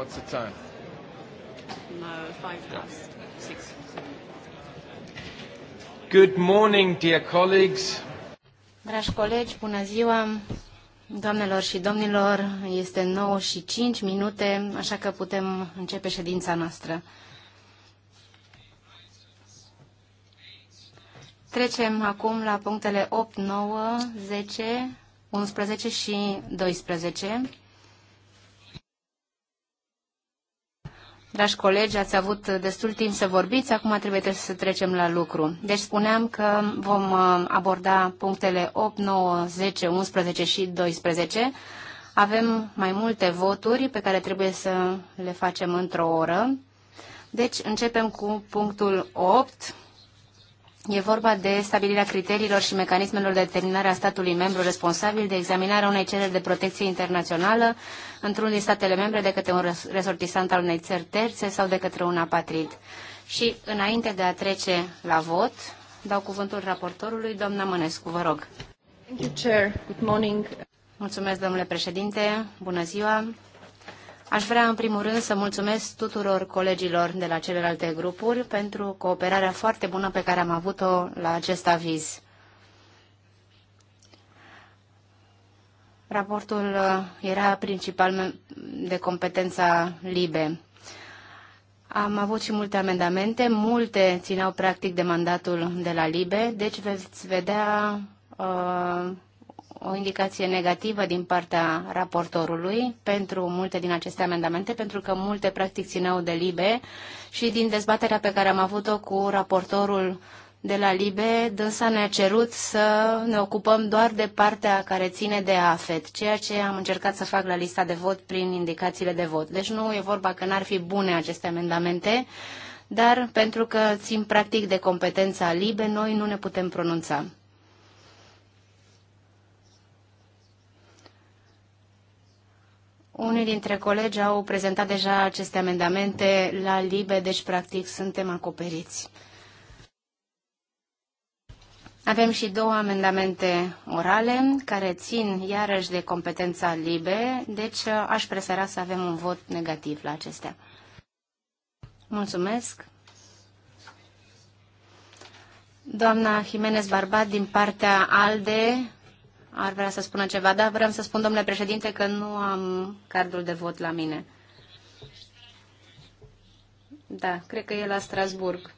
What's the time? No, five past six. Good morning, dear colleagues. Dragi colegi, bună ziua! Doamnelor și domnilor, este 9 și 5 minute, așa că putem începe ședința noastră. Trecem acum la punctele 8, 9, 10, 11 și 12 Dragi colegi, ați avut destul timp să vorbiți, acum trebuie să trecem la lucru. Deci spuneam că vom uh, aborda punctele 8, 9, 10, 11 și 12. Avem mai multe voturi pe care trebuie să le facem într-o oră. Deci începem cu punctul 8. E vorba de stabilirea criteriilor și mecanismelor de determinare a statului membru responsabil de examinarea unei cereri de protecție internațională într-un din statele membre de către un resortisant al unei țări terțe sau de către un apatrid. Și înainte de a trece la vot, dau cuvântul raportorului, doamna Mănescu, vă rog. Thank you, Chair. Good morning. Mulțumesc, domnule președinte. Bună ziua. Aș vrea, în primul rând, să mulțumesc tuturor colegilor de la celelalte grupuri pentru cooperarea foarte bună pe care am avut-o la acest aviz. Raportul uh, era principal de competența LIBE. Am avut și multe amendamente, multe țineau practic de mandatul de la LIBE, deci veți vedea uh, o indicație negativă din partea raportorului pentru multe din aceste amendamente, pentru că multe practic țineau de LIBE și din dezbaterea pe care am avut-o cu raportorul de la Libe, dânsa ne-a cerut să ne ocupăm doar de partea care ține de AFET, ceea ce am încercat să fac la lista de vot prin indicațiile de vot. Deci nu e vorba că n-ar fi bune aceste amendamente, dar pentru că țin practic de competența Libe, noi nu ne putem pronunța. Unii dintre colegi au prezentat deja aceste amendamente la LIBE, deci practic suntem acoperiți. Avem și două amendamente orale care țin iarăși de competența LIBE, deci uh, aș prefera să avem un vot negativ la acestea. Mulțumesc. Doamna Jimenez Barbat din partea ALDE ar vrea să spună ceva. Da, vreau să spun, domnule președinte, că nu am cardul de vot la mine. Da, cred că e la Strasburg.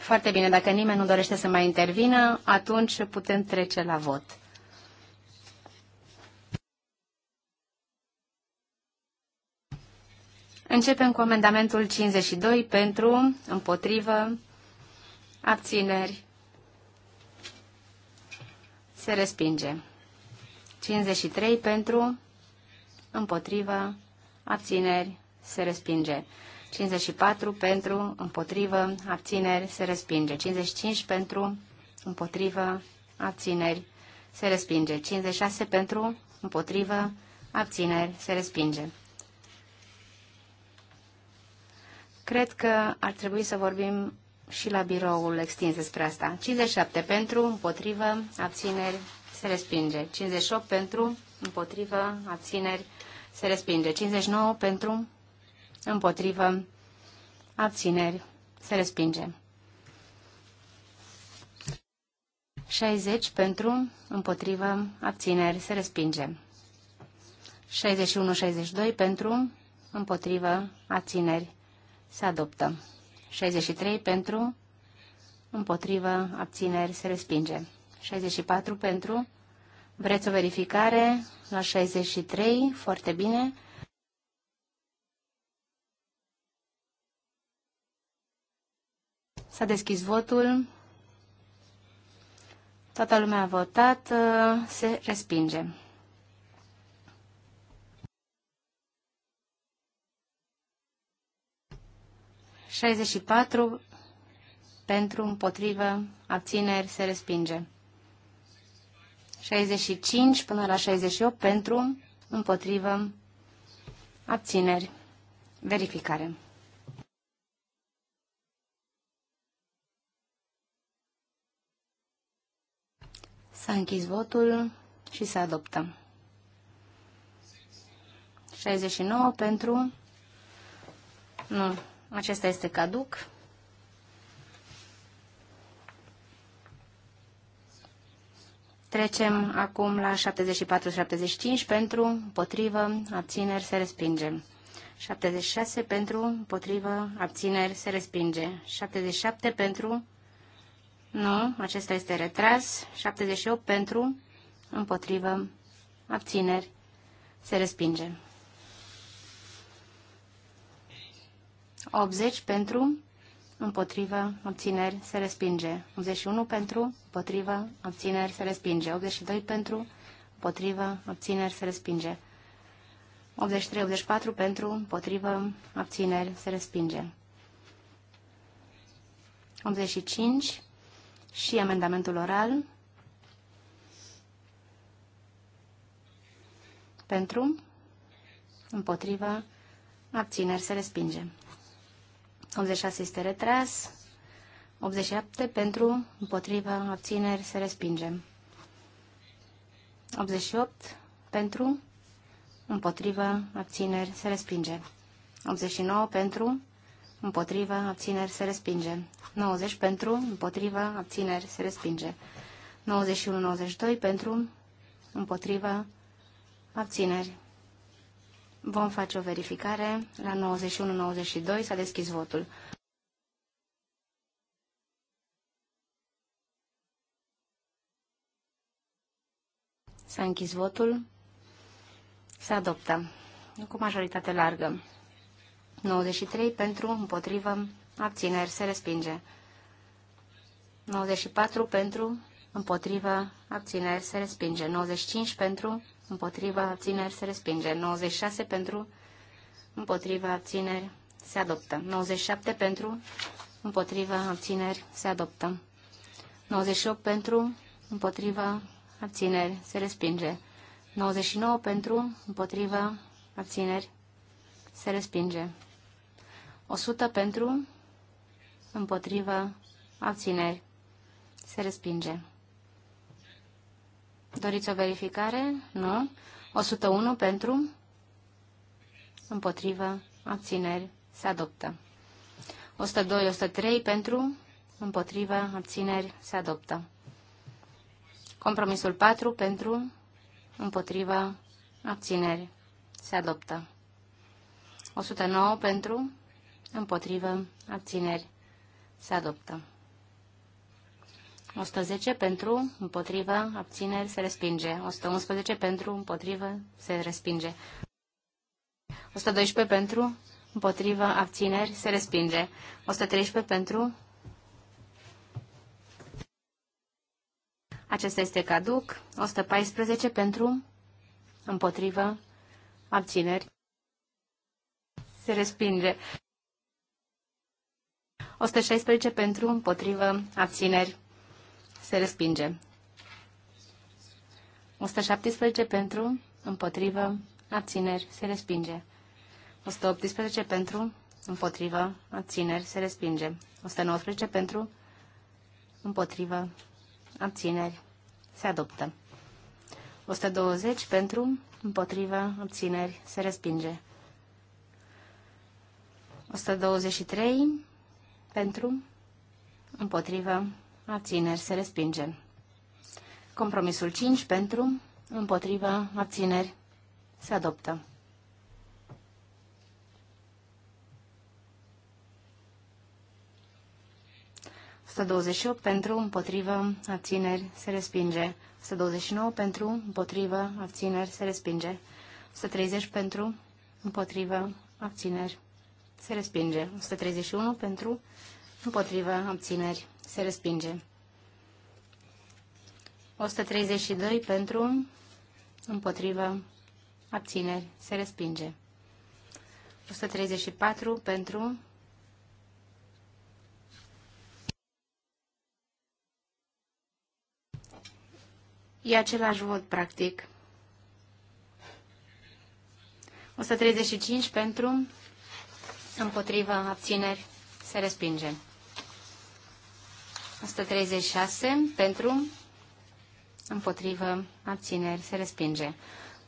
Foarte bine, dacă nimeni nu dorește să mai intervină, atunci putem trece la vot. Începem cu amendamentul 52 pentru, împotrivă, abțineri. Se respinge. 53 pentru, împotrivă, abțineri, se respinge. 54 pentru, împotrivă, abțineri, se respinge. 55 pentru, împotrivă, abțineri, se respinge. 56 pentru, împotrivă, abțineri, se respinge. Cred că ar trebui să vorbim și la biroul extins despre asta. 57 pentru, împotrivă, abțineri, se respinge. 58 pentru, împotrivă, abțineri, se respinge. 59 pentru, împotrivă, abțineri, se respinge. 60 pentru, împotrivă, abțineri, se respinge. 61-62 pentru, împotrivă, abțineri, se adoptă. 63 pentru, împotrivă, abțineri, se respinge. 64 pentru, vreți o verificare la 63, foarte bine, S-a deschis votul. Toată lumea a votat. Uh, se respinge. Șaizeci patru pentru, împotrivă, abțineri, se respinge. 65 până la 68 pentru, împotrivă, abțineri. Verificare. S-a închis votul și se adoptă. 69 pentru... Nu, acesta este caduc. Trecem acum la 74-75 pentru, potrivă, abțineri, se respinge. 76 pentru, potrivă, abțineri, se respinge. 77 pentru, nu, acesta este retras. 78 pentru, împotrivă, abțineri, se respinge. 80 pentru, împotrivă, abțineri, se respinge. 81 pentru, împotrivă, abțineri, se respinge. 82 pentru, împotrivă, abțineri, se respinge. 83-84 pentru, împotrivă, abțineri, se respinge. 85 și amendamentul oral pentru, împotrivă, abțineri se respinge. 86 este retras, 87 pentru, împotrivă, abțineri se respinge. 88 pentru, împotrivă, abțineri se respinge. 89 pentru, împotriva, abțineri, se respinge. 90 pentru, împotriva, abțineri, se respinge. 91-92 pentru, împotriva, abțineri. Vom face o verificare. La 91-92 s-a deschis votul. S-a închis votul. Se adoptă cu majoritate largă. 93 pentru, împotrivă, abțineri, se respinge. 94 pentru, împotrivă, abțineri, se respinge. 95 pentru, împotrivă, abțineri, se respinge. 96 pentru, împotrivă, abțineri, se adoptă. 97 pentru, împotrivă, abțineri, se adoptă. 98 pentru, împotrivă, abțineri, se respinge. 99 pentru, împotrivă, abțineri, se respinge. 100 pentru, împotrivă, abțineri. Se respinge. Doriți o verificare? Nu. 101 pentru, împotrivă, abțineri. Se adoptă. 102-103 pentru, împotrivă, abțineri. Se adoptă. Compromisul 4 pentru, împotrivă, abțineri. Se adoptă. 109 pentru, împotrivă, abțineri, se adoptă. 110 pentru, împotrivă, abțineri, se respinge. 111 pentru, împotrivă, se respinge. 112 pentru, împotrivă, abțineri, se respinge. 113 pentru, acesta este caduc. 114 pentru, împotrivă, abțineri, se respinge. 116 pentru, împotrivă, abțineri, se respinge. 117 pentru, împotrivă, abțineri, se respinge. 118 pentru, împotrivă, abțineri, se respinge. 119 pentru, împotrivă, abțineri, se adoptă. 120 pentru, împotrivă, abțineri, se respinge. 123 pentru, împotrivă, abțineri, se respinge. Compromisul 5 pentru, împotrivă, abțineri, se adoptă. douăzeci pentru, împotrivă, abțineri, se respinge. 129 pentru, împotrivă, abțineri, se respinge. 130 pentru, împotrivă, abțineri, se respinge. 131 pentru, împotrivă, abțineri, se respinge. 132 pentru, împotrivă, abțineri, se respinge. 134 pentru, E același vot, practic. 135 pentru, împotriva abțineri se respinge. 136 pentru, împotrivă, abțineri, se respinge.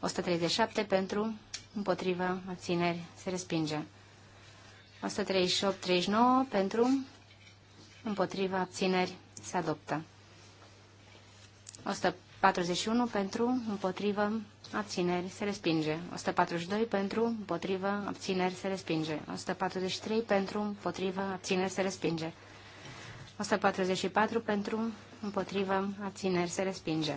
137 pentru, împotrivă, abțineri, se respinge. 138-39 pentru, Împotriva abțineri, se adoptă. 41 pentru, împotrivă, abțineri, se respinge. 142 pentru, împotrivă, abțineri, se respinge. 143 pentru, împotrivă, abțineri, se respinge. 144 pentru, împotrivă, abțineri, se respinge.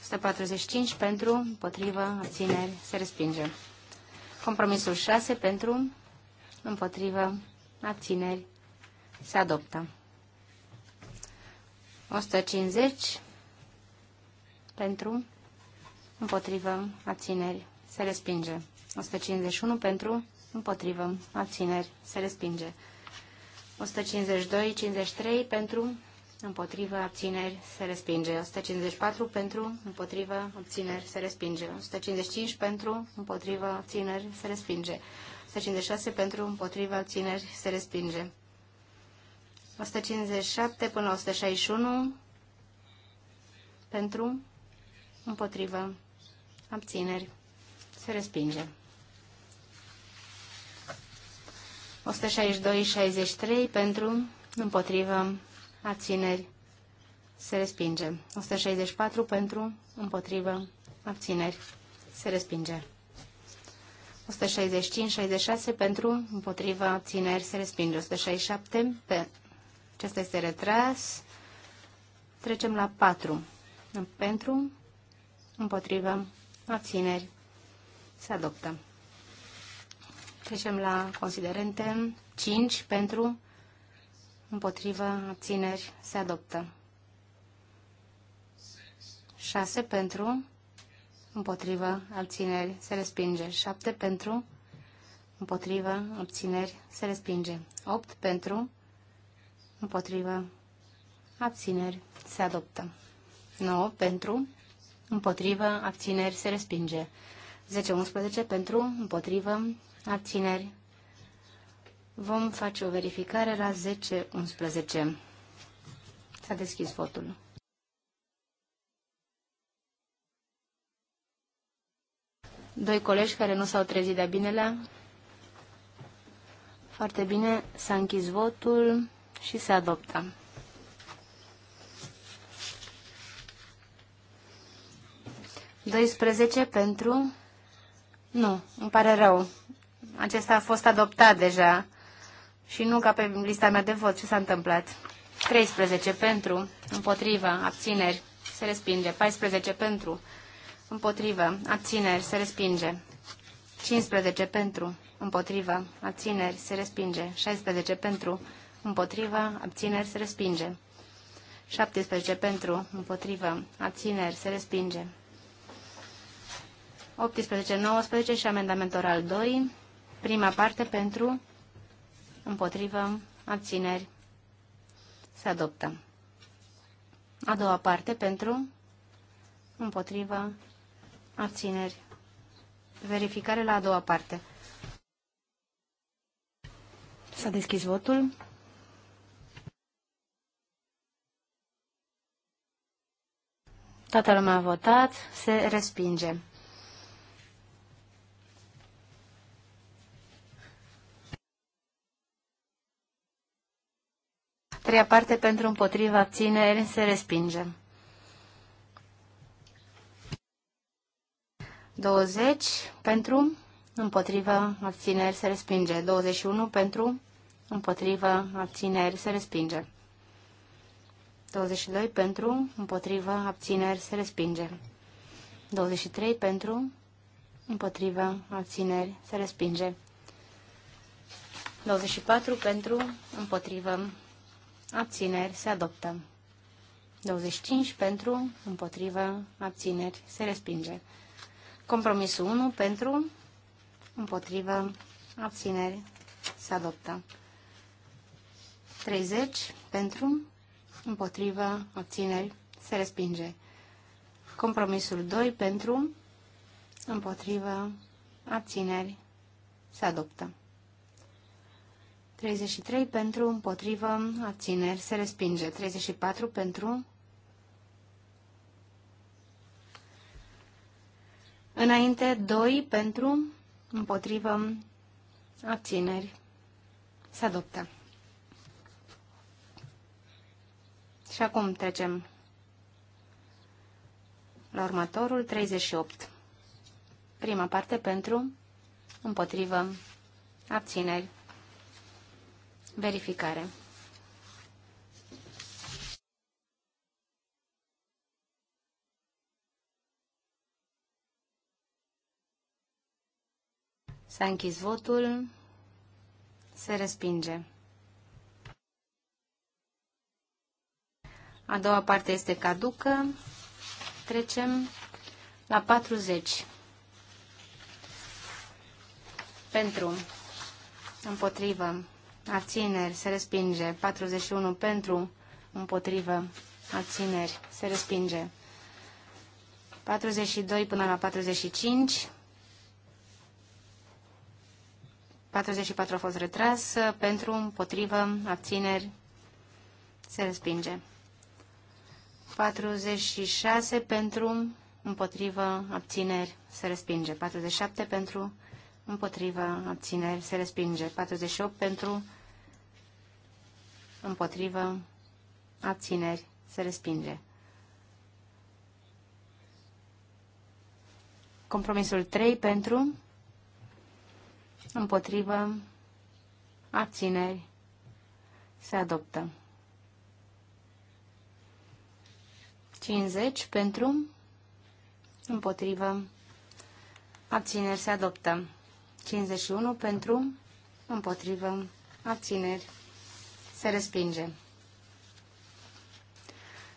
145 pentru, împotrivă, abțineri, se respinge. Compromisul 6 pentru, împotrivă, abțineri, se adoptă. 150 pentru, împotrivă, abțineri, se respinge. 151 pentru, împotrivă, abțineri, se respinge. 152, 53 pentru, împotrivă, abțineri, se respinge. 154 pentru, împotrivă, abțineri, se respinge. 155 pentru, împotrivă, abțineri, se respinge. 156 pentru, împotrivă, abțineri, se respinge. 157 până la 161 pentru, împotrivă, abțineri, se respinge. 162-63 pentru, împotrivă, abțineri, se respinge. 164 pentru, împotrivă, abțineri, se respinge. 165-66 pentru, împotrivă, abțineri, se respinge. 167 pe, acesta este retras. Trecem la 4. Pentru, împotrivă, abțineri, se adoptă. Trecem la considerente. 5 pentru, împotrivă, abțineri, se adoptă. 6 pentru, împotrivă, abțineri, se respinge. 7 pentru, împotrivă, abțineri, se respinge. 8 pentru, împotrivă, abțineri, se adoptă. 9 pentru, împotrivă, abțineri, se respinge. 10-11 pentru, împotrivă, abțineri. Vom face o verificare la 10-11. S-a deschis votul. Doi colegi care nu s-au trezit de-a binelea. Foarte bine, s-a închis votul și se adoptă. Doisprezece pentru... Nu, îmi pare rău. Acesta a fost adoptat deja și nu ca pe lista mea de vot. Ce s-a întâmplat? 13 pentru, împotriva, abțineri, se respinge. 14 pentru, împotriva, abțineri, se respinge. 15 pentru, împotriva, abțineri, se respinge. 16 pentru, împotriva, abțineri, se respinge. 17 pentru, împotriva, abțineri, se respinge. 18, 19 și amendament oral 2, prima parte pentru, împotrivă, abțineri, se adoptă. A doua parte pentru, împotrivă, abțineri, verificare la a doua parte. S-a deschis votul. Toată lumea a votat, se respinge. Treia parte pentru împotriva abțineri se respinge. 20 pentru împotriva abțineri se respinge. 21 pentru împotriva abțineri se respinge. 22 pentru, împotrivă, abțineri, se respinge. 23 pentru, împotrivă, abțineri, se respinge. 24 pentru, împotrivă, abțineri, se adoptă. 25 pentru, împotrivă, abțineri, se respinge. Compromisul 1 pentru, împotrivă, abțineri, se adoptă. 30 pentru, împotrivă, obțineri, se respinge. Compromisul 2 pentru, împotrivă, abțineri, se adoptă. 33 pentru, împotrivă, abțineri, se respinge. 34 pentru, înainte, 2 pentru, împotrivă, abțineri, se adoptă. Și acum trecem la următorul, 38. Prima parte pentru, împotrivă, abțineri, verificare. S-a închis votul, se respinge. A doua parte este caducă. Trecem la 40. Pentru, împotrivă, abțineri, se respinge. 41 pentru, împotrivă, abțineri, se respinge. 42 până la 45. 44 a fost retras. Pentru, împotrivă, abțineri, se respinge. 46 pentru, împotrivă, abțineri, se respinge. 47 pentru, împotrivă, abțineri, se respinge. 48 pentru, împotrivă, abțineri, se respinge. Compromisul 3 pentru, împotrivă, abțineri, se adoptă. 50 pentru, împotrivă, abțineri se adoptă. 51 pentru, împotrivă, abțineri se respinge.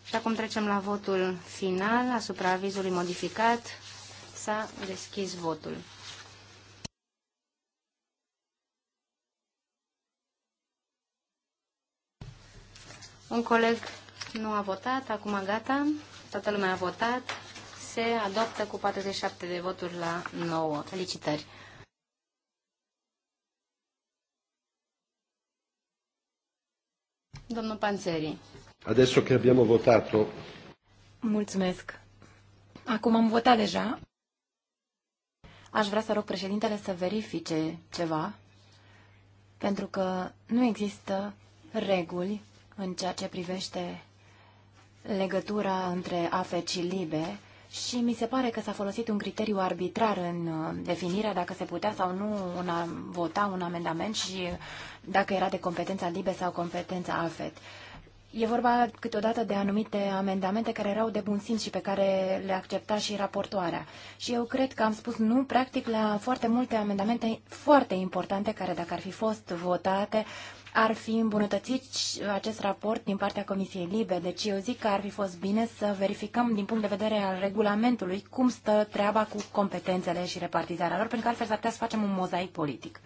Și acum trecem la votul final asupra avizului modificat. S-a deschis votul. Un coleg nu a votat, acum gata. Toată lumea a votat. Se adoptă cu 47 de voturi la 9. Felicitări! Domnul Panzeri. Adesso che abbiamo votato. Mulțumesc. Acum am votat deja. Aș vrea să rog președintele să verifice ceva, pentru că nu există reguli în ceea ce privește legătura între AFET și LIBE și mi se pare că s-a folosit un criteriu arbitrar în uh, definirea dacă se putea sau nu una, vota un amendament și dacă era de competența LIBE sau competența AFET. E vorba câteodată de anumite amendamente care erau de bun simț și pe care le accepta și raportoarea. Și eu cred că am spus nu, practic, la foarte multe amendamente foarte importante care, dacă ar fi fost votate, ar fi îmbunătățit acest raport din partea Comisiei Libe. Deci eu zic că ar fi fost bine să verificăm din punct de vedere al regulamentului cum stă treaba cu competențele și repartizarea lor, pentru că altfel s-ar putea să facem un mozaic politic.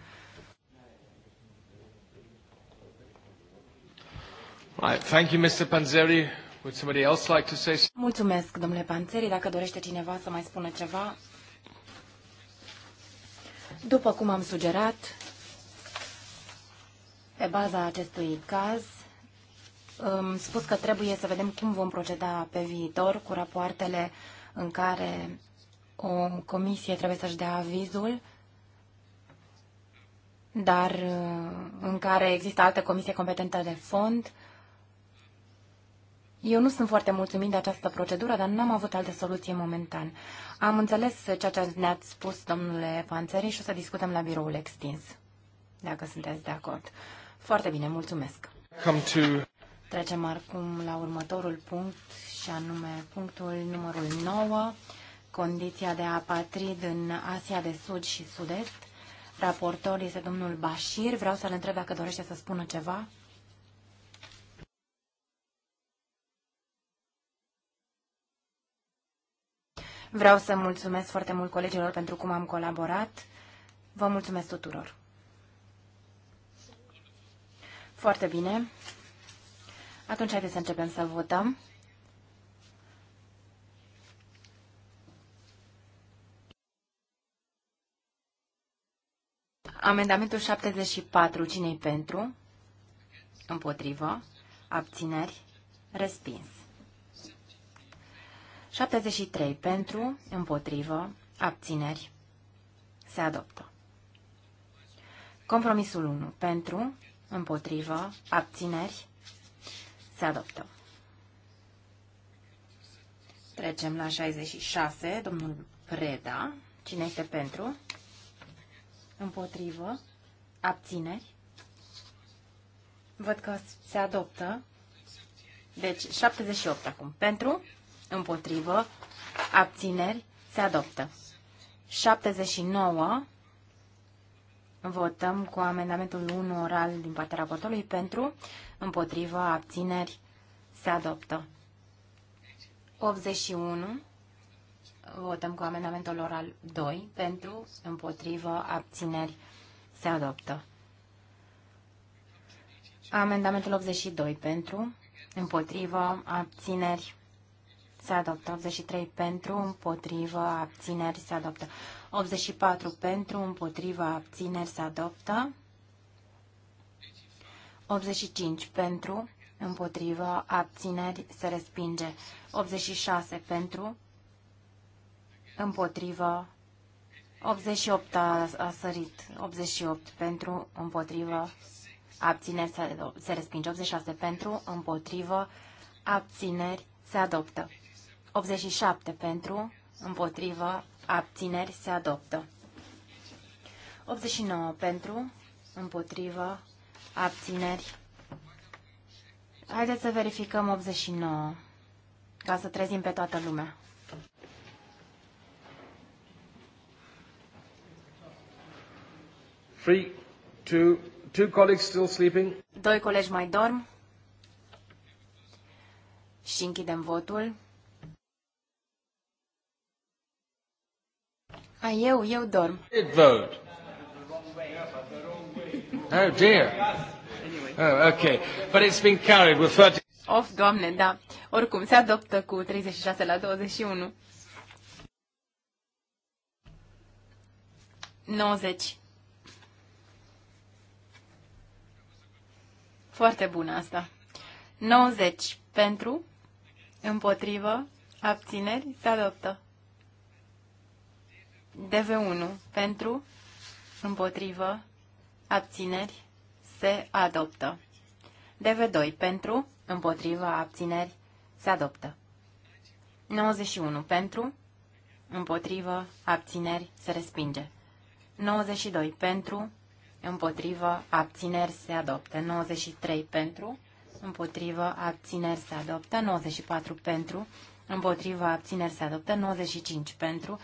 Thank you, Mr. Panzeri. Would somebody else like to say Mulțumesc, domnule Panzeri. Dacă dorește cineva să mai spună ceva. După cum am sugerat, pe baza acestui caz, am spus că trebuie să vedem cum vom proceda pe viitor cu rapoartele în care o comisie trebuie să-și dea avizul, dar uh, în care există altă comisie competentă de fond. Eu nu sunt foarte mulțumit de această procedură, dar n-am avut alte soluție momentan. Am înțeles ceea ce ne-ați spus, domnule Panțeri, și o să discutăm la biroul extins, dacă sunteți de acord. Foarte bine, mulțumesc. Come to... Trecem acum la următorul punct și anume punctul numărul 9, condiția de apatrid în Asia de Sud și Sud-Est. Raportor este domnul Bashir. Vreau să-l întreb dacă dorește să spună ceva. Vreau să mulțumesc foarte mult colegilor pentru cum am colaborat. Vă mulțumesc tuturor! Foarte bine. Atunci haideți să începem să votăm. Amendamentul 74. cine pentru? Împotrivă. Abțineri. Respins. 73. Pentru. Împotrivă. Abțineri. Se adoptă. Compromisul 1. Pentru împotrivă, abțineri, se adoptă. Trecem la 66, domnul Preda. Cine este pentru? Împotrivă, abțineri. Văd că se adoptă. Deci 78 acum. Pentru, împotrivă, abțineri, se adoptă. 79 Votăm cu amendamentul 1 oral din partea raportorului pentru, împotriva, abțineri, se adoptă. 81. Votăm cu amendamentul oral 2 pentru, împotrivă, abțineri, se adoptă. Amendamentul 82 pentru, împotrivă, abțineri, se adoptă. 83 pentru, împotrivă, abțineri, se adoptă. 84 pentru, împotriva, abțineri se adoptă. 85 pentru, împotriva, abțineri se respinge. 86 pentru, împotriva, 88 a, a sărit, 88 pentru, împotriva, abțineri se, se respinge. 86 pentru, împotriva, abțineri se adoptă. 87 pentru, împotrivă, abțineri se adoptă. 89 pentru, împotrivă, abțineri. Haideți să verificăm 89, ca să trezim pe toată lumea. Three, two, two colleagues still sleeping. Doi colegi mai dorm. Și închidem votul. A, ah, eu, eu dorm. Vote. Oh dear. Oh, okay. But it's been carried with 30... Of, doamne, da. Oricum, se adoptă cu 36 la 21. 90. Foarte bună asta. 90 pentru, împotrivă, abțineri, se adoptă. DV1 pentru, împotrivă, abțineri, se adoptă. DV2 pentru, împotrivă, abțineri, se adoptă. 91 pentru, împotrivă, abțineri, se respinge. 92 pentru, împotrivă, abțineri, se adoptă. 93 pentru, împotrivă, abțineri, se adoptă. 94 pentru, împotrivă, abțineri, se adoptă. 95 pentru,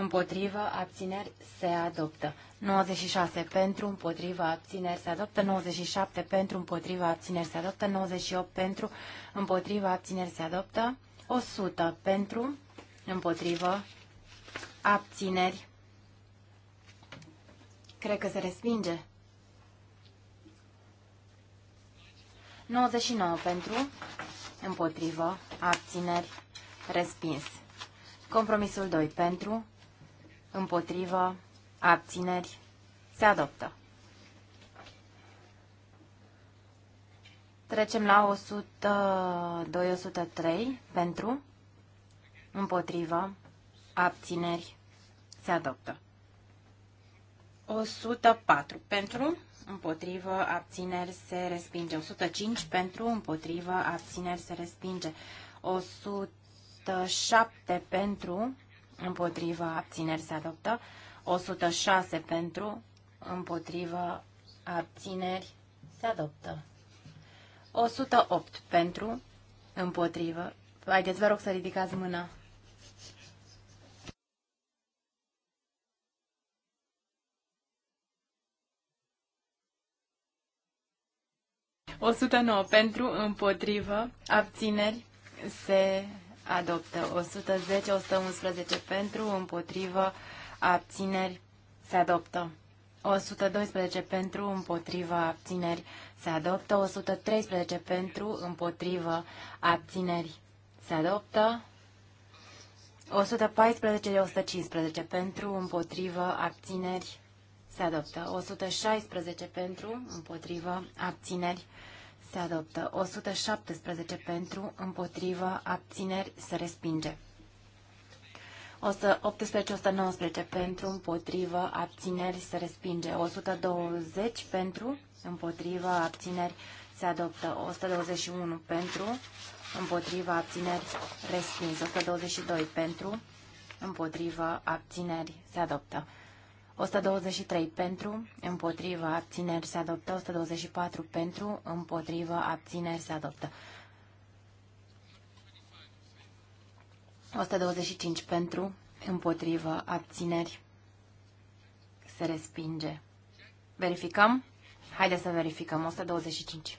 împotrivă, abțineri, se adoptă. 96 pentru, împotrivă, abțineri, se adoptă. 97 pentru, împotrivă, abțineri, se adoptă. 98 pentru, împotrivă, abțineri, se adoptă. 100 pentru, împotrivă, abțineri. Cred că se respinge. 99 pentru, împotrivă, abțineri, respins. Compromisul 2 pentru, împotrivă, abțineri, se adoptă. Trecem la 102-103 pentru, împotrivă, abțineri, se adoptă. 104 pentru, împotrivă, abțineri, se respinge. 105 pentru, împotrivă, abțineri, se respinge. 107 pentru, împotrivă, abțineri se adoptă. 106 pentru, împotrivă, abțineri se adoptă. 108 pentru, împotrivă. Haideți, vă rog să ridicați mâna. O 109 pentru, împotrivă, abțineri, se adoptă. 110, 111 pentru, împotrivă, abțineri, se adoptă. 112 pentru, împotrivă, abțineri, se adoptă. 113 pentru, împotrivă, abțineri, se adoptă. 114 115 pentru, împotrivă, abțineri, se adoptă. 116 pentru, împotrivă, abțineri, se se adoptă. 117 pentru, împotrivă, abțineri, se respinge. 118-119 pentru, împotrivă, abțineri, se respinge. 120 pentru, împotrivă, abțineri, se adoptă. 121 pentru, împotrivă, abțineri, respins. 122 pentru, împotrivă, abțineri, se adoptă. 123 pentru, împotrivă, abțineri se adoptă. 124 pentru, împotrivă, abțineri se adoptă. 125 pentru, împotrivă, abțineri se respinge. Verificăm? Haideți să verificăm. 125.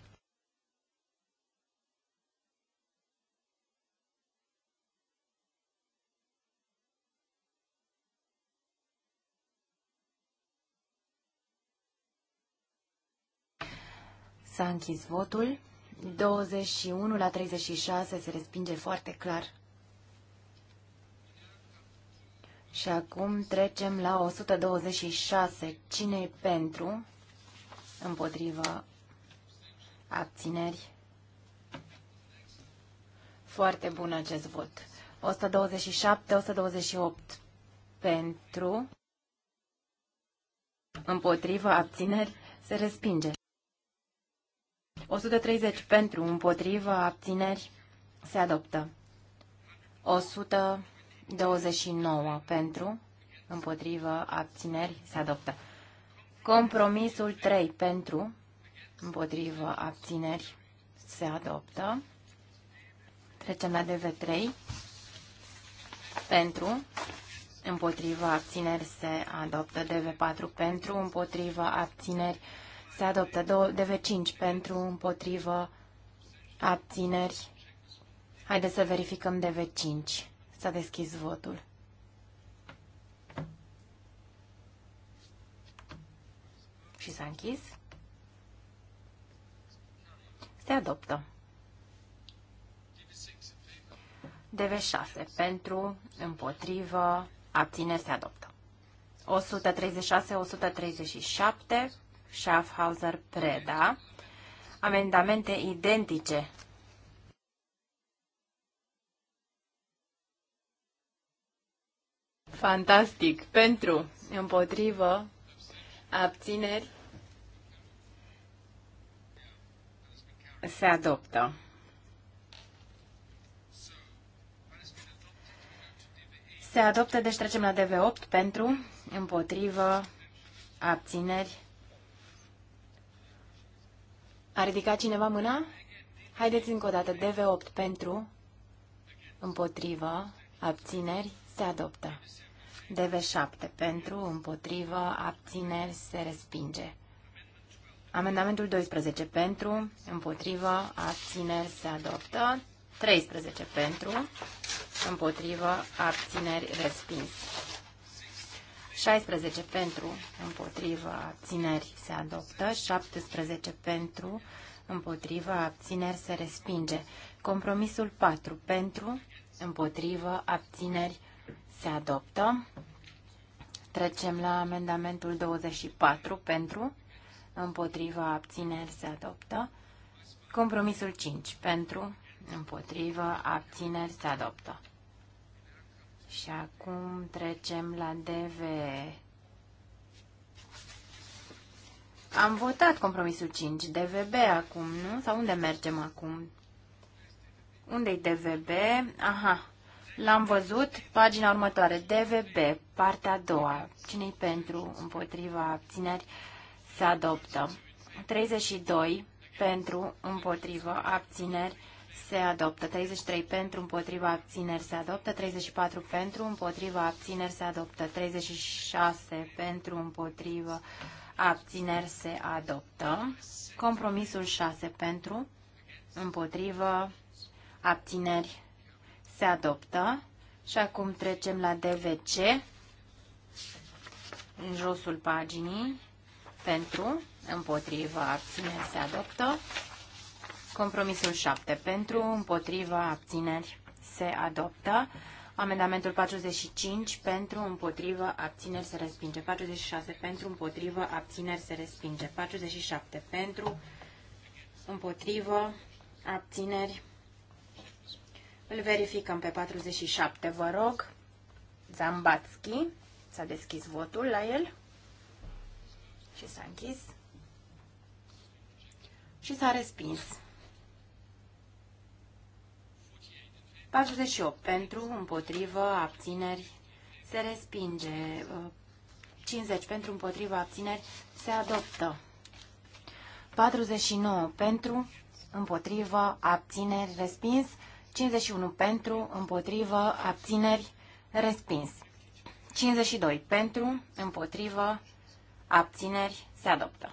S-a închis votul. 21 la 36 se respinge foarte clar. Și acum trecem la 126. cine pentru? Împotriva abțineri. Foarte bun acest vot. 127, 128 pentru, Împotriva abțineri, se respinge. 130 pentru, împotrivă, abțineri, se adoptă. 129 pentru, împotrivă, abțineri, se adoptă. Compromisul 3 pentru, împotrivă, abțineri, se adoptă. Trecem la DV3. Pentru, împotrivă, abțineri, se adoptă. DV4 pentru, împotrivă, abțineri, se se adoptă. de ve 5 pentru, împotrivă, abțineri. Haideți să verificăm de ve 5 S-a deschis votul. Și s-a închis. Se adoptă. DV6 pentru, împotrivă, abțineri se adoptă. 136-137 Schaffhauser Preda. Amendamente identice. Fantastic. Pentru, împotrivă, abțineri, se adoptă. Se adoptă, deci trecem la DV8 pentru, împotrivă, abțineri, a ridicat cineva mâna? Haideți încă o dată. DV8 pentru, împotrivă, abțineri, se adoptă. DV7 pentru, împotrivă, abțineri, se respinge. Amendamentul 12 pentru, împotrivă, abțineri, se adoptă. 13 pentru, împotrivă, abțineri, respins. 16 pentru, împotriva abțineri se adoptă, 17 pentru, împotriva abțineri se respinge. Compromisul 4 pentru, împotriva abțineri se adoptă. Trecem la amendamentul 24 pentru, împotriva abțineri se adoptă. Compromisul 5 pentru, împotriva abțineri se adoptă. Și acum trecem la DV. Am votat compromisul 5. DVB acum, nu? Sau unde mergem acum? Unde-i DVB? Aha, l-am văzut. Pagina următoare. DVB, partea a doua. Cine-i pentru? Împotriva abțineri? Se adoptă. 32 pentru, împotriva abțineri, se adoptă. 33 pentru, împotriva abțineri se adoptă. 34 pentru, împotriva abțineri se adoptă. 36 pentru, împotriva abțineri se adoptă. Compromisul 6 pentru, împotriva abțineri se adoptă. Și acum trecem la DVC, în josul paginii, pentru, împotriva abțineri se adoptă. Compromisul 7 pentru, împotriva, abțineri se adoptă. Amendamentul 45 pentru, împotrivă, abțineri se respinge. 46 pentru, împotrivă, abțineri se respinge. 47 pentru, împotrivă, abțineri. Îl verificăm pe 47, vă rog. Zambatski. S-a deschis votul la el și s-a închis și s-a respins. 48 pentru, împotrivă, abțineri, se respinge. 50 uh, pentru, împotrivă, abțineri, se adoptă. 49 pentru, împotrivă, abțineri, respins. 51 pentru, împotrivă, abțineri, respins. 52 pentru, împotrivă, abțineri, se adoptă.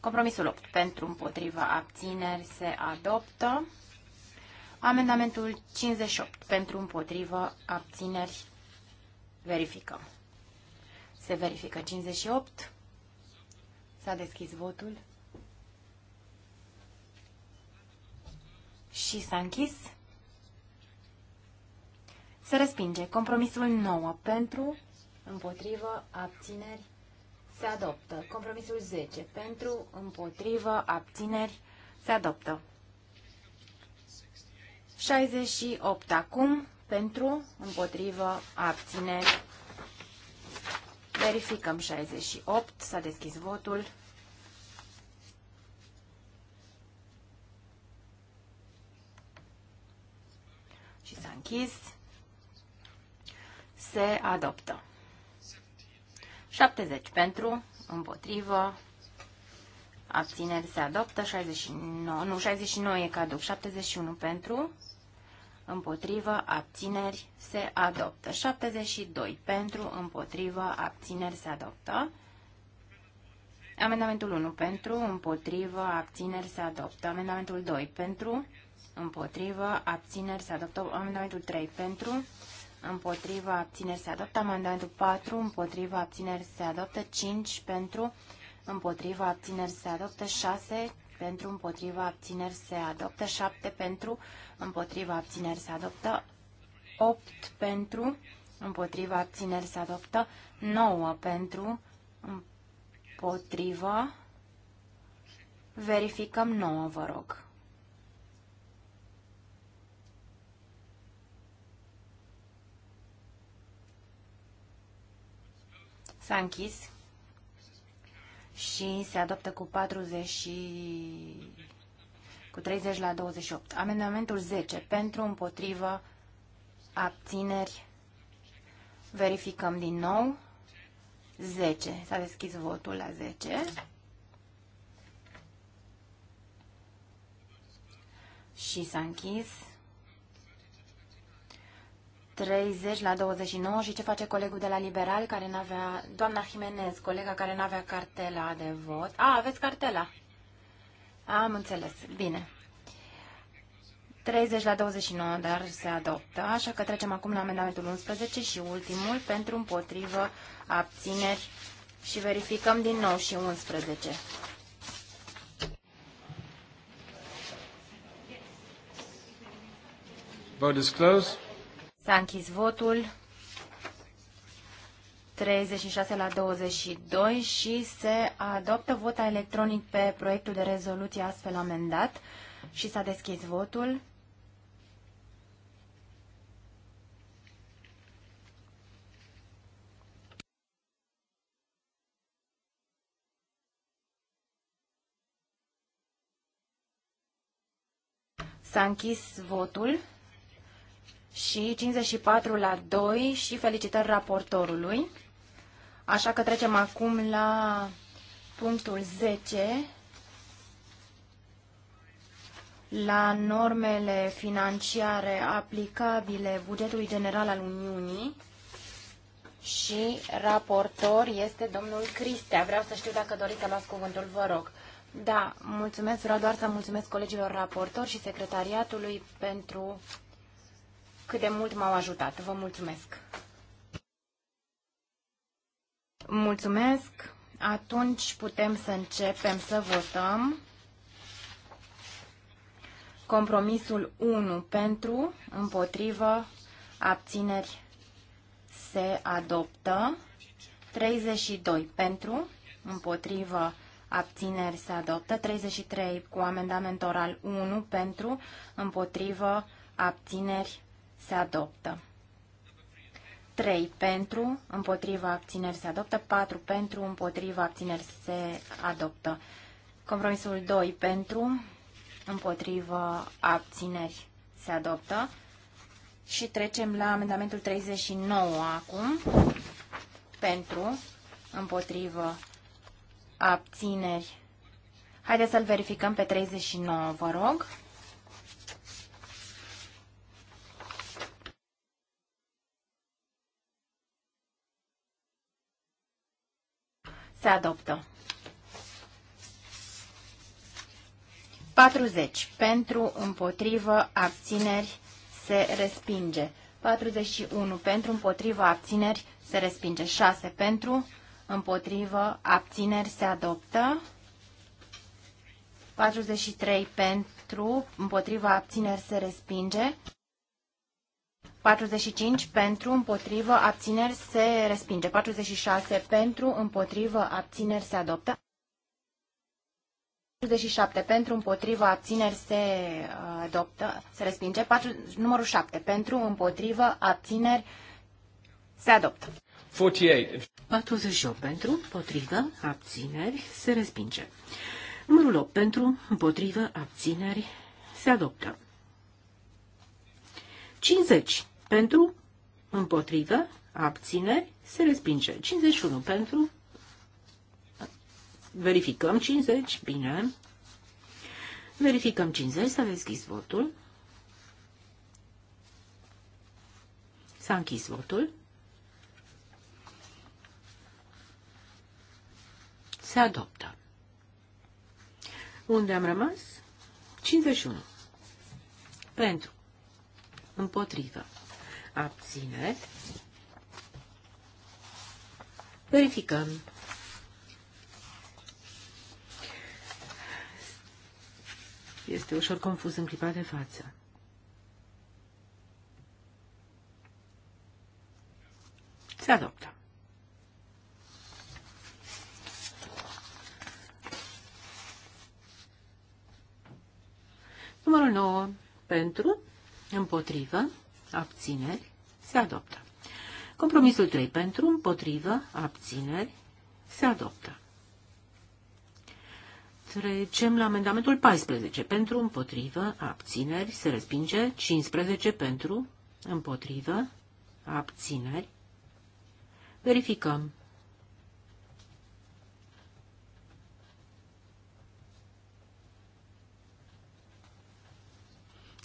Compromisul 8 pentru, împotrivă, abțineri, se adoptă. Amendamentul 58 pentru împotrivă abțineri verificăm. Se verifică 58. S-a deschis votul. Și s-a închis. Se respinge compromisul 9 pentru, împotrivă, abțineri, se adoptă. Compromisul 10 pentru, împotrivă, abțineri, se adoptă. 68 acum, pentru, împotrivă, abține. Verificăm 68, s-a deschis votul. Și s-a închis. Se adoptă. 70 pentru, împotrivă, abțineri se adoptă, 69, nu, 69 e caduc, 71 pentru, împotrivă, abțineri, se adoptă. 72 pentru, împotrivă, abțineri, se adoptă. Amendamentul 1 pentru, împotrivă, abțineri, se adoptă. Amendamentul 2 pentru, împotrivă, abțineri, se adoptă. Amendamentul 3 pentru, împotrivă, abțineri, se adoptă. Amendamentul 4 împotrivă, abțineri, se adoptă. 5 pentru, împotrivă, abțineri, se adoptă. 6 pentru împotriva abțineri se adoptă, 7 pentru împotriva abțineri se adoptă, 8 pentru împotriva abțineri se adoptă, 9 pentru împotriva, verificăm 9, vă rog. S-a închis și se adoptă cu 40 și cu 30 la 28. Amendamentul 10 pentru împotrivă abțineri verificăm din nou 10. S-a deschis votul la 10. Și s-a închis 30 la 29 și ce face colegul de la Liberal care n-avea, doamna Jimenez, colega care n-avea cartela de vot. A, aveți cartela. Am înțeles. Bine. 30 la 29, dar se adoptă. Așa că trecem acum la amendamentul 11 și ultimul pentru împotrivă abțineri și verificăm din nou și 11. Vote is closed. S-a închis votul. 36 la 22 și se adoptă vota electronic pe proiectul de rezoluție astfel amendat și s-a deschis votul. S-a închis votul și 54 la 2 și felicitări raportorului. Așa că trecem acum la punctul 10, la normele financiare aplicabile bugetului general al Uniunii și raportor este domnul Cristea. Vreau să știu dacă doriți să luați cuvântul, vă rog. Da, mulțumesc, vreau doar să mulțumesc colegilor raportori și secretariatului pentru cât de mult m-au ajutat. Vă mulțumesc! Mulțumesc! Atunci putem să începem să votăm. Compromisul 1 pentru, împotrivă, abțineri se adoptă. 32 pentru, împotrivă, abțineri se adoptă. 33 cu amendament oral 1 pentru, împotrivă, abțineri se adoptă. 3 pentru, împotriva abțineri se adoptă, 4 pentru, împotriva abțineri se adoptă. Compromisul 2 pentru, împotriva abțineri se adoptă. Și trecem la amendamentul 39 acum, pentru, împotriva abțineri. Haideți să-l verificăm pe 39, vă rog. Se adoptă. 40. Pentru, împotrivă, abțineri, se respinge. 41. Pentru, împotrivă, abțineri, se respinge. 6. Pentru, împotrivă, abțineri, se adoptă. 43. Pentru, împotrivă, abțineri, se respinge. 45 pentru, împotrivă, abțineri se respinge. 46 pentru, împotrivă, abțineri se adoptă. 47 uh, pentru, împotrivă, abțineri se adoptă, se respinge. 4, numărul 7 pentru, împotrivă, abțineri se adoptă. 48. 48 pentru, împotrivă, abțineri se respinge. Numărul 8 pentru, împotrivă, abțineri se adoptă. 50 pentru, împotrivă, abțineri, se respinge. 51 pentru, verificăm 50, bine. Verificăm 50, s-a deschis votul. S-a închis votul. Se adoptă. Unde am rămas? 51. Pentru. Împotrivă abțineri. Verificăm. Este ușor confuz în clipa de față. Se adoptă. Numărul 9. Pentru, împotrivă, abțineri, se adoptă. Compromisul 3 pentru, împotrivă, abțineri, se adoptă. Trecem la amendamentul 14. Pentru, împotrivă, abțineri, se respinge. 15 pentru, împotrivă, abțineri. Verificăm.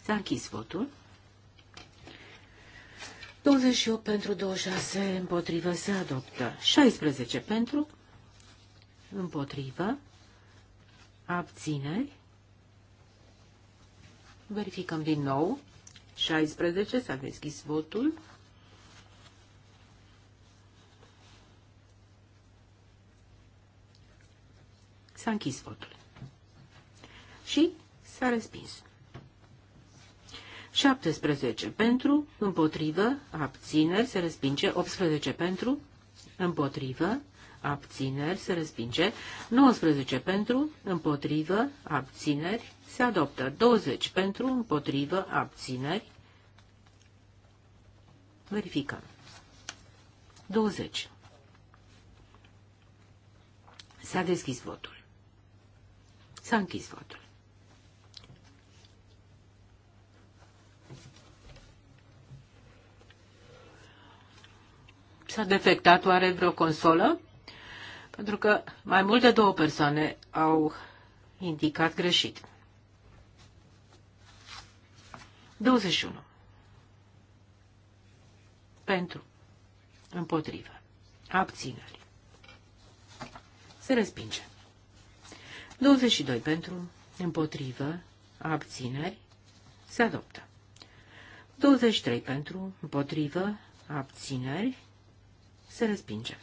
S-a închis votul. 28 pentru 26 împotrivă se adoptă. 16 pentru împotrivă abțineri. Verificăm din nou. 16 s-a deschis votul. S-a închis votul. Și s-a respins. 17 pentru, împotrivă, abțineri, se respinge. 18 pentru, împotrivă, abțineri, se respinge. 19 pentru, împotrivă, abțineri, se adoptă. 20 pentru, împotrivă, abțineri. Verificăm. 20. S-a deschis votul. S-a închis votul. S-a defectat oare vreo consolă? Pentru că mai mult de două persoane au indicat greșit. 21. Pentru. Împotrivă. Abțineri. Se respinge. 22. Pentru. Împotrivă. Abțineri. Se adoptă. 23. Pentru. Împotrivă. Abțineri se respinge.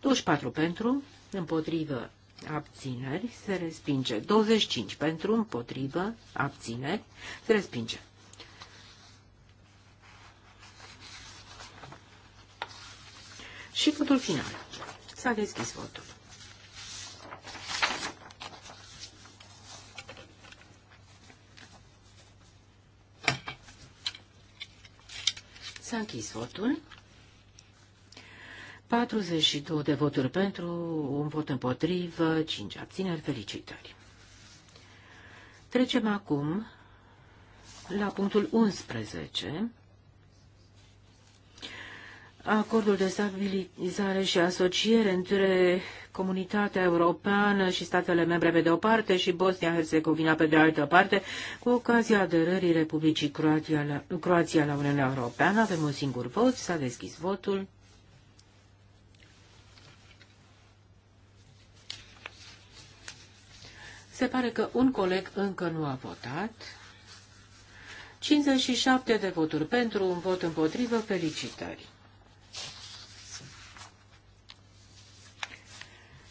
24 pentru, împotrivă, abțineri, se respinge. 25 pentru, împotrivă, abțineri, se respinge. Și votul final. S-a deschis votul. S-a închis votul. 42 de voturi pentru, un vot împotrivă, 5 abțineri, felicitări. Trecem acum la punctul 11. Acordul de stabilizare și asociere între Comunitatea Europeană și statele membre pe de o parte și Bosnia-Herzegovina pe de altă parte, cu ocazia aderării Republicii Croația la, Croația la Uniunea Europeană. Avem un singur vot, s-a deschis votul. Se pare că un coleg încă nu a votat. 57 de voturi pentru, un vot împotrivă, felicitări.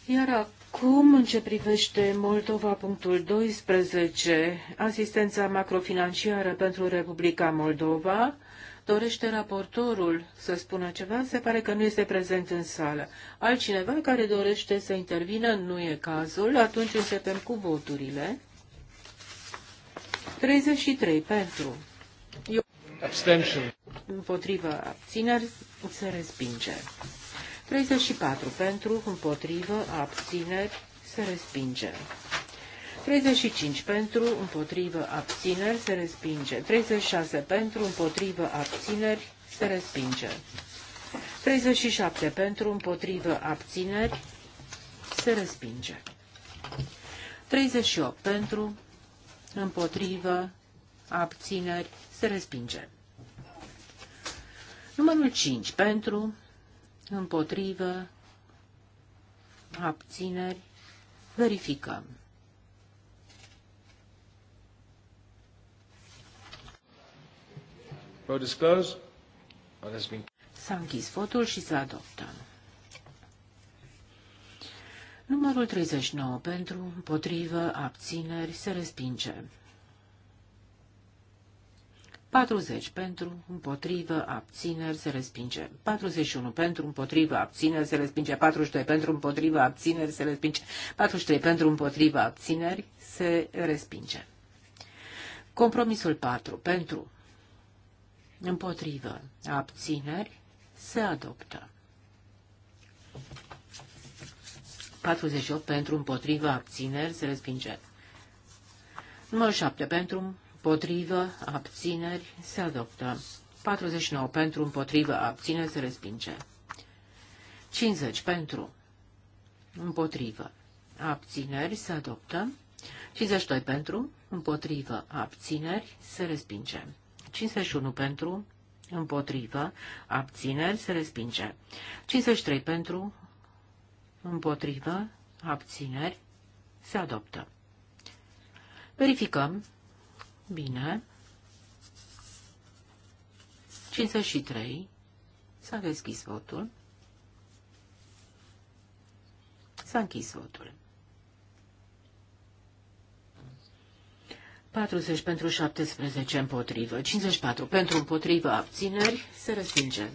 Iar acum, în ce privește Moldova, punctul 12, asistența macrofinanciară pentru Republica Moldova, Dorește raportorul să spună ceva? Se pare că nu este prezent în sală. Altcineva care dorește să intervină? Nu e cazul. Atunci începem cu voturile. 33 pentru. Eu... Abstention. Împotrivă abțineri se respinge. 34 pentru, împotrivă abțineri se respinge. 35 pentru, împotrivă, abțineri, se respinge. 36 pentru, împotrivă, abțineri, se respinge. 37 pentru, împotrivă, abțineri, se respinge. 38 pentru, împotrivă, abțineri, se respinge. Numărul 5 pentru, împotrivă, abțineri, verificăm. Vote is has been... S-a închis votul și se adoptă. Numărul 39 pentru, împotrivă, abțineri, se respinge. 40 pentru, împotrivă, abțineri, se respinge. 41 pentru, împotrivă, abțineri, se respinge. 42 pentru, împotrivă, abțineri, se respinge. 43 pentru, împotrivă, abțineri, se respinge. Compromisul 4 pentru, împotrivă, abțineri, se adoptă. 48 pentru, împotrivă, abțineri, se respinge. Numărul 7 pentru, împotrivă, abțineri, se adoptă. 49 pentru, împotrivă, abțineri, se respinge. 50 pentru, împotrivă, abțineri, se adoptă. 52 pentru, împotrivă, abțineri, se respinge. 51 pentru, împotrivă, abțineri, se respinge. 53 pentru, împotrivă, abțineri, se adoptă. Verificăm. Bine. 53. S-a deschis votul. S-a închis votul. 40 pentru 17 împotrivă, 54 pentru împotrivă abțineri, se respinge.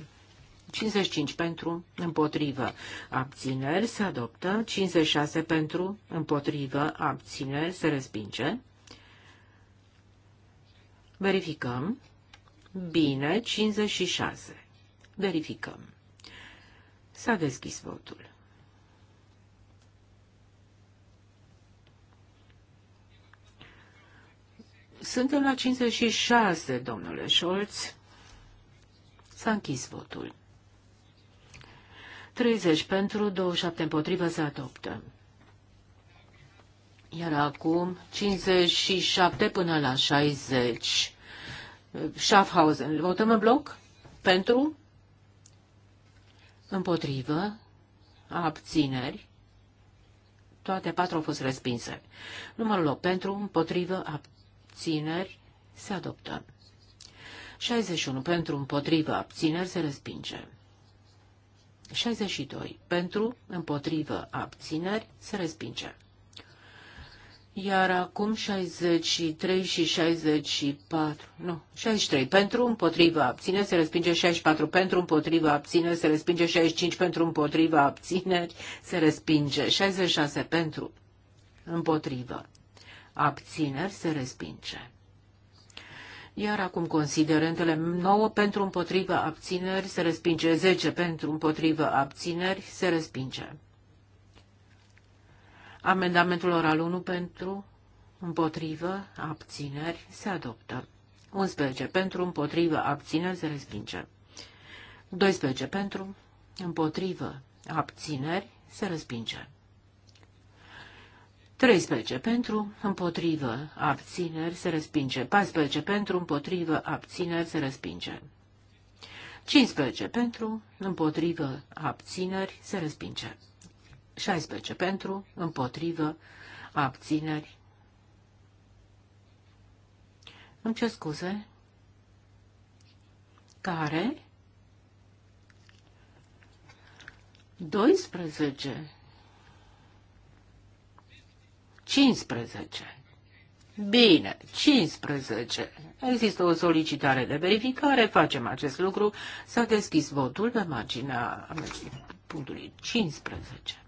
55 pentru împotrivă abțineri, se adoptă. 56 pentru împotrivă abțineri, se respinge. Verificăm. Bine, 56. Verificăm. S-a deschis votul. Suntem la 56, domnule Scholz. S-a închis votul. 30 pentru, 27 împotrivă se adoptă. Iar acum 57 până la 60. Schaffhausen, votăm în bloc? Pentru? Împotrivă? Abțineri? Toate patru au fost respinse. Numărul loc pentru, împotrivă, ab abțineri, se adoptă. 61 pentru împotrivă, abțineri, se respinge. 62 pentru împotrivă, abțineri, se respinge. Iar acum 63 și 64, nu, 63 pentru, împotrivă abține, se respinge 64 pentru, împotrivă abține, se respinge 65 pentru, împotrivă abțineri, se respinge 66 pentru, împotrivă abțineri, se respinge. Iar acum considerentele 9 pentru împotrivă abțineri se respinge, 10 pentru împotrivă abțineri se respinge. Amendamentul oral 1 pentru împotrivă abțineri se adoptă. 11 pentru împotrivă abțineri se respinge. 12 pentru împotrivă abțineri se respinge. 13 pentru, împotrivă, abțineri, se respinge. 14 pentru, împotrivă, abțineri, se respinge. 15 pentru, împotrivă, abțineri, se respinge. 16 pentru, împotrivă, abțineri. Îmi ce scuze? Care? 12 15. Bine, 15. Există o solicitare de verificare, facem acest lucru. S-a deschis votul pe marginea punctului 15.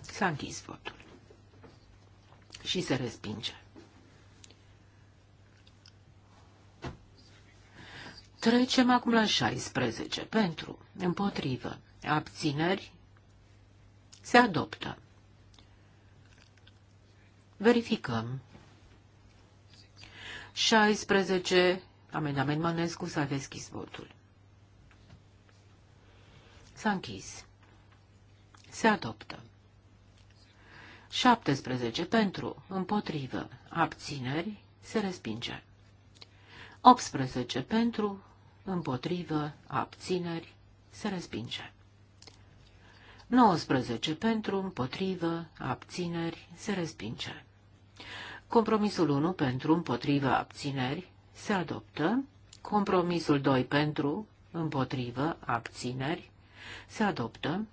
S-a închis votul și se respinge. 3. Trecem acum la 16. Pentru, împotrivă, abțineri, se adoptă. Verificăm. 16. Amendament Mănescu s-a deschis votul. S-a închis. Se adoptă. 17. Pentru, împotrivă, abțineri, se respinge. 18. Pentru, împotrivă, abțineri, se respinge. 19 pentru, împotrivă, abțineri, se respinge. Compromisul 1 pentru, împotrivă, abțineri, se adoptă. Compromisul 2 pentru, împotrivă, abțineri, se adoptă.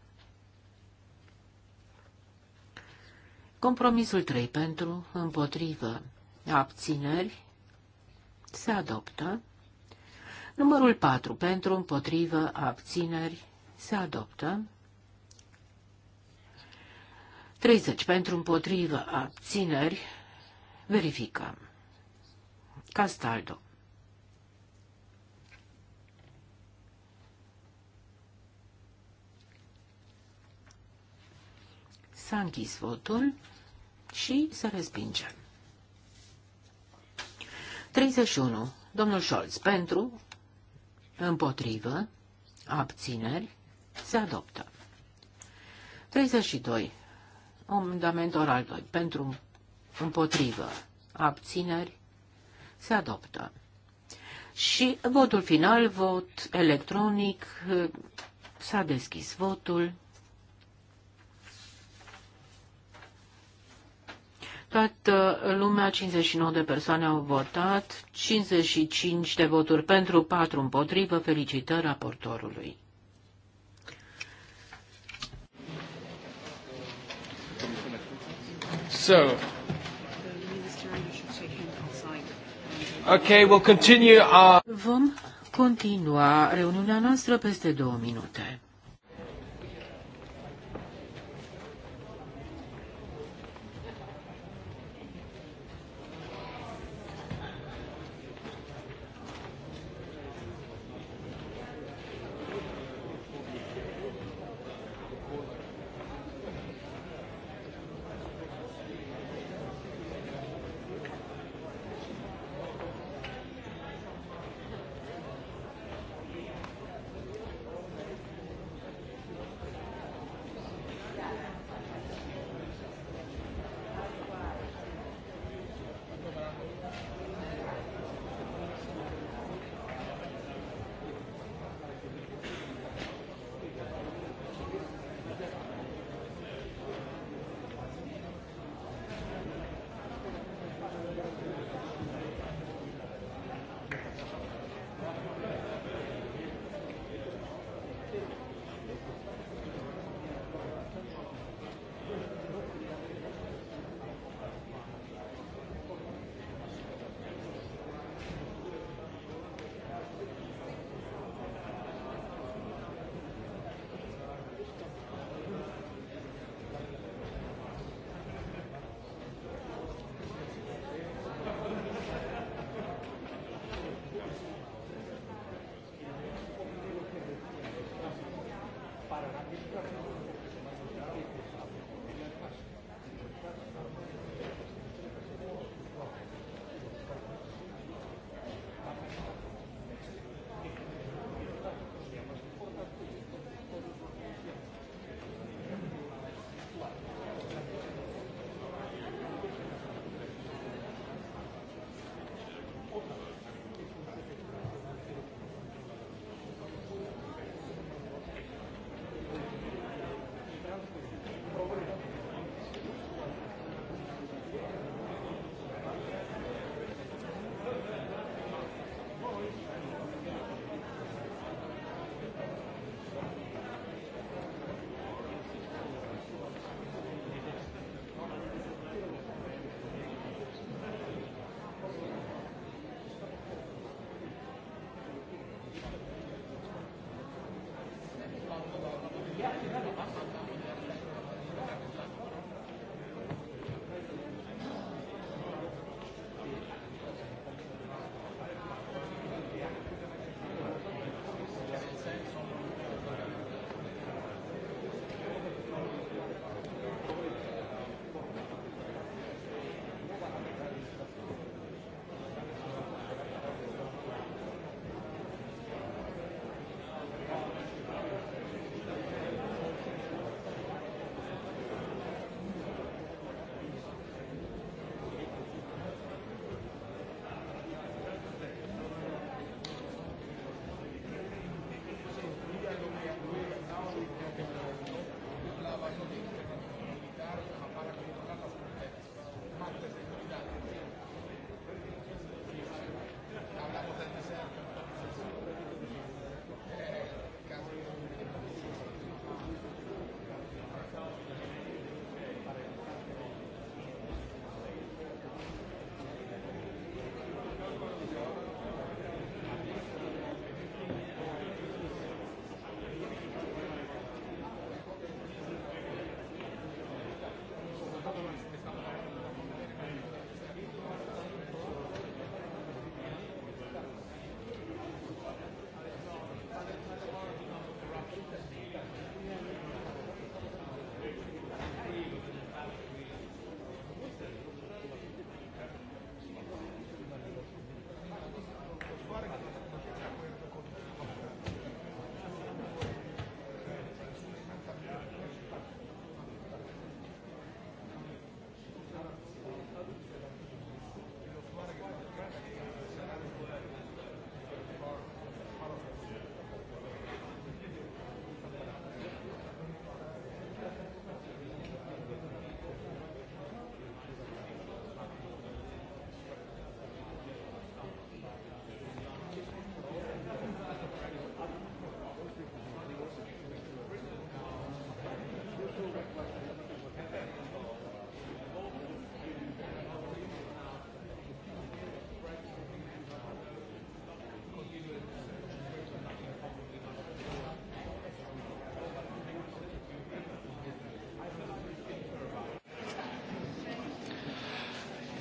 Compromisul 3 pentru, împotrivă, abțineri, se adoptă. Numărul 4 pentru, împotrivă, abțineri, se adoptă. 30 pentru împotrivă abțineri. Verificăm. Castaldo. S-a închis votul și se respinge. 31. Domnul Scholz, pentru, împotrivă, abțineri, se adoptă. 32. Amendament oral 2. Pentru împotrivă. Abțineri. Se adoptă. Și votul final, vot electronic. S-a deschis votul. Toată lumea, 59 de persoane au votat, 55 de voturi pentru, 4 împotrivă. Felicitări raportorului. So, okay, we'll continue our... Vom continua reuniunea noastră peste două minute.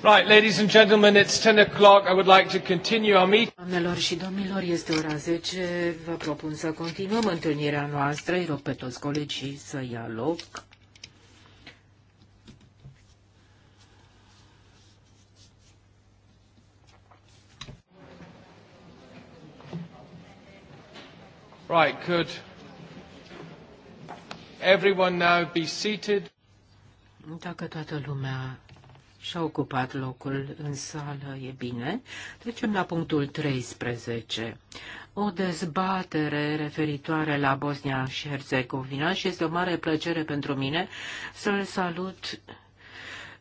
Right, ladies and gentlemen, it's 10 o'clock. I would like to continue our meeting. Doamnelor și domnilor, este ora 10. Vă propun să continuăm întâlnirea noastră. Îi rog pe toți colegii să ia loc. Right, could everyone now be seated? Dacă toată lumea și-a ocupat locul în sală, e bine. Trecem la punctul 13. O dezbatere referitoare la Bosnia și Herzegovina și este o mare plăcere pentru mine să-l salut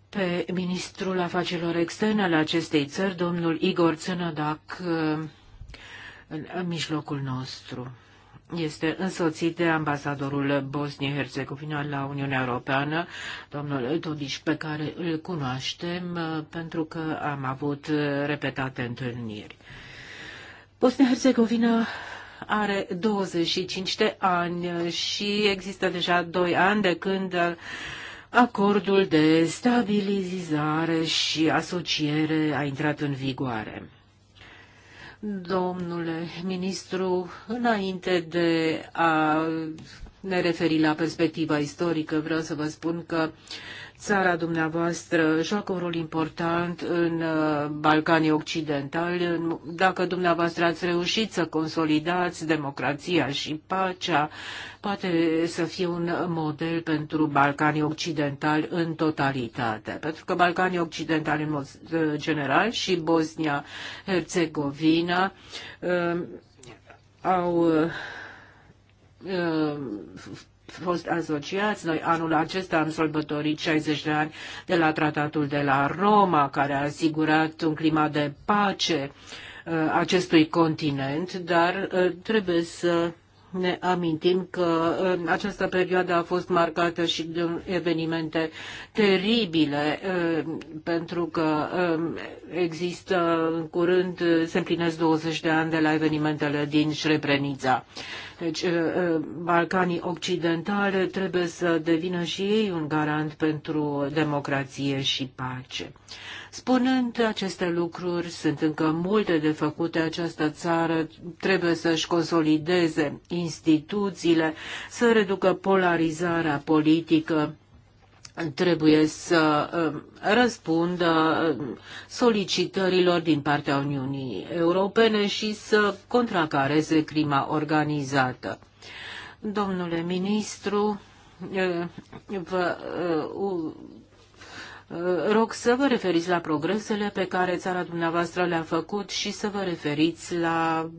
pe ministrul afacerilor externe al acestei țări, domnul Igor Țănădac, în mijlocul nostru este însoțit de ambasadorul Bosniei-Herzegovina la Uniunea Europeană, domnul Todiș, pe care îl cunoaștem uh, pentru că am avut repetate întâlniri. Bosnia-Herzegovina are 25 de ani uh, și există deja 2 ani de când uh, acordul de stabilizare și asociere a intrat în vigoare. Domnule ministru, înainte de a ne referi la perspectiva istorică, vreau să vă spun că țara dumneavoastră joacă un rol important în uh, Balcanii Occidentali. Dacă dumneavoastră ați reușit să consolidați democrația și pacea, poate să fie un model pentru Balcanii Occidentali în totalitate. Pentru că Balcanii Occidentali în mod uh, general și Bosnia-Herzegovina uh, au Uh, fost asociați. Noi anul acesta am sărbătorit 60 de ani de la tratatul de la Roma, care a asigurat un climat de pace uh, acestui continent, dar uh, trebuie să ne amintim că această perioadă a fost marcată și de evenimente teribile, uh, pentru că um, există în curând, uh, se împlinesc 20 de ani de la evenimentele din Srebrenica. Deci, uh, Balcanii Occidentale trebuie să devină și ei un garant pentru democrație și pace. Spunând aceste lucruri, sunt încă multe de făcute. Această țară trebuie să-și consolideze instituțiile, să reducă polarizarea politică, trebuie să um, răspundă um, solicitărilor din partea Uniunii Europene și să contracareze crima organizată. Domnule ministru, uh, vă uh, rog să vă referiți la progresele pe care țara dumneavoastră le-a făcut și să vă referiți la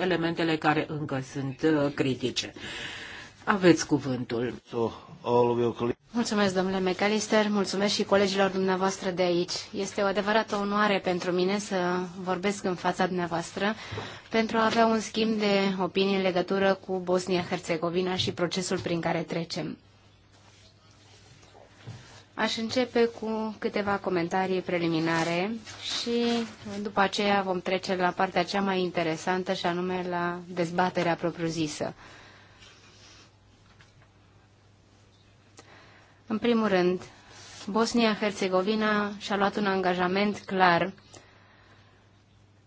elementele care încă sunt uh, critice. Aveți cuvântul. Mulțumesc, domnule McAllister, mulțumesc și colegilor dumneavoastră de aici. Este o adevărată onoare pentru mine să vorbesc în fața dumneavoastră pentru a avea un schimb de opinii în legătură cu Bosnia-Herzegovina și procesul prin care trecem. Aș începe cu câteva comentarii preliminare și după aceea vom trece la partea cea mai interesantă și anume la dezbaterea propriu-zisă. În primul rând, Bosnia-Herzegovina și-a luat un angajament clar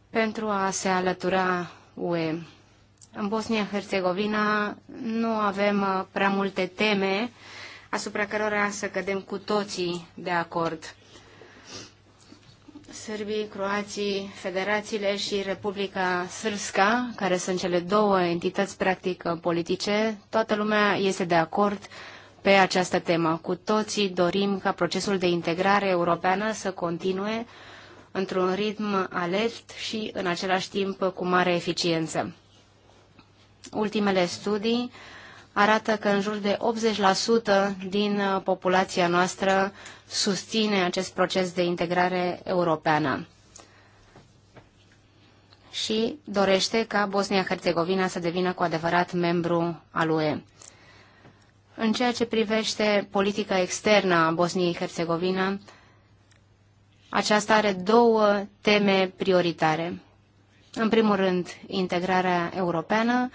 pentru a se alătura UE. În Bosnia-Herzegovina nu avem uh, prea multe teme uh, asupra cărora să cădem cu toții de acord. Sârbii, croații, federațiile și Republica Sârska, care sunt cele două entități practic politice, toată lumea este de acord pe această temă. Cu toții dorim ca procesul de integrare europeană să continue într-un ritm alert și în același timp cu mare eficiență. Ultimele studii arată că în jur de 80% din uh, populația noastră susține acest proces de integrare europeană și dorește ca Bosnia-Herzegovina să devină cu adevărat membru al UE. În ceea ce privește politica externă a Bosniei-Herzegovina, aceasta are două teme prioritare. În primul rând, integrarea europeană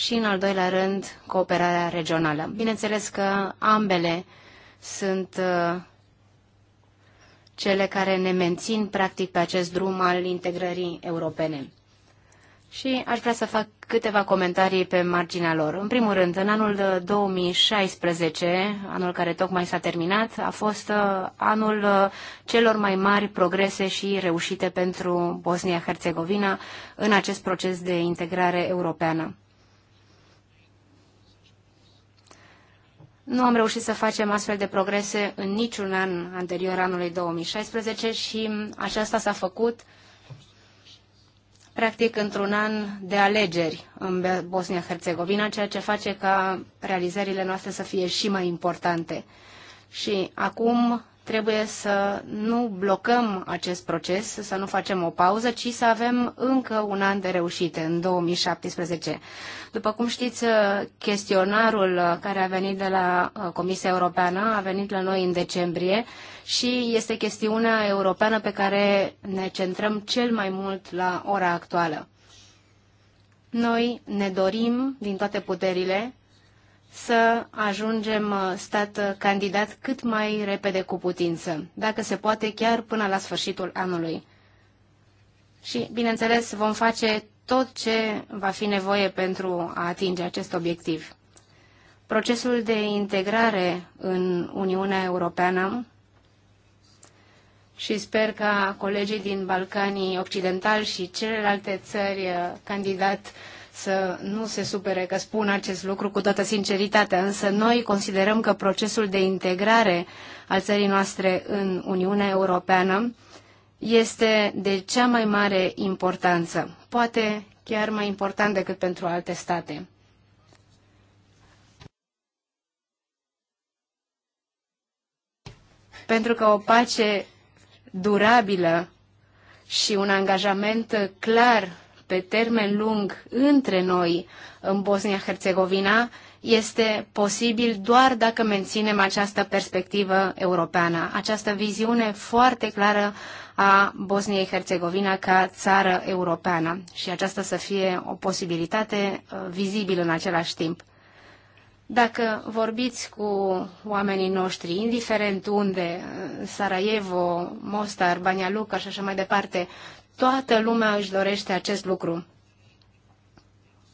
și, în al doilea rând, cooperarea regională. Bineînțeles că ambele sunt uh, cele care ne mențin, practic, pe acest drum al integrării europene. Și aș vrea să fac câteva comentarii pe marginea lor. În primul rând, în anul 2016, uh, anul care tocmai s-a terminat, a fost uh, anul celor mai mari progrese și reușite pentru Bosnia-Herzegovina în acest proces de integrare europeană. Nu am reușit să facem astfel de progrese în niciun an anterior anului 2016 și aceasta s-a făcut practic într-un an de alegeri în Bosnia-Herzegovina, ceea ce face ca realizările noastre să fie și mai importante. Și acum trebuie să nu blocăm acest proces, să nu facem o pauză, ci să avem încă un an de reușite în 2017. După cum știți, chestionarul care a venit de la uh, Comisia Europeană a venit la noi în decembrie și este chestiunea europeană pe care ne centrăm cel mai mult la ora actuală. Noi ne dorim din toate puterile să ajungem uh, stat uh, candidat cât mai repede cu putință, dacă se poate chiar până la sfârșitul anului. Și, bineînțeles, vom face tot ce va fi nevoie pentru a atinge acest obiectiv. Procesul de integrare în Uniunea Europeană și sper ca colegii din Balcanii Occidentali și celelalte țări uh, candidat să nu se supere că spun acest lucru cu toată sinceritatea, însă noi considerăm că procesul de integrare al țării noastre în Uniunea Europeană este de cea mai mare importanță, poate chiar mai important decât pentru alte state. Pentru că o pace durabilă și un angajament clar pe termen lung între noi în Bosnia-Herzegovina este posibil doar dacă menținem această perspectivă europeană, această viziune foarte clară a Bosniei-Herzegovina ca țară europeană și aceasta să fie o posibilitate uh, vizibilă în același timp. Dacă vorbiți cu oamenii noștri, indiferent unde, uh, Sarajevo, Mostar, Banja Luka și așa mai departe, Toată lumea își dorește acest lucru.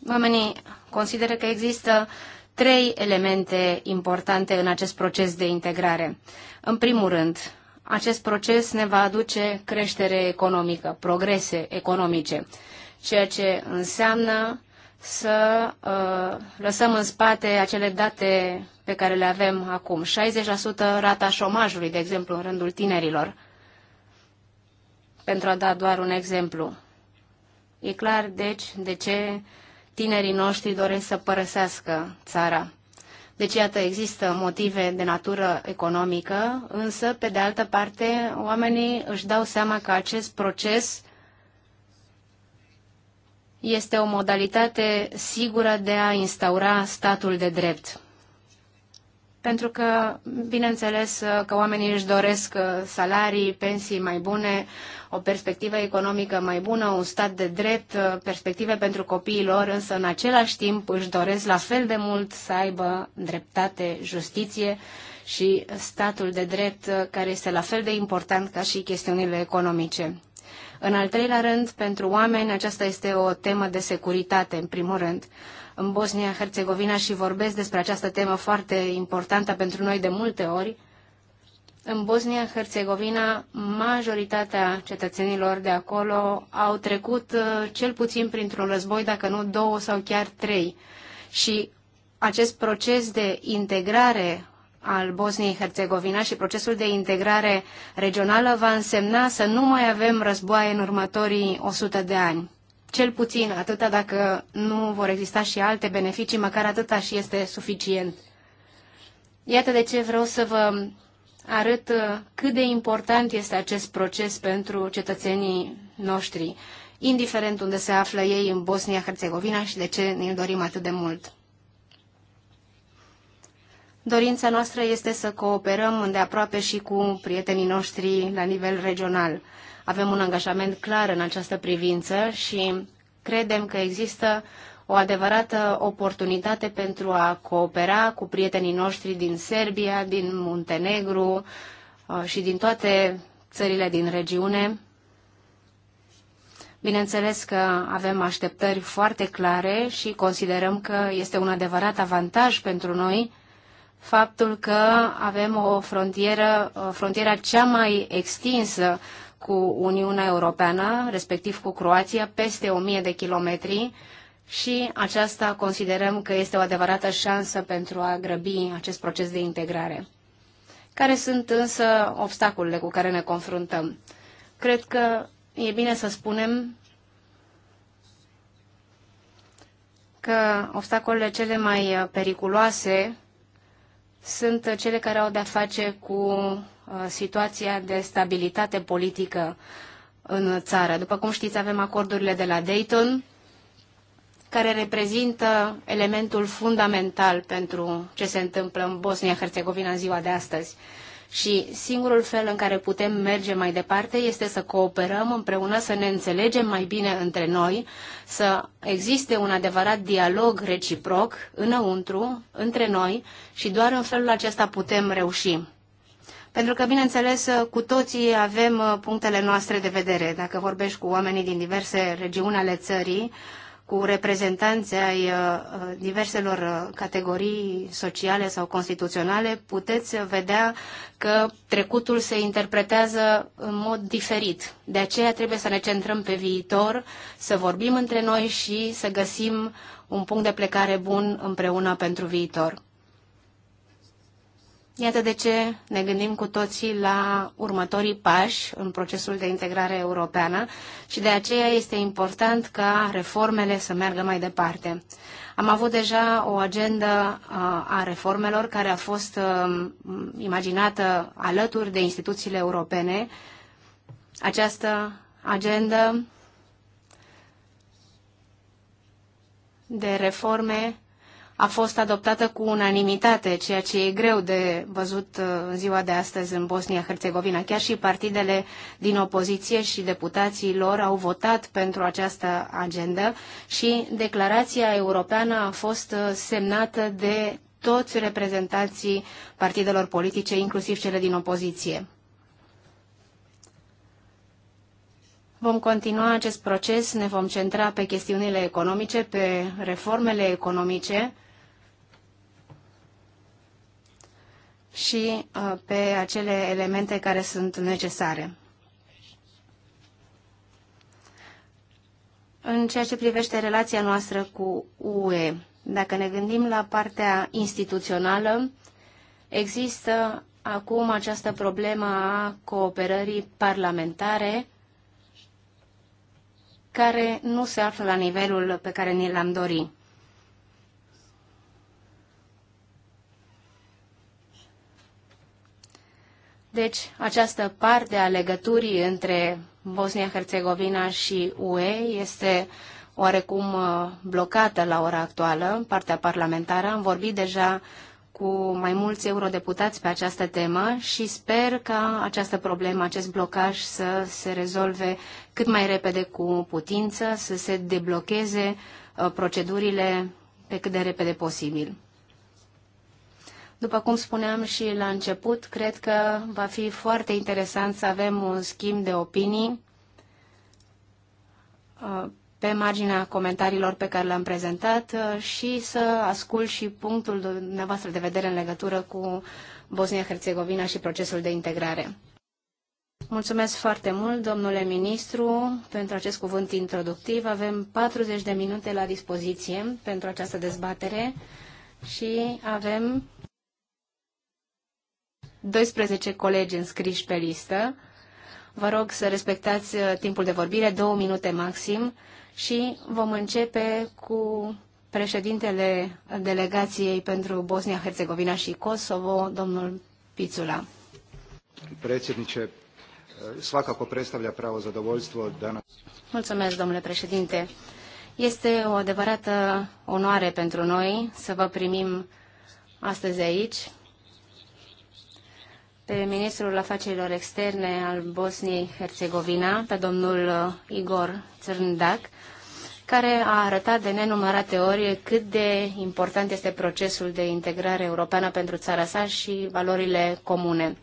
Oamenii consideră că există trei elemente importante în acest proces de integrare. În primul rând, acest proces ne va aduce creștere economică, progrese economice, ceea ce înseamnă să uh, lăsăm în spate acele date pe care le avem acum. 60% rata șomajului, de exemplu, în rândul tinerilor pentru a da doar un exemplu. E clar, deci, de ce tinerii noștri doresc să părăsească țara. Deci, iată, există motive de natură economică, însă, pe de altă parte, oamenii își dau seama că acest proces este o modalitate sigură de a instaura statul de drept pentru că, bineînțeles, că oamenii își doresc uh, salarii, pensii mai bune, o perspectivă economică mai bună, un stat de drept, uh, perspective pentru copiii lor, însă în același timp își doresc la fel de mult să aibă dreptate, justiție și statul de drept uh, care este la fel de important ca și chestiunile economice. În al treilea rând, pentru oameni aceasta este o temă de securitate, în primul rând în Bosnia-Herzegovina și vorbesc despre această temă foarte importantă pentru noi de multe ori, în Bosnia-Herzegovina, majoritatea cetățenilor de acolo au trecut uh, cel puțin printr-un război, dacă nu două sau chiar trei. Și acest proces de integrare al Bosniei-Herzegovina și procesul de integrare regională va însemna să nu mai avem războaie în următorii 100 de ani cel puțin atâta dacă nu vor exista și alte beneficii, măcar atâta și este suficient. Iată de ce vreau să vă arăt uh, cât de important este acest proces pentru cetățenii noștri, indiferent unde se află ei în Bosnia-Herzegovina și de ce ne dorim atât de mult. Dorința noastră este să cooperăm îndeaproape și cu prietenii noștri la nivel regional. Avem un angajament clar în această privință și credem că există o adevărată oportunitate pentru a coopera cu prietenii noștri din Serbia, din Muntenegru uh, și din toate țările din regiune. Bineînțeles că avem așteptări foarte clare și considerăm că este un adevărat avantaj pentru noi faptul că avem o frontieră, uh, frontiera cea mai extinsă cu Uniunea Europeană, respectiv cu Croația, peste 1000 de kilometri și aceasta considerăm că este o adevărată șansă pentru a grăbi acest proces de integrare. Care sunt însă obstacolele cu care ne confruntăm? Cred că e bine să spunem că obstacolele cele mai periculoase sunt cele care au de-a face cu Uh, situația de stabilitate politică în țară. După cum știți, avem acordurile de la Dayton, care reprezintă elementul fundamental pentru ce se întâmplă în Bosnia-Herzegovina în ziua de astăzi. Și singurul fel în care putem merge mai departe este să cooperăm împreună, să ne înțelegem mai bine între noi, să existe un adevărat dialog reciproc înăuntru, între noi și doar în felul acesta putem reuși. Pentru că, bineînțeles, cu toții avem uh, punctele noastre de vedere. Dacă vorbești cu oamenii din diverse regiuni ale țării, cu reprezentanții ai uh, uh, diverselor categorii sociale sau constituționale, puteți vedea că trecutul se interpretează în mod diferit. De aceea trebuie să ne centrăm pe viitor, să vorbim între noi și să găsim un punct de plecare bun împreună pentru viitor. Iată de ce ne gândim cu toții la următorii pași în procesul de integrare europeană și de aceea este important ca reformele să meargă mai departe. Am avut deja o agendă uh, a reformelor care a fost um, imaginată alături de instituțiile europene. Această agendă de reforme a fost adoptată cu unanimitate, ceea ce e greu de văzut uh, în ziua de astăzi în Bosnia-Herzegovina. Chiar și partidele din opoziție și deputații lor au votat pentru această agendă și declarația europeană a fost uh, semnată de toți reprezentanții partidelor politice, inclusiv cele din opoziție. Vom continua acest proces, ne vom centra pe chestiunile economice, pe reformele economice, și uh, pe acele elemente care sunt necesare. În ceea ce privește relația noastră cu UE, dacă ne gândim la partea instituțională, există acum această problemă a cooperării parlamentare care nu se află la nivelul pe care ni l-am dorit. Deci, această parte a legăturii între Bosnia-Herzegovina și UE este oarecum uh, blocată la ora actuală, partea parlamentară. Am vorbit deja cu mai mulți eurodeputați pe această temă și sper ca această problemă, acest blocaj să se rezolve cât mai repede cu putință, să se deblocheze uh, procedurile pe cât de repede posibil. După cum spuneam și la început, cred că va fi foarte interesant să avem un schimb de opinii uh, pe marginea comentariilor pe care le-am prezentat uh, și să ascult și punctul dumneavoastră de vedere în legătură cu Bosnia-Herzegovina și procesul de integrare. Mulțumesc foarte mult, domnule ministru, pentru acest cuvânt introductiv. Avem 40 de minute la dispoziție pentru această dezbatere și avem 12 colegi înscriși pe listă. Vă rog să respectați uh, timpul de vorbire, două minute maxim, și vom începe cu președintele delegației pentru Bosnia-Herzegovina și Kosovo, domnul Pițula. Predsjedniče, uh, svakako predstavlja pravo zadovoljstvo danas. Mulțumesc, domnule președinte. Este o adevărată onoare pentru noi să vă primim astăzi aici pe ministrul afacerilor externe al Bosniei-Herzegovina, pe domnul uh, Igor Țârndac, care a arătat de nenumărate ori cât de important este procesul de integrare europeană pentru țara sa și valorile comune.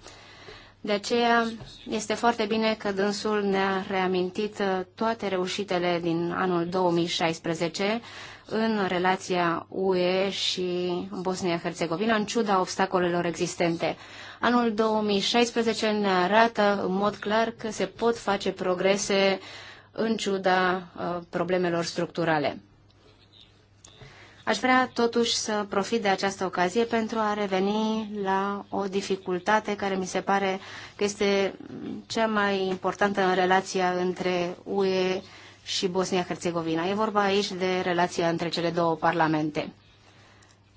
De aceea este foarte bine că dânsul ne-a reamintit uh, toate reușitele din anul 2016 în relația UE și Bosnia-Herzegovina, în ciuda obstacolelor existente. Anul 2016 ne arată în mod clar că se pot face progrese în ciuda uh, problemelor structurale. Aș vrea totuși să profit de această ocazie pentru a reveni la o dificultate care mi se pare că este cea mai importantă în relația între UE și Bosnia-Herzegovina. E vorba aici de relația între cele două parlamente.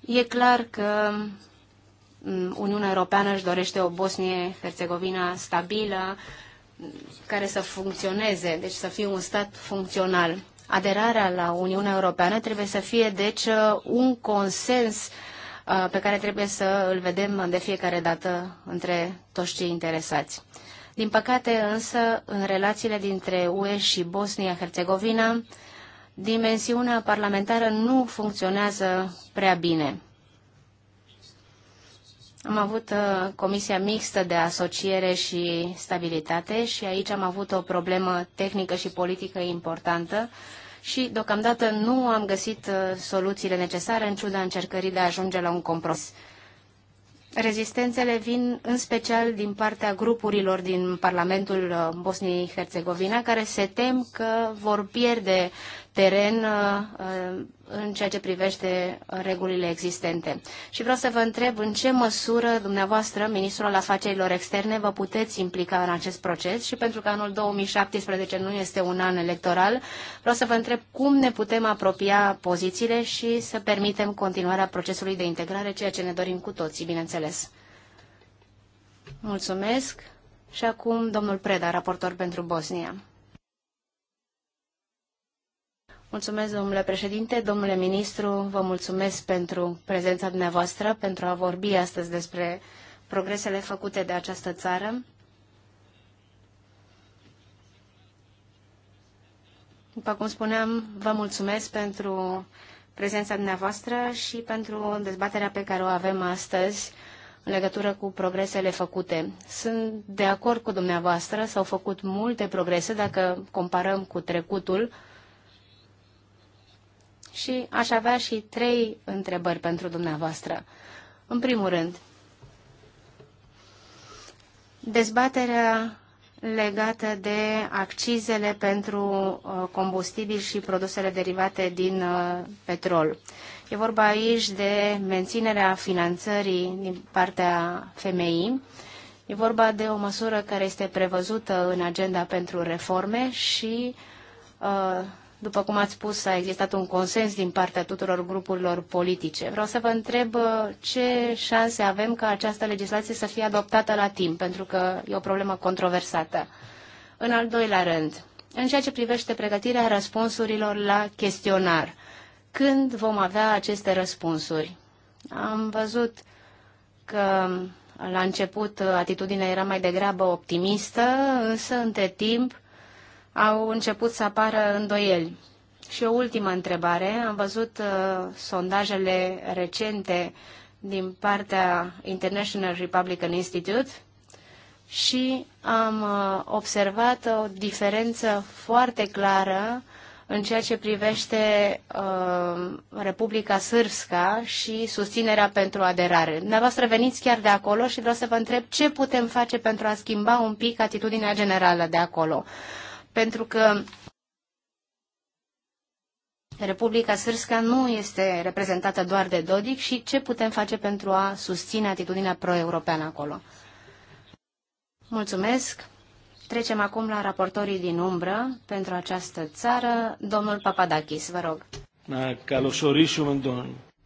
E clar că Uniunea Europeană își dorește o Bosnie-Herzegovina stabilă, care să funcționeze, deci să fie un stat funcțional. Aderarea la Uniunea Europeană trebuie să fie, deci, un consens uh, pe care trebuie să îl vedem de fiecare dată între toți cei interesați. Din păcate, însă, în relațiile dintre UE și Bosnia-Herzegovina, dimensiunea parlamentară nu funcționează prea bine. Am avut uh, comisia mixtă de asociere și stabilitate și aici am avut o problemă tehnică și politică importantă și deocamdată nu am găsit uh, soluțiile necesare în ciuda încercării de a ajunge la un compromis. Rezistențele vin în special din partea grupurilor din Parlamentul uh, Bosniei-Herzegovina, care se tem că vor pierde teren uh, în ceea ce privește uh, regulile existente. Și vreau să vă întreb în ce măsură dumneavoastră, Ministrul al Afacerilor Externe, vă puteți implica în acest proces și pentru că anul 2017 nu este un an electoral, vreau să vă întreb cum ne putem apropia pozițiile și să permitem continuarea procesului de integrare, ceea ce ne dorim cu toții, bineînțeles. Mulțumesc. Și acum domnul Preda, raportor pentru Bosnia. Mulțumesc, domnule președinte, domnule ministru, vă mulțumesc pentru prezența dumneavoastră, pentru a vorbi astăzi despre progresele făcute de această țară. După cum spuneam, vă mulțumesc pentru prezența dumneavoastră și pentru dezbaterea pe care o avem astăzi în legătură cu progresele făcute. Sunt de acord cu dumneavoastră, s-au făcut multe progrese dacă comparăm cu trecutul, și aș avea și trei întrebări pentru dumneavoastră. În primul rând, dezbaterea legată de accizele pentru uh, combustibil și produsele derivate din uh, petrol. E vorba aici de menținerea finanțării din partea femei. E vorba de o măsură care este prevăzută în agenda pentru reforme și uh, după cum ați spus, a existat un consens din partea tuturor grupurilor politice. Vreau să vă întreb uh, ce șanse avem ca această legislație să fie adoptată la timp, pentru că e o problemă controversată. În al doilea rând, în ceea ce privește pregătirea răspunsurilor la chestionar, când vom avea aceste răspunsuri? Am văzut că la început atitudinea era mai degrabă optimistă, însă între timp au început să apară îndoieli. Și o ultimă întrebare. Am văzut uh, sondajele recente din partea International Republican Institute și am uh, observat o diferență foarte clară în ceea ce privește uh, Republica Sârbska și susținerea pentru aderare. Dumneavoastră veniți chiar de acolo și vreau să vă întreb ce putem face pentru a schimba un pic atitudinea generală de acolo. Uh, pentru că Republica Sârsca nu este reprezentată doar de Dodic și ce putem face pentru a susține atitudinea pro-europeană acolo. Mulțumesc! Trecem acum la raportorii din umbră pentru această țară. Domnul Papadakis, vă rog.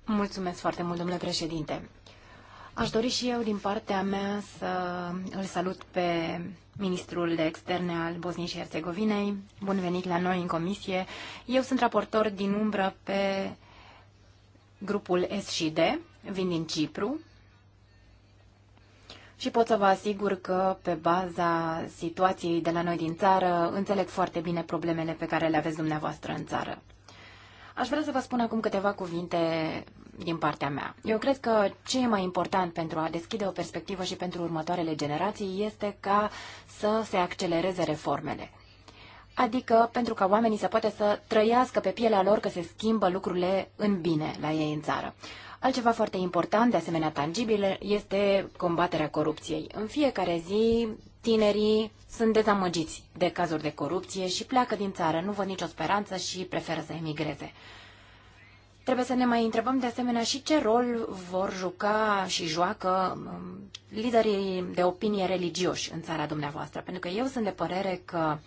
Mulțumesc foarte mult, domnule președinte. Aș dori și eu, din partea mea, să îl salut pe ministrul de externe al Bosniei și Herțegovinei. Bun venit la noi în comisie. Eu sunt raportor din umbră pe grupul SCD, vin din Cipru și pot să vă asigur că pe baza situației de la noi din țară înțeleg foarte bine problemele pe care le aveți dumneavoastră în țară. Aș vrea să vă spun acum câteva cuvinte din partea mea. Eu cred că ce e mai important pentru a deschide o perspectivă și pentru următoarele generații este ca să se accelereze reformele. Adică pentru ca oamenii să poată să trăiască pe pielea lor că se schimbă lucrurile în bine la ei în țară. Altceva foarte important, de asemenea tangibil, este combaterea corupției. În fiecare zi, tinerii sunt dezamăgiți de cazuri de corupție și pleacă din țară, nu văd nicio speranță și preferă să emigreze. Trebuie să ne mai întrebăm de asemenea și ce rol vor juca și joacă um, liderii de opinie religioși în țara dumneavoastră. Pentru că eu sunt de părere că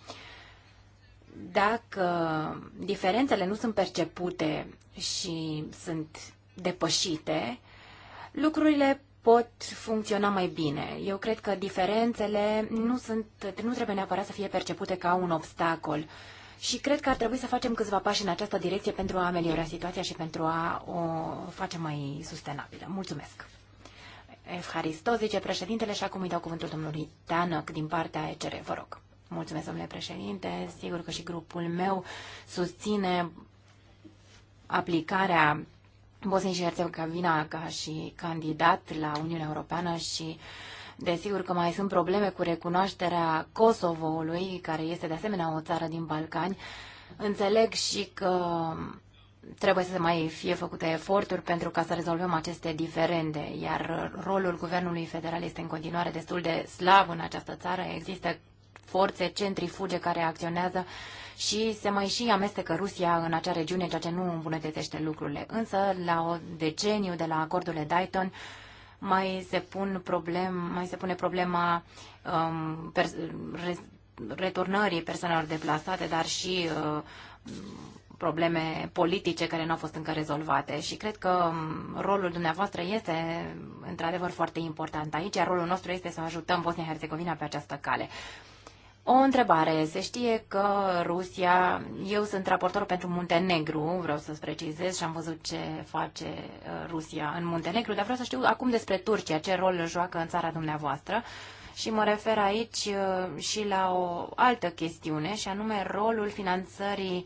dacă diferențele nu sunt percepute și sunt depășite, lucrurile pot funcționa mai bine. Eu cred că diferențele nu, sunt, nu trebuie neapărat să fie percepute ca un obstacol, și cred că ar trebui să facem câțiva pași în această direcție pentru a ameliora situația și pentru a o face mai sustenabilă. Mulțumesc! F. Haristos, zice președintele și acum îi dau cuvântul domnului Tanăc din partea ECR. Vă rog. Mulțumesc, domnule președinte. Sigur că și grupul meu susține aplicarea Bosniei și Herțegovina ca și candidat la Uniunea Europeană și uh, Desigur că mai sunt probleme cu recunoașterea Kosovoului, care este de asemenea o țară din Balcani. Înțeleg și că trebuie să mai fie făcute eforturi pentru ca să rezolvăm aceste diferende, iar rolul guvernului federal este în continuare destul de slab în această țară. Există forțe centrifuge care acționează și se mai și amestecă Rusia în acea regiune, ceea ce nu îmbunătățește lucrurile. Însă, la o deceniu de la acordurile Dayton, mai se, pun problem, mai se pune problema um, per, re, returnării persoanelor deplasate, dar și uh, probleme politice care nu au fost încă rezolvate și cred că um, rolul dumneavoastră este într-adevăr foarte important aici, iar rolul nostru este să ajutăm Bosnia-Herzegovina pe această cale. O întrebare. Se știe că Rusia, eu sunt raportor pentru Muntenegru, vreau să-ți precizez și am văzut ce face uh, Rusia în Muntenegru, dar vreau să știu acum despre Turcia, ce rol joacă în țara dumneavoastră. Și mă refer aici uh, și la o altă chestiune, și anume rolul finanțării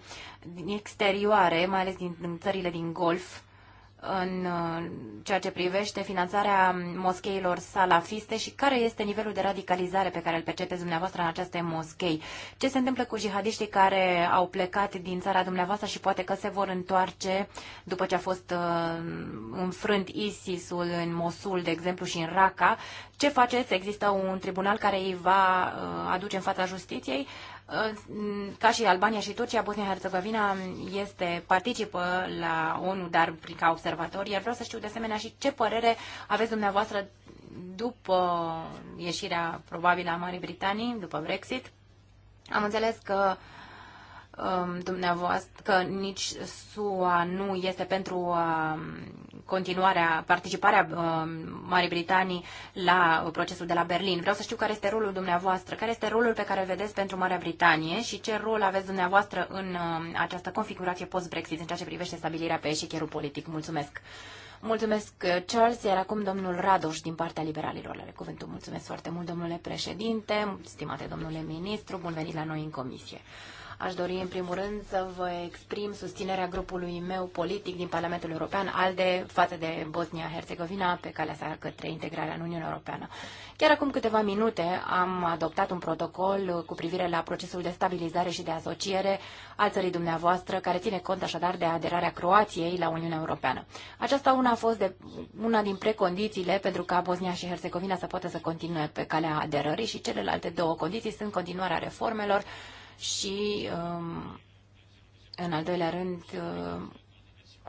exterioare, mai ales din, din țările din Golf, în uh, ceea ce privește finanțarea moscheilor salafiste și care este nivelul de radicalizare pe care îl percepeți dumneavoastră în aceste moschei. Ce se întâmplă cu jihadiștii care au plecat din țara dumneavoastră și poate că se vor întoarce după ce a fost uh, înfrânt ISIS-ul în Mosul, de exemplu, și în Raqqa? Ce faceți? Există un tribunal care îi va uh, aduce în fața justiției? ca și Albania și Turcia, Bosnia-Herzegovina este participă la ONU, dar ca observator, iar vreau să știu de asemenea și ce părere aveți dumneavoastră după ieșirea probabilă a Marii Britanii, după Brexit. Am înțeles că uh, Um, dumneavoastră că nici SUA nu este pentru um, continuarea, participarea um, Marii Britanii la procesul de la Berlin. Vreau să știu care este rolul dumneavoastră, care este rolul pe care vedeți pentru Marea Britanie și ce rol aveți dumneavoastră în această configurație post-Brexit în ceea ce privește stabilirea pe eșecherul politic. Mulțumesc! Mulțumesc, Charles, iar acum domnul Radoș din partea liberalilor. La cuvântul mulțumesc foarte mult, domnule președinte, stimate domnule ministru, bun venit la noi în comisie. Aș dori, în primul rând, să vă exprim susținerea grupului meu politic din Parlamentul European, ALDE, față de Bosnia-Herzegovina, pe calea sa către integrarea în Uniunea Europeană. Chiar acum câteva minute am adoptat un protocol cu privire la procesul de stabilizare și de asociere al țării dumneavoastră, care ține cont așadar de aderarea Croației la Uniunea Europeană. Aceasta una a fost de, una din precondițiile pentru ca Bosnia și Herzegovina să poată să continue pe calea aderării și celelalte două condiții sunt continuarea reformelor, și, um, în al doilea rând, uh,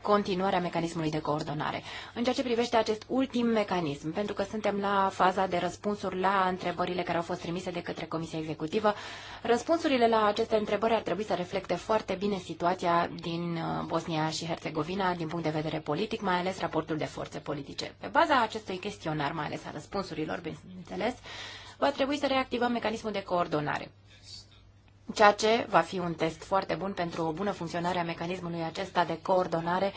continuarea mecanismului de coordonare. În ceea ce privește acest ultim mecanism, pentru că suntem la faza de răspunsuri la întrebările care au fost trimise de către Comisia Executivă, răspunsurile la aceste întrebări ar trebui să reflecte foarte bine situația din uh, Bosnia și Herțegovina din punct de vedere politic, mai ales raportul de forțe politice. Pe baza acestui chestionar, mai ales a răspunsurilor, bineînțeles, va trebui să reactivăm mecanismul de coordonare ceea ce va fi un test foarte bun pentru o bună funcționare a mecanismului acesta de coordonare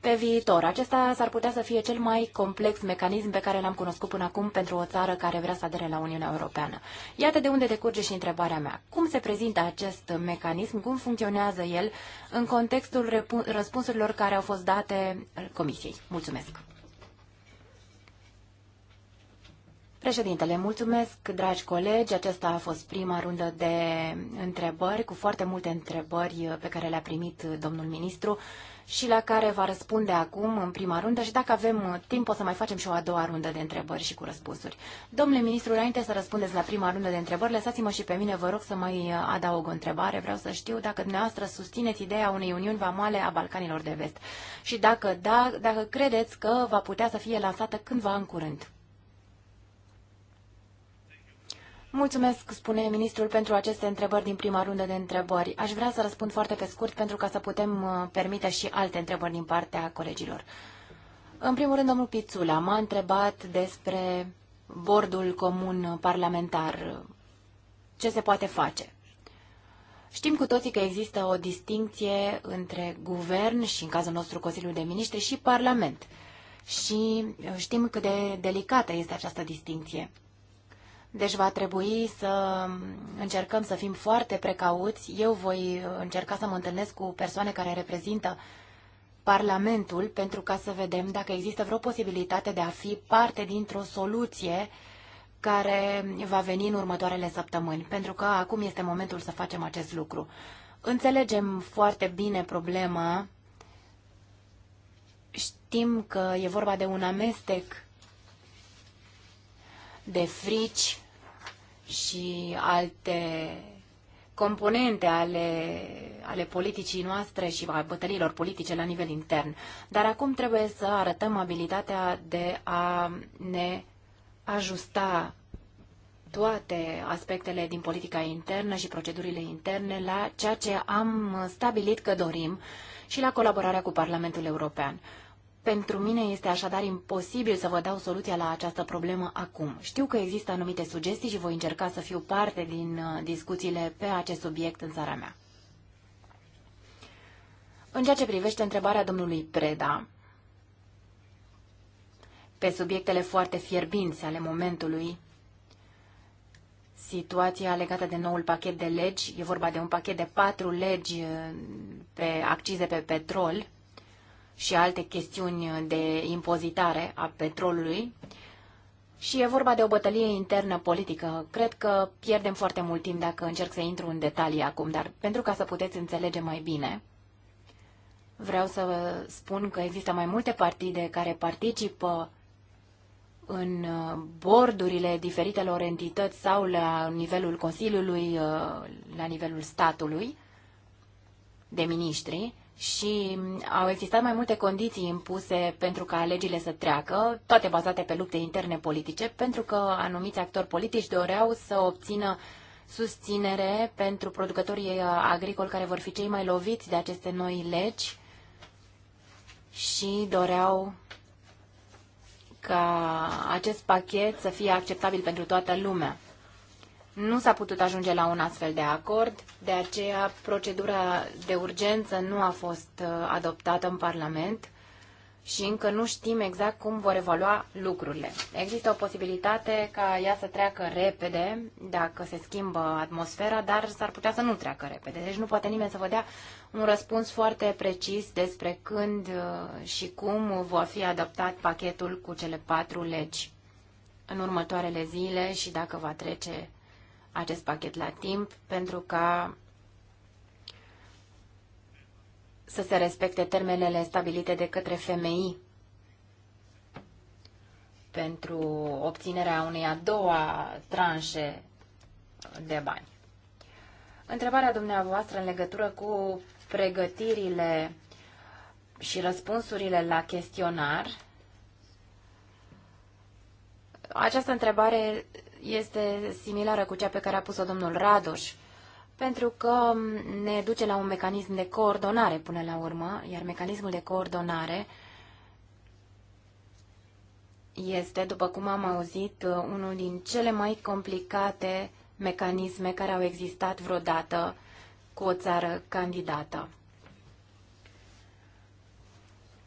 pe viitor. Acesta s-ar putea să fie cel mai complex mecanism pe care l-am cunoscut până acum pentru o țară care vrea să adere la Uniunea Europeană. Iată de unde decurge și întrebarea mea. Cum se prezintă acest mecanism? Cum funcționează el în contextul răspunsurilor care au fost date Comisiei? Mulțumesc! Președintele, mulțumesc, dragi colegi. Aceasta a fost prima rundă de întrebări, cu foarte multe întrebări pe care le-a primit domnul ministru și la care va răspunde acum în prima rundă și dacă avem timp o să mai facem și o a doua rundă de întrebări și cu răspunsuri. Domnule ministru, înainte să răspundeți la prima rundă de întrebări, lăsați-mă și pe mine, vă rog să mai adaug o întrebare. Vreau să știu dacă dumneavoastră susțineți ideea unei uniuni vamale a Balcanilor de Vest și dacă da, dacă credeți că va putea să fie lansată cândva în curând. Mulțumesc, spune ministrul, pentru aceste întrebări din prima rundă de întrebări. Aș vrea să răspund foarte pe scurt pentru ca să putem uh, permite și alte întrebări din partea colegilor. În primul rând, domnul Pițula m-a întrebat despre bordul comun parlamentar. Ce se poate face? Știm cu toții că există o distinție între guvern și, în cazul nostru, Consiliul de Ministri și Parlament. Și uh, știm cât de delicată este această distinție. Deci va trebui să încercăm să fim foarte precauți. Eu voi încerca să mă întâlnesc cu persoane care reprezintă Parlamentul pentru ca să vedem dacă există vreo posibilitate de a fi parte dintr-o soluție care va veni în următoarele săptămâni, pentru că acum este momentul să facem acest lucru. Înțelegem foarte bine problema, știm că e vorba de un amestec de frici, și alte componente ale, ale politicii noastre și a bătăliilor politice la nivel intern. Dar acum trebuie să arătăm abilitatea de a ne ajusta toate aspectele din politica internă și procedurile interne la ceea ce am stabilit că dorim și la colaborarea cu Parlamentul European. Pentru mine este așadar imposibil să vă dau soluția la această problemă acum. Știu că există anumite sugestii și voi încerca să fiu parte din uh, discuțiile pe acest subiect în țara mea. În ceea ce privește întrebarea domnului Preda, pe subiectele foarte fierbinți ale momentului, situația legată de noul pachet de legi, e vorba de un pachet de patru legi uh, pe accize pe petrol, și alte chestiuni de impozitare a petrolului. Și e vorba de o bătălie internă politică. Cred că pierdem foarte mult timp dacă încerc să intru în detalii acum, dar pentru ca să puteți înțelege mai bine, vreau să vă spun că există mai multe partide care participă în bordurile diferitelor entități sau la nivelul Consiliului, la nivelul statului de miniștri și au existat mai multe condiții impuse pentru ca legile să treacă, toate bazate pe lupte interne politice, pentru că anumiți actori politici doreau să obțină susținere pentru producătorii agricoli care vor fi cei mai loviți de aceste noi legi și doreau ca acest pachet să fie acceptabil pentru toată lumea. Nu s-a putut ajunge la un astfel de acord, de aceea procedura de urgență nu a fost uh, adoptată în Parlament și încă nu știm exact cum vor evolua lucrurile. Există o posibilitate ca ea să treacă repede dacă se schimbă atmosfera, dar s-ar putea să nu treacă repede. Deci nu poate nimeni să vă dea un răspuns foarte precis despre când uh, și cum va fi adoptat pachetul cu cele patru legi în următoarele zile și dacă va trece acest pachet la timp pentru ca să se respecte termenele stabilite de către femei pentru obținerea unei a doua tranșe de bani. Întrebarea dumneavoastră în legătură cu pregătirile și răspunsurile la chestionar. Această întrebare este similară cu cea pe care a pus-o domnul Radoș, pentru că um, ne duce la un mecanism de coordonare până la urmă, iar mecanismul de coordonare este, după cum am auzit, unul din cele mai complicate mecanisme care au existat vreodată cu o țară candidată.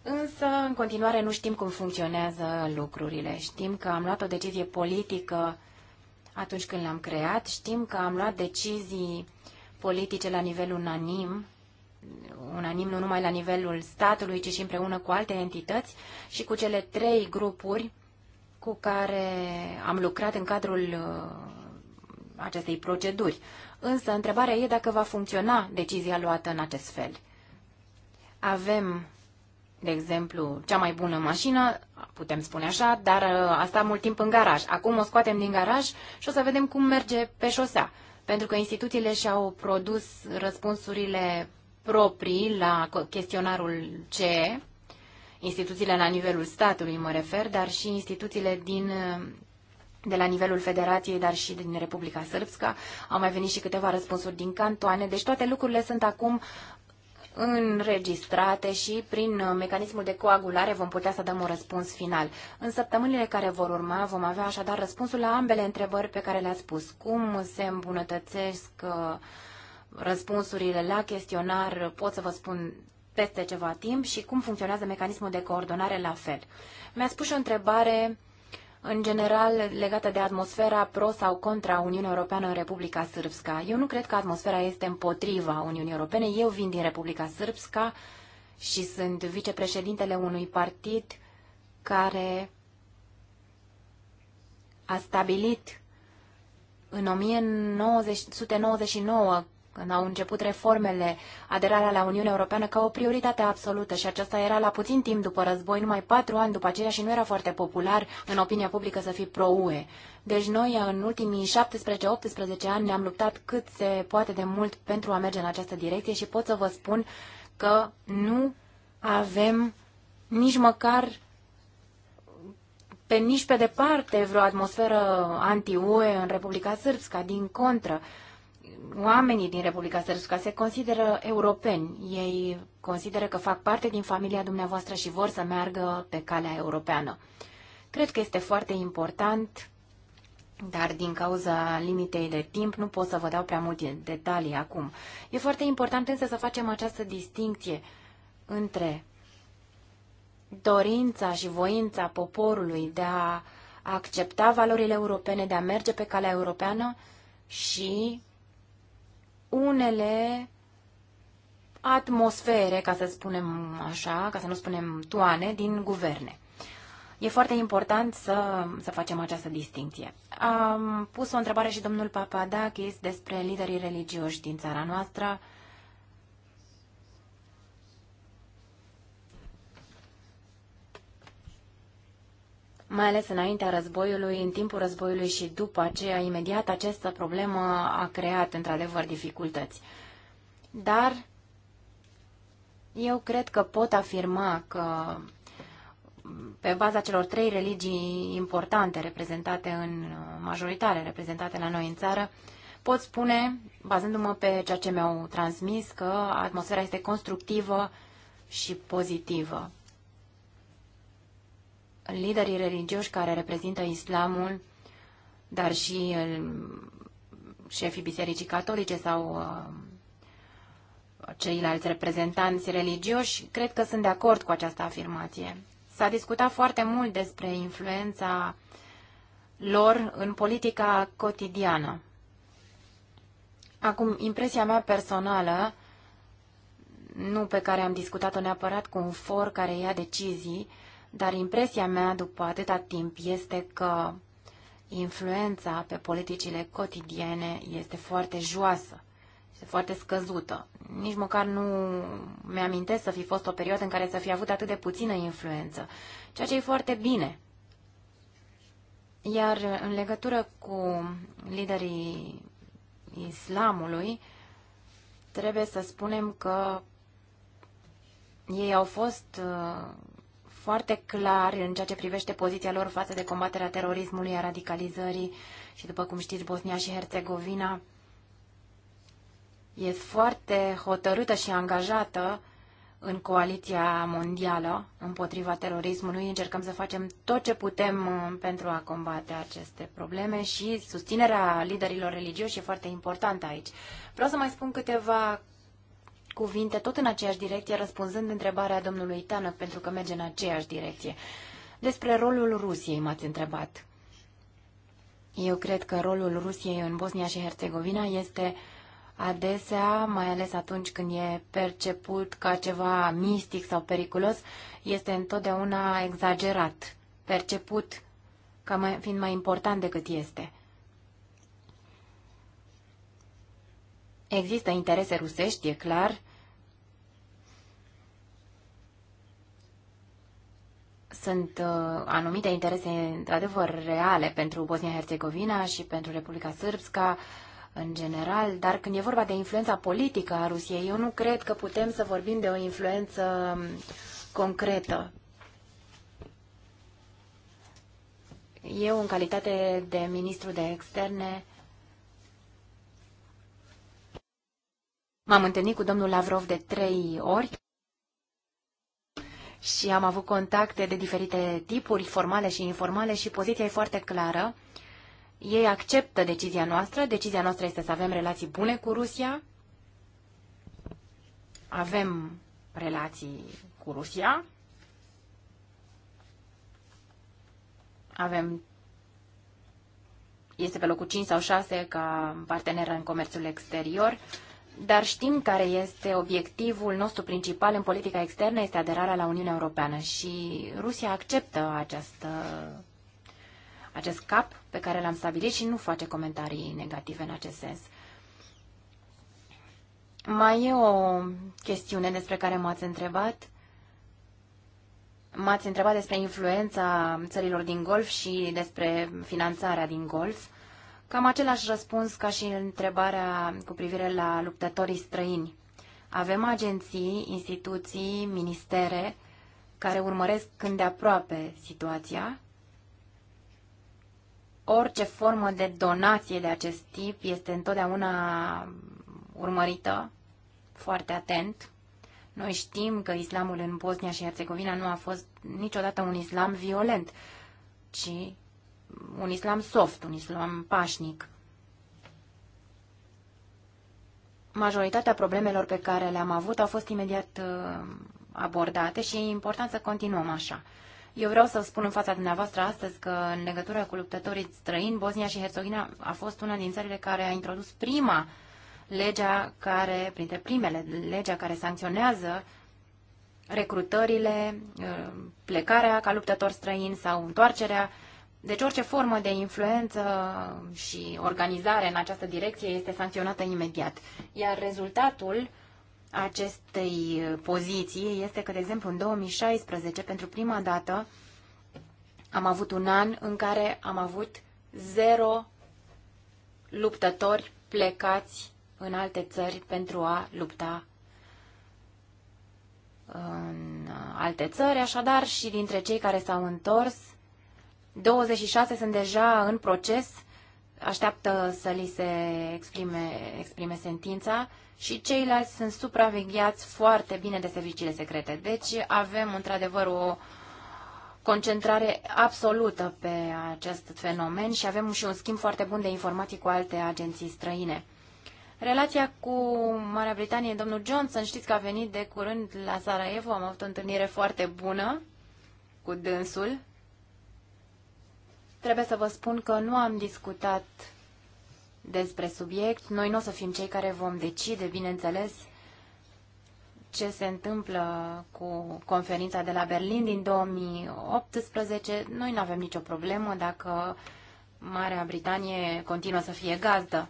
Însă, în continuare, nu știm cum funcționează lucrurile. Știm că am luat o decizie politică atunci când l-am creat. Știm că am luat decizii politice la nivel unanim, unanim nu numai la nivelul statului, ci și împreună cu alte entități și cu cele trei grupuri cu care am lucrat în cadrul uh, acestei proceduri. Însă, întrebarea e dacă va funcționa decizia luată în acest fel. Avem de exemplu, cea mai bună mașină, putem spune așa, dar uh, a stat mult timp în garaj. Acum o scoatem din garaj și o să vedem cum merge pe șosea. Pentru că instituțiile și-au produs răspunsurile proprii la chestionarul CE, instituțiile la nivelul statului mă refer, dar și instituțiile din, uh, de la nivelul federației, dar și din Republica Sârbska. Au mai venit și câteva răspunsuri din cantoane, deci toate lucrurile sunt acum înregistrate și prin uh, mecanismul de coagulare vom putea să dăm un răspuns final. În săptămânile care vor urma vom avea așadar răspunsul la ambele întrebări pe care le-ați spus. Cum se îmbunătățesc uh, răspunsurile la chestionar, pot să vă spun peste ceva timp și cum funcționează mecanismul de coordonare la fel. Mi-a spus o întrebare în general legată de atmosfera pro sau contra Uniunii Europeană în Republica Sârbska. Eu nu cred că atmosfera este împotriva Uniunii Europene. Eu vin din Republica Sârbska și sunt vicepreședintele unui partid care a stabilit în 1999 când au început reformele, aderarea la Uniunea Europeană ca o prioritate absolută și aceasta era la puțin timp după război, numai patru ani după aceea și nu era foarte popular în opinia publică să fii pro-UE. Deci noi în ultimii 17-18 ani ne-am luptat cât se poate de mult pentru a merge în această direcție și pot să vă spun că nu avem nici măcar pe nici pe departe vreo atmosferă anti-UE în Republica Sârbska, din contră. Uh, oamenii din Republica Sărăsca se consideră europeni. Ei consideră că fac parte din familia dumneavoastră și vor să meargă pe calea europeană. Cred că este foarte important, dar din cauza limitei de timp nu pot să vă dau prea multe detalii acum. E foarte important însă să facem această distinție între dorința și voința poporului de a accepta valorile europene, de a merge pe calea europeană și unele atmosfere, ca să spunem așa, ca să nu spunem toane, din guverne. E foarte important să, să facem această distinție. Am pus o întrebare și domnul Papadakis despre liderii religioși din țara noastră. Uh, mai ales înaintea războiului, în timpul războiului și după aceea, imediat, această problemă a creat într-adevăr dificultăți. Dar eu cred că pot afirma că pe baza celor trei religii importante reprezentate în majoritate, reprezentate la noi în țară, pot spune, bazându-mă pe ceea ce mi-au transmis, că atmosfera este constructivă și pozitivă liderii religioși care reprezintă islamul, dar și uh, șefii bisericii catolice sau uh, ceilalți reprezentanți religioși, cred că sunt de acord cu această afirmație. S-a discutat foarte mult despre influența lor în politica cotidiană. Acum, impresia mea personală, nu pe care am discutat-o neapărat cu un for care ia decizii, dar impresia mea după atâta timp este că influența pe politicile cotidiene este foarte joasă, este foarte scăzută. Nici măcar nu mi-amintesc să fi fost o perioadă în care să fi avut atât de puțină influență, ceea ce e foarte bine. Iar în legătură cu liderii islamului, trebuie să spunem că ei au fost uh, foarte clar, în ceea ce privește poziția lor față de combaterea terorismului, a radicalizării și, după cum știți, Bosnia și Herțegovina e foarte hotărâtă și angajată în coaliția mondială împotriva terorismului. Încercăm să facem tot ce putem uh, pentru a combate aceste probleme și susținerea liderilor religioși e foarte importantă aici. Vreau să mai spun câteva cuvinte tot în aceeași direcție, răspunzând întrebarea domnului Tanăc, pentru că merge în aceeași direcție. Despre rolul Rusiei m-ați întrebat. Eu cred că rolul Rusiei în Bosnia și Herțegovina este adesea, mai ales atunci când e perceput ca ceva mistic sau periculos, este întotdeauna exagerat, perceput ca mai, fiind mai important decât este. Există interese rusești, e clar, sunt uh, anumite interese într-adevăr reale pentru Bosnia-Herzegovina și pentru Republica Sârbska în general, dar când e vorba de influența politică a Rusiei, eu nu cred că putem să vorbim de o influență um, concretă. Eu, în calitate de ministru de externe, m-am întâlnit cu domnul Lavrov de trei ori și am avut contacte de diferite tipuri, formale și informale, și poziția e foarte clară. Ei acceptă decizia noastră. Decizia noastră este să avem relații bune cu Rusia. Avem relații cu Rusia. Avem este pe locul 5 sau 6 ca partener în comerțul exterior dar știm care este obiectivul nostru principal în politica externă, este aderarea la Uniunea Europeană și Rusia acceptă această, acest cap pe care l-am stabilit și nu face comentarii negative în acest sens. Mai e o chestiune despre care m-ați întrebat. M-ați întrebat despre influența țărilor din Golf și despre finanțarea din Golf. Cam același răspuns ca și întrebarea cu privire la luptătorii străini. Avem agenții, instituții, ministere care urmăresc când de aproape situația. Orice formă de donație de acest tip este întotdeauna urmărită foarte atent. Noi știm că islamul în Bosnia și Herțegovina nu a fost niciodată un islam violent, ci un islam soft, un islam pașnic. Majoritatea problemelor pe care le-am avut au fost imediat uh, abordate și e important să continuăm așa. Eu vreau să spun în fața dumneavoastră astăzi că în legătură cu luptătorii străini, Bosnia și Herzegovina a fost una din țările care a introdus prima legea care, printre primele, legea care sancționează recrutările, uh, plecarea ca luptător străin sau întoarcerea deci orice formă de influență și organizare în această direcție este sancționată imediat. Iar rezultatul acestei poziții este că, de exemplu, în 2016, pentru prima dată, am avut un an în care am avut zero luptători plecați în alte țări pentru a lupta în alte țări, așadar și dintre cei care s-au întors, 26 sunt deja în proces, așteaptă să li se exprime, exprime sentința și ceilalți sunt supravegheați foarte bine de serviciile secrete. Deci avem într-adevăr o concentrare absolută pe acest fenomen și avem și un schimb foarte bun de informații cu alte agenții străine. Relația cu Marea Britanie, domnul Johnson, știți că a venit de curând la Sarajevo, am avut o întâlnire foarte bună cu dânsul Trebuie să vă spun că nu am discutat despre subiect. Noi nu o să fim cei care vom decide, bineînțeles, ce se întâmplă cu conferința de la Berlin din 2018. Noi nu avem nicio problemă dacă Marea Britanie continuă să fie gazdă.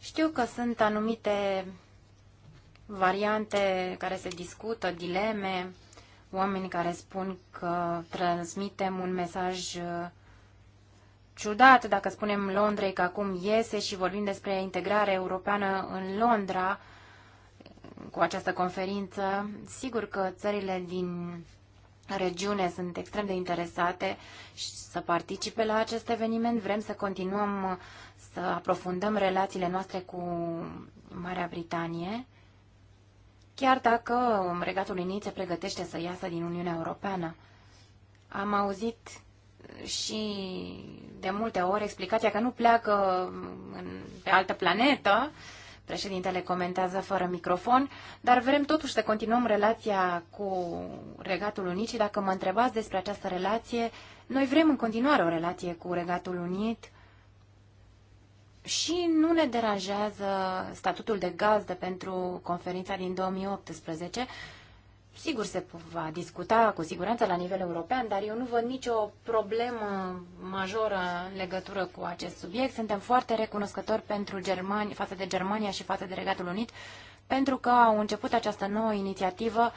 Știu că sunt anumite variante care se discută, dileme, oameni care spun că transmitem un mesaj ciudat dacă spunem Londrei că acum iese și vorbim despre integrare europeană în Londra cu această conferință. Sigur că țările din regiune sunt extrem de interesate și să participe la acest eveniment. Vrem să continuăm să aprofundăm relațiile noastre cu Marea Britanie, chiar dacă Regatul Unit se pregătește să iasă din Uniunea Europeană. Am auzit și de multe ori explicația că nu pleacă în, pe altă planetă, președintele comentează fără microfon, dar vrem totuși să continuăm relația cu Regatul Unit și dacă mă întrebați despre această relație, noi vrem în continuare o relație cu Regatul Unit și nu ne deranjează statutul de gazdă pentru conferința din 2018, Sigur se va discuta cu siguranță la nivel european, dar eu nu văd nicio problemă majoră în legătură cu acest subiect. Suntem foarte recunoscători pentru Germani, față de Germania și față de Regatul Unit pentru că au început această nouă inițiativă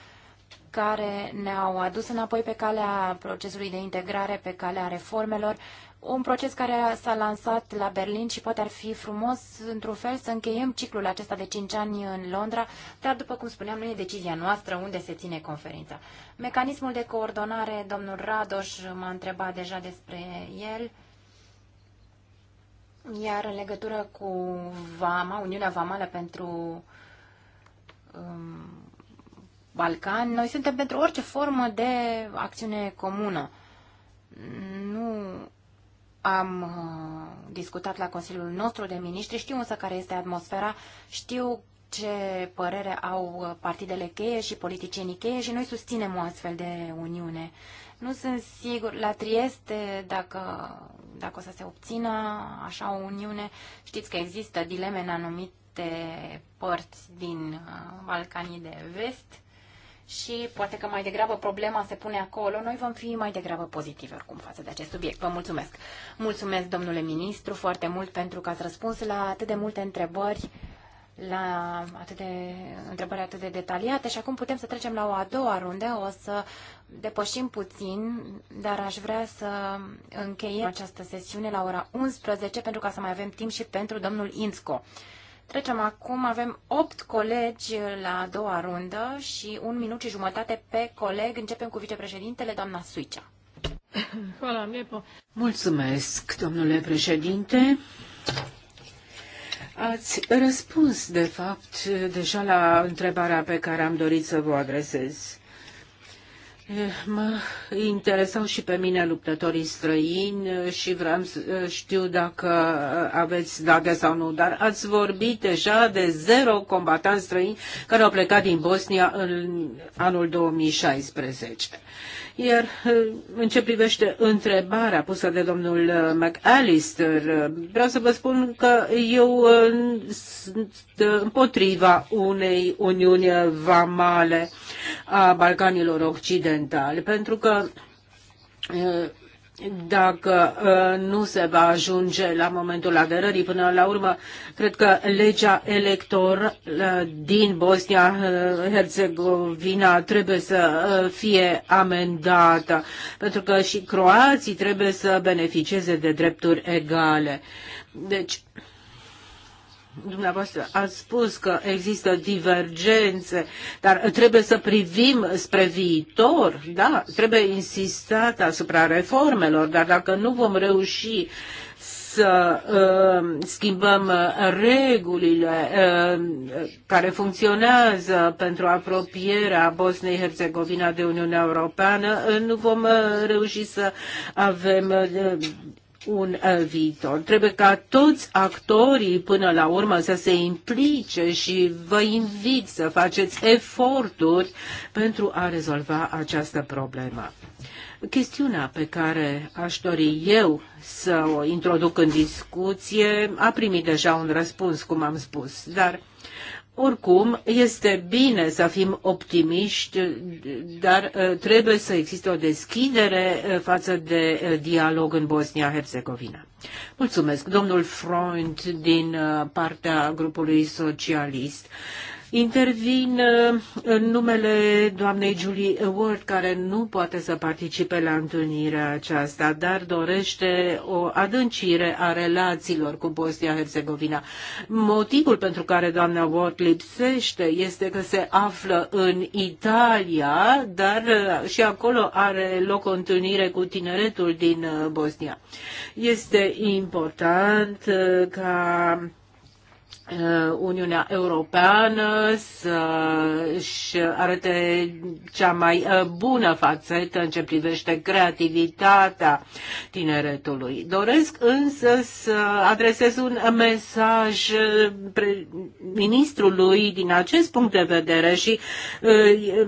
care ne-au adus înapoi pe calea procesului de integrare, pe calea reformelor un proces care s-a lansat la Berlin și poate ar fi frumos, într-un fel, să încheiem ciclul acesta de 5 ani în Londra, dar, după cum spuneam, nu e decizia noastră unde se ține conferința. Mecanismul de coordonare, domnul Radoș m-a întrebat deja despre el, iar în legătură cu VAMA, Uniunea Vamală pentru um, Balcan, noi suntem pentru orice formă de acțiune comună. Nu am uh, discutat la Consiliul nostru de miniștri, știu însă care este atmosfera, știu ce părere au partidele cheie și politicienii cheie și noi susținem o astfel de uniune. Nu sunt sigur la Trieste dacă, dacă o să se obțină așa o uniune. Știți că există dileme în anumite părți din uh, Balcanii de vest și poate că mai degrabă problema se pune acolo. Noi vom fi mai degrabă pozitivi oricum față de acest subiect. Vă mulțumesc. Mulțumesc, domnule ministru, foarte mult pentru că ați răspuns la atât de multe întrebări la atât de întrebări atât de detaliate și acum putem să trecem la o a doua runde. O să depășim puțin, dar aș vrea să încheiem această sesiune la ora 11 pentru ca să mai avem timp și pentru domnul Insco. Trecem acum, avem 8 colegi la a doua rundă și un minut și jumătate pe coleg. Începem cu vicepreședintele, doamna Suicea. Mulțumesc, domnule președinte. Ați răspuns, de fapt, deja la întrebarea pe care am dorit să vă adresez. Mă interesau și pe mine luptătorii străini și vreau să știu dacă aveți date sau nu, dar ați vorbit deja de zero combatanți străini care au plecat din Bosnia în anul 2016. Iar uh, în ce privește întrebarea pusă de domnul uh, McAllister, uh, vreau să vă spun că eu sunt împotriva unei uniuni vamale a Balcanilor Occidentale, pentru că dacă uh, nu se va ajunge la momentul aderării până la urmă, cred că legea elector uh, din Bosnia-Herzegovina uh, trebuie să fie amendată, pentru că și croații trebuie să beneficieze de drepturi egale. Deci, Dumneavoastră ați spus că există divergențe, dar trebuie să privim spre viitor, da, trebuie insistat asupra reformelor, dar dacă nu vom reuși să uh, schimbăm regulile uh, care funcționează pentru apropierea Bosnei-Herzegovina de Uniunea Europeană, uh, nu vom uh, reuși să avem uh, un uh, viitor. Trebuie ca toți actorii până la urmă să se implice și vă invit să faceți eforturi pentru a rezolva această problemă. Chestiunea pe care aș dori eu să o introduc în discuție a primit deja un răspuns, cum am spus, dar oricum, este bine să fim optimiști, dar uh, trebuie să existe o deschidere uh, față de uh, dialog în Bosnia-Herzegovina. Mulțumesc, domnul Freund, din partea grupului socialist. Intervin uh, în numele doamnei Julie Award, care nu poate să participe la întâlnirea aceasta, dar dorește o adâncire a relațiilor cu Bosnia-Herzegovina. Motivul pentru care doamna Award lipsește este că se află în Italia, dar uh, și acolo are loc o întâlnire cu tineretul din uh, Bosnia. Este important ca Uh, Uniunea Europeană să-și arate cea mai uh, bună fațetă în ce privește creativitatea tineretului. Doresc însă să adresez un mesaj uh, ministrului din acest punct de vedere și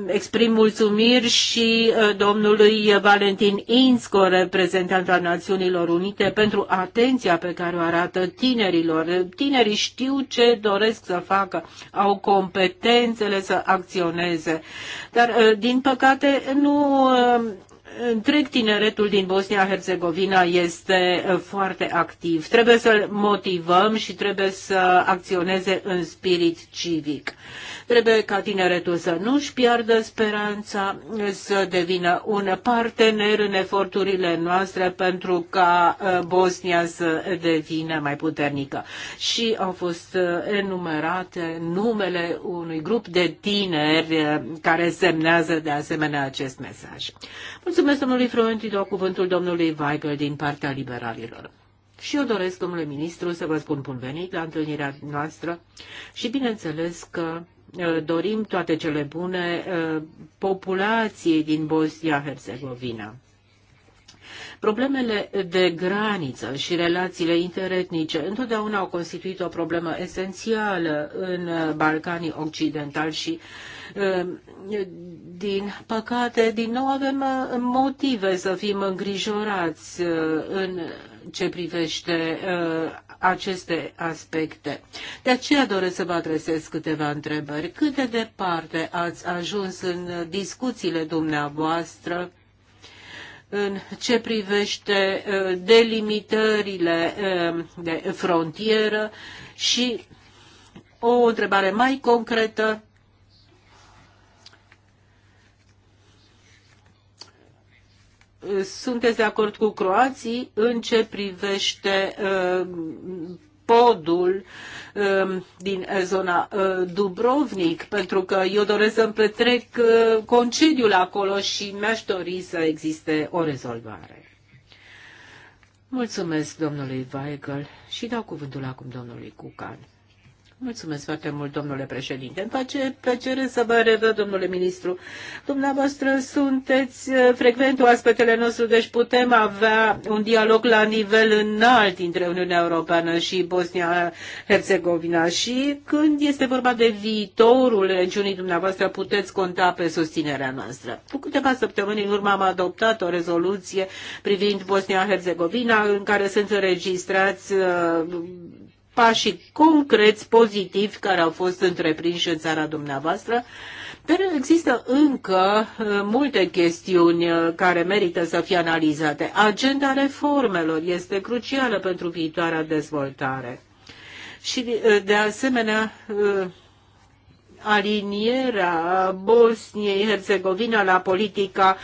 exprim mulțumiri și domnului Valentin Insco, reprezentant al Națiunilor Unite, pentru atenția pe care o arată tinerilor. Tinerii știu știu ce doresc să facă, au competențele să acționeze. Dar, uh, din păcate, nu uh, întreg tineretul din Bosnia-Herzegovina este uh, foarte activ. Trebuie să-l motivăm și trebuie să acționeze în spirit civic. Trebuie ca tineretul să nu-și piardă speranța, să devină un partener în eforturile noastre pentru ca uh, Bosnia să devină mai puternică. Și au fost uh, enumerate numele unui grup de tineri uh, care semnează de asemenea acest mesaj. Mulțumesc domnului Frumenti, dau cuvântul domnului Weigel din partea liberalilor. Și eu doresc, domnule ministru, să vă spun bun venit la întâlnirea noastră și bineînțeles că dorim toate cele bune populației din Bosnia-Herzegovina. Problemele de graniță și relațiile interetnice întotdeauna au constituit o problemă esențială în Balcanii Occidentali și din păcate, din nou avem motive să fim îngrijorați în ce privește aceste aspecte. De aceea doresc să vă adresez câteva întrebări. Cât de departe ați ajuns în discuțiile dumneavoastră în ce privește uh, delimitările uh, de frontieră și o întrebare mai concretă sunteți de acord cu croații în ce privește uh, podul um, din zona uh, Dubrovnik, pentru că eu doresc să-mi petrec uh, concediul acolo și mi-aș dori să existe o rezolvare. Mulțumesc domnului Weigel și dau cuvântul acum domnului Cucan. Mulțumesc foarte mult, domnule președinte. Îmi face plăcere să vă revăd, domnule ministru. Dumneavoastră sunteți uh, frecvent oaspetele nostru, deci putem avea un dialog la nivel înalt între Uniunea Europeană și Bosnia-Herzegovina. Și când este vorba de viitorul regiunii dumneavoastră, puteți conta pe susținerea noastră. Cu câteva săptămâni în urmă am adoptat o rezoluție privind Bosnia-Herzegovina, în care sunt înregistrați uh, pașii concreți, pozitivi, care au fost întreprinși în țara dumneavoastră, dar există încă uh, multe chestiuni uh, care merită să fie analizate. Agenda reformelor este crucială pentru viitoarea dezvoltare. Și, uh, de asemenea, alinierea Bosniei Herzegovina la politica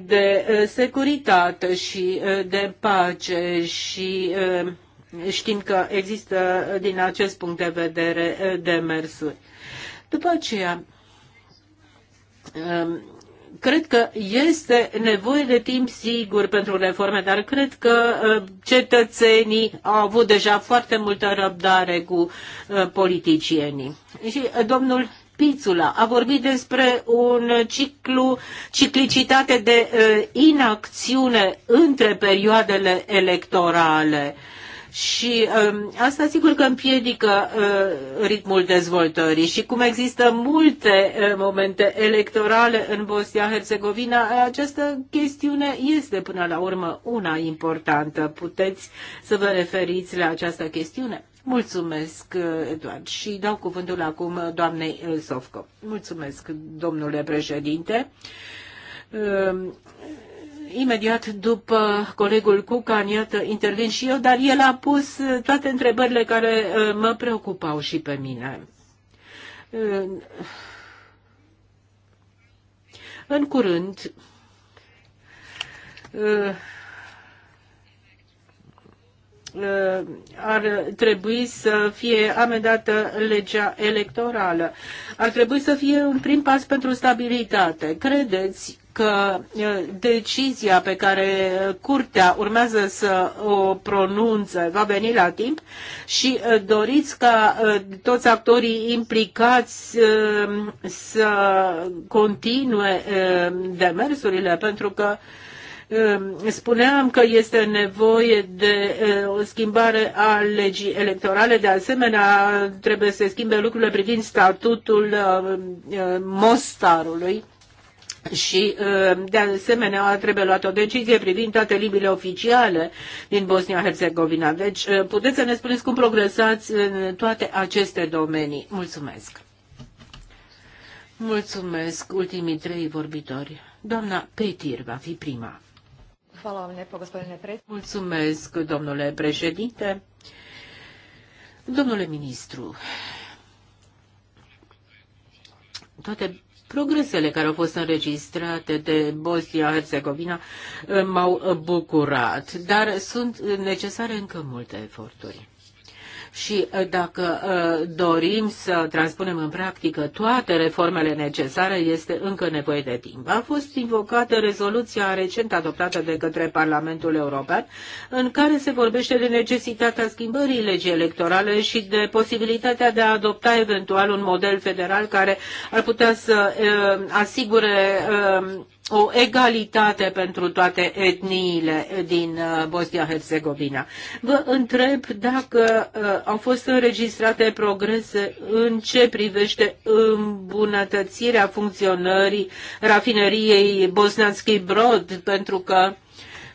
de securitate și de pace și știm că există din acest punct de vedere demersuri. După aceea, um, cred că este nevoie de timp sigur pentru reforme, dar cred că uh, cetățenii au avut deja foarte multă răbdare cu uh, politicienii. Și uh, domnul Pițula a vorbit despre un ciclu, ciclicitate de inacțiune între perioadele electorale. Și um, asta sigur că împiedică uh, ritmul dezvoltării și cum există multe uh, momente electorale în Bosnia-Herzegovina, această chestiune este până la urmă una importantă. Puteți să vă referiți la această chestiune? Mulțumesc, uh, Eduard. Și dau cuvântul acum doamnei Sofco. Mulțumesc, domnule președinte imediat după colegul Cucan, iată, intervin și eu, dar el a pus uh, toate întrebările care uh, mă preocupau și pe mine. Uh, în curând, Uh, ar trebui să fie amendată legea electorală. Ar trebui să fie un prim pas pentru stabilitate. Credeți că uh, decizia pe care curtea urmează să o pronunțe va veni la timp și uh, doriți ca toți actorii implicați să continue demersurile pentru că Spuneam că este nevoie de o schimbare a legii electorale, de asemenea trebuie să schimbe lucrurile privind statutul Mostarului. Și, de asemenea, trebuie luată o decizie privind toate limbile oficiale din Bosnia-Herzegovina. Deci, puteți să ne spuneți cum progresați în toate aceste domenii. Mulțumesc! Mulțumesc, ultimii trei vorbitori. Doamna Petir va fi prima. Mulțumesc, domnule președinte. Domnule ministru, toate progresele care au fost înregistrate de Bosnia-Herzegovina m-au bucurat, dar sunt necesare încă multe eforturi și uh, dacă uh, dorim să transpunem în practică toate reformele necesare, este încă nevoie de timp. A fost invocată rezoluția recent adoptată de către Parlamentul European, în care se vorbește de necesitatea schimbării legii electorale și de posibilitatea de a adopta eventual un model federal care ar putea să uh, asigure o egalitate pentru toate etniile din uh, Bosnia-Herzegovina. Vă întreb dacă uh, au fost înregistrate progrese în ce privește îmbunătățirea funcționării rafineriei Bosnanski Brod, pentru că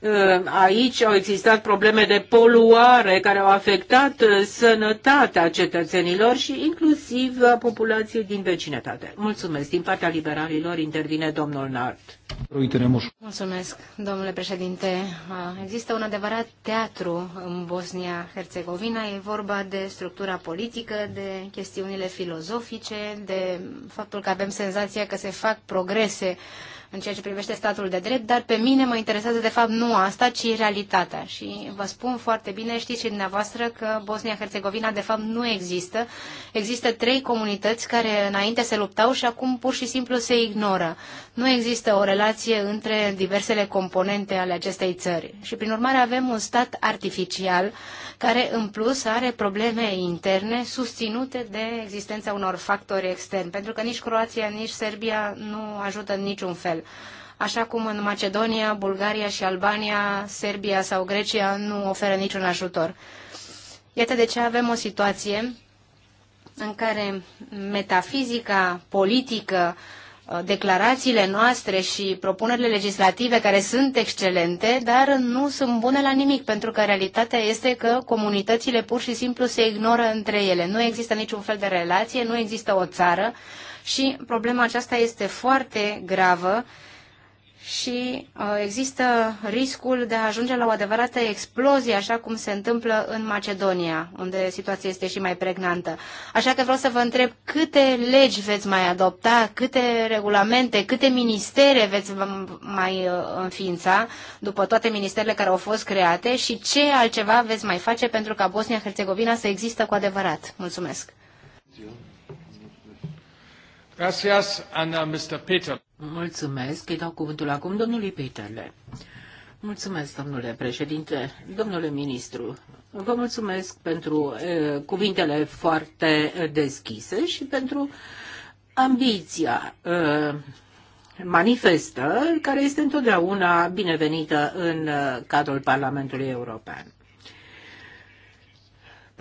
Eh, aici au existat probleme de poluare care au afectat eh, sănătatea cetățenilor și inclusiv a populației din vecinătate. Mulțumesc. Din partea liberalilor intervine domnul Nart. Mulțumesc, domnule președinte. Ah, există un adevărat teatru în Bosnia-Herzegovina. E vorba de structura politică, de chestiunile filozofice, de faptul că avem senzația că se fac progrese uh, în ceea ce privește statul de drept, dar pe mine mă interesează de fapt nu asta, ci realitatea. Și vă spun foarte bine, știți și dumneavoastră că Bosnia-Herzegovina de fapt nu există. Există trei comunități care înainte se luptau și acum pur și simplu se ignoră. Nu există o relație între diversele componente ale acestei țări. Și prin urmare avem un stat artificial care în plus are probleme interne susținute de existența unor factori externi, pentru că nici Croația, nici Serbia nu ajută în niciun fel social. Așa cum în Macedonia, Bulgaria și Albania, Serbia sau Grecia nu oferă niciun ajutor. Iată de ce avem o situație în care metafizica politică, declarațiile noastre și propunerile legislative care sunt excelente, dar nu sunt bune la nimic, pentru că realitatea este că comunitățile pur și simplu se ignoră între ele. Nu există niciun fel de relație, nu există o țară, și problema aceasta este foarte gravă și uh, există riscul de a ajunge la o adevărată explozie, așa cum se întâmplă în Macedonia, unde situația este și mai pregnantă. Așa că vreau să vă întreb câte legi veți mai adopta, câte regulamente, câte ministere veți mai uh, înființa după toate ministerele care au fost create și ce altceva veți mai face pentru ca Bosnia-Herzegovina să există cu adevărat. Mulțumesc! Gracias, Mr. Peter. Mulțumesc. Îi dau cuvântul acum domnului Peterle. Mulțumesc, domnule președinte, domnule ministru. Vă mulțumesc pentru e, cuvintele foarte deschise și pentru ambiția e, manifestă, care este întotdeauna binevenită în cadrul Parlamentului European.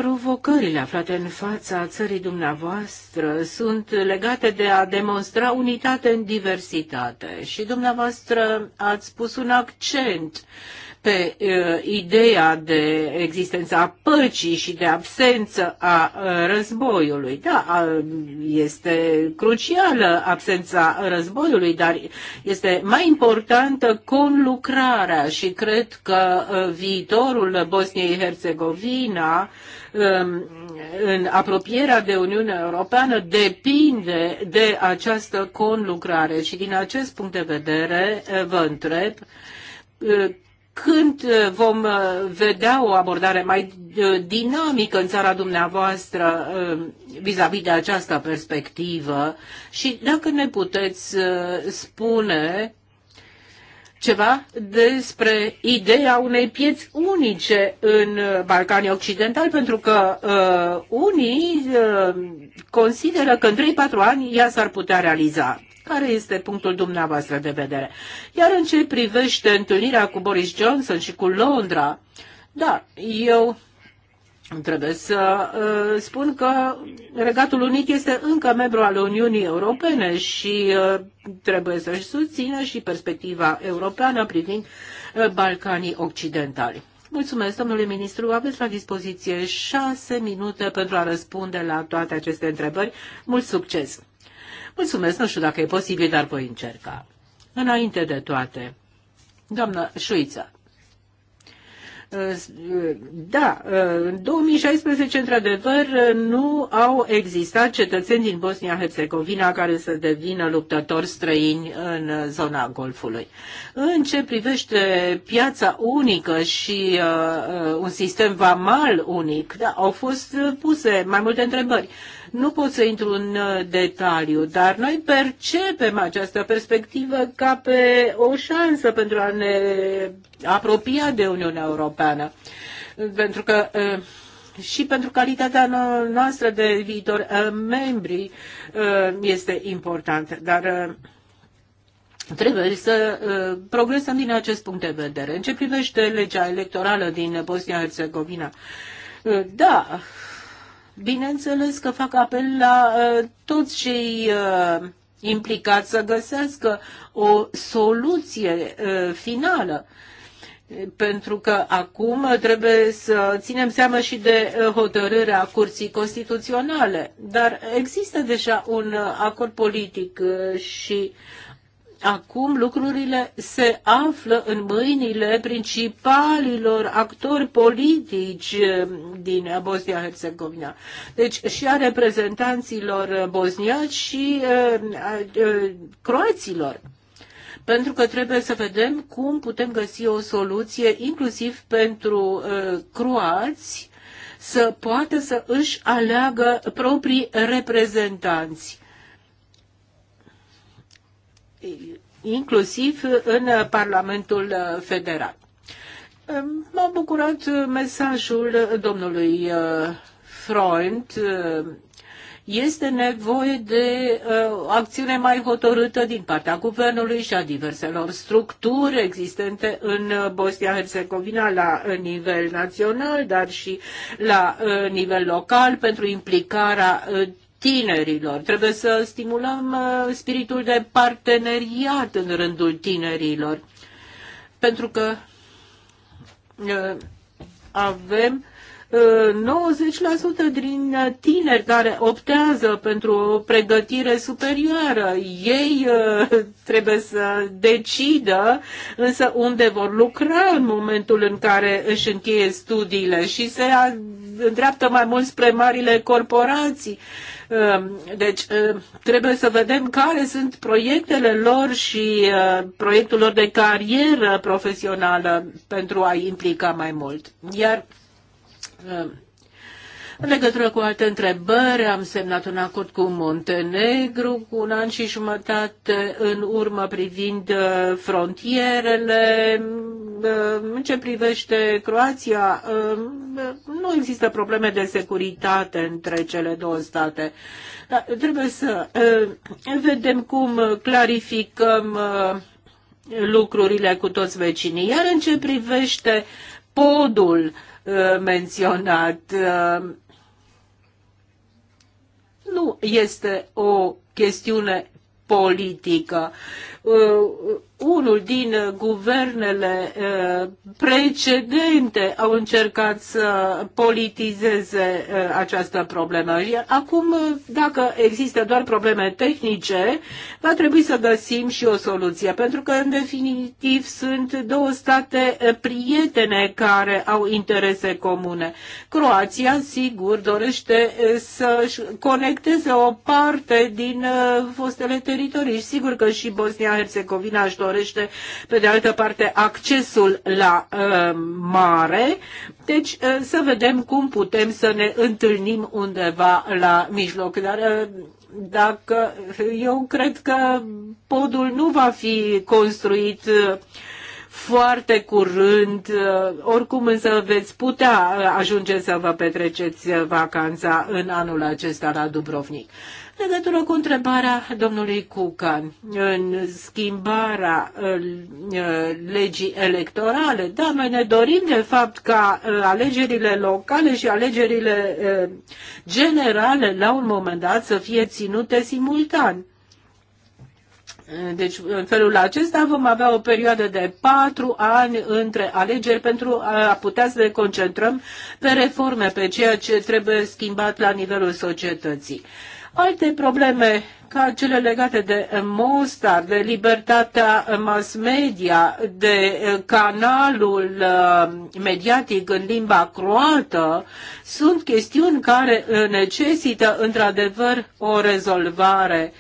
Provocările aflate în fața țării dumneavoastră sunt legate de a demonstra unitate în diversitate și dumneavoastră ați pus un accent pe uh, ideea de existența păcii și de absență a uh, războiului. Da, uh, este crucială absența războiului, dar este mai importantă conlucrarea și cred că uh, viitorul Bosniei-Herzegovina în apropierea de Uniunea Europeană depinde de această conlucrare și din acest punct de vedere vă întreb când uh, vom uh, vedea o abordare mai uh, dinamică în țara dumneavoastră vis-a-vis -vis de această perspectivă și dacă ne puteți spune ceva despre ideea unei pieți unice în Balcanii Occidentali, pentru că uh, unii uh, consideră că în 3-4 ani ea s-ar putea realiza. Care este punctul dumneavoastră de vedere? Iar în ce privește întâlnirea cu Boris Johnson și cu Londra, da, eu Trebuie să uh, spun că Regatul Unit este încă membru al Uniunii Europene și uh, trebuie să-și susțină și perspectiva europeană privind uh, Balcanii Occidentali. Mulțumesc, domnule ministru. Aveți la dispoziție șase minute pentru a răspunde la toate aceste întrebări. Mult succes! Mulțumesc, nu știu dacă e posibil, dar voi încerca. Înainte de toate, doamnă Șuiță, da, în 2016, într-adevăr, nu au existat cetățeni din Bosnia-Herzegovina care să devină luptători străini în zona Golfului. În ce privește piața unică și uh, uh un sistem vamal unic, da, au fost puse mai multe întrebări. Uh, nu pot să intru în uh, detaliu, dar noi percepem această perspectivă ca pe o șansă pentru a ne apropia de Uniunea Europeană. Pentru că uh, și pentru calitatea noastră de viitor uh, membri este important. Dar Trebuie să progresăm din acest punct de vedere. În ce privește legea electorală din Bosnia-Herzegovina, da, Bineînțeles că fac apel la uh, toți cei uh, implicați să găsească o soluție uh, finală. Pentru că acum trebuie să ținem seama și de uh, hotărârea Curții Constituționale. Dar există deja un uh, acord politic uh, și uh, acum lucrurile se află în mâinile principalilor actori politici eh, din Bosnia-Herzegovina. Deci și a reprezentanților bosniaci și eh, eh, croaților pentru că trebuie să vedem cum putem găsi o soluție inclusiv pentru uh, croați să poată să își aleagă proprii reprezentanți inclusiv în Parlamentul Federal. M-a bucurat mesajul domnului eh, Freund. Eh, este nevoie de o eh, acțiune mai hotărâtă din partea guvernului și a diverselor structuri existente în Bosnia-Herzegovina la nivel național, dar și la nivel local pentru implicarea tinerilor. Trebuie să stimulăm uh, spiritul de parteneriat în rândul tinerilor. Pentru că uh, avem 90% uh, din tineri care optează pentru o pregătire superioară. Ei trebuie să decidă însă unde vor lucra în momentul în care își încheie studiile și se îndreaptă mai mult spre marile corporații Ehm, deci ehm, trebuie să vedem care sunt proiectele lor și ehm, proiectul lor de carieră profesională pentru a implica mai mult. Iar în legătură cu alte întrebări, am semnat un acord cu Montenegru cu un an și jumătate în urmă privind uh, frontierele. Uh, în ce privește Croația, uh, nu există probleme de securitate între cele două state. Dar trebuie să vedem cum clarificăm lucrurile cu toți vecinii. Iar în ce privește podul menționat, nu este o chestiune politică. Uh, unul din uh, guvernele uh, precedente au încercat să politizeze uh, această problemă. Iar acum, dacă există doar probleme tehnice, va trebui să găsim și o soluție, pentru că, în definitiv, sunt două state prietene care au interese comune. Croația, sigur, dorește să-și conecteze o parte din fostele teritorii sigur că și Bosnia-Herzegovina își dorește dorește, pe de altă parte, accesul la uh, mare. Deci uh, să vedem cum putem să ne întâlnim undeva la mijloc. Dar uh, dacă eu cred că podul nu va fi construit uh, foarte curând. Uh, oricum însă veți putea uh, ajunge să vă petreceți vacanța în anul acesta la Dubrovnik legătură cu întrebarea domnului Cuca. în schimbarea legii electorale. Da, noi ne dorim de fapt ca uh, alegerile locale și alegerile uh, generale la un moment dat să fie ținute simultan. Deci, în felul acesta vom avea o perioadă de patru ani între alegeri pentru a putea să ne concentrăm pe reforme, pe ceea ce trebuie schimbat la nivelul societății. Alte probleme ca cele legate de Mostar, de libertatea mass media, de eh, canalul eh, mediatic în limba croată, sunt chestiuni care eh, necesită într-adevăr o rezolvare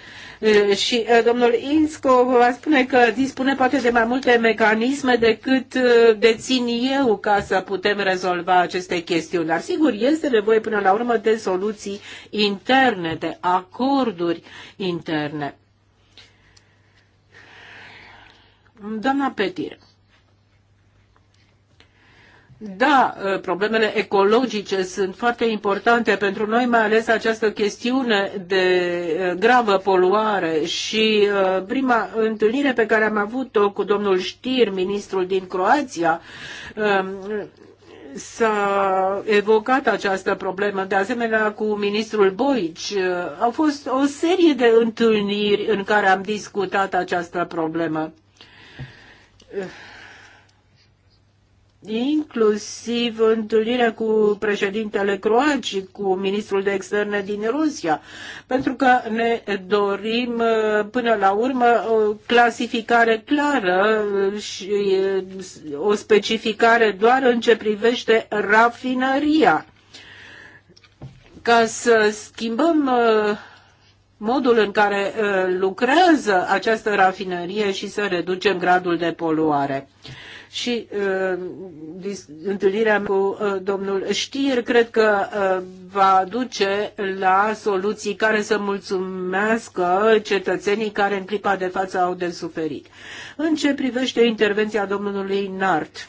și domnul Insco va spune că dispune poate de mai multe mecanisme decât dețin eu ca să putem rezolva aceste chestiuni. Dar sigur, este nevoie până la urmă de soluții interne, de acorduri interne. Doamna Petir. Da, ă, problemele ecologice sunt foarte importante pentru noi, mai ales această chestiune de ă, gravă poluare și ă, prima întâlnire pe care am avut-o cu domnul Știr, ministrul din Croația, s-a evocat această problemă, de asemenea cu ministrul Boici. Au fost o serie de întâlniri în care am discutat această problemă inclusiv întâlnirea cu președintele croat cu ministrul de externe din Rusia, pentru că ne dorim uh, până la urmă o clasificare clară și uh, o specificare doar în ce privește rafinăria. Ca să schimbăm uh, modul în care lucrează această rafinărie și să reducem gradul de poluare și uh, întâlnirea cu uh, domnul Știr cred că uh, va duce la soluții care să mulțumească cetățenii care în clipa de față au de suferit. În ce privește intervenția domnului Nart,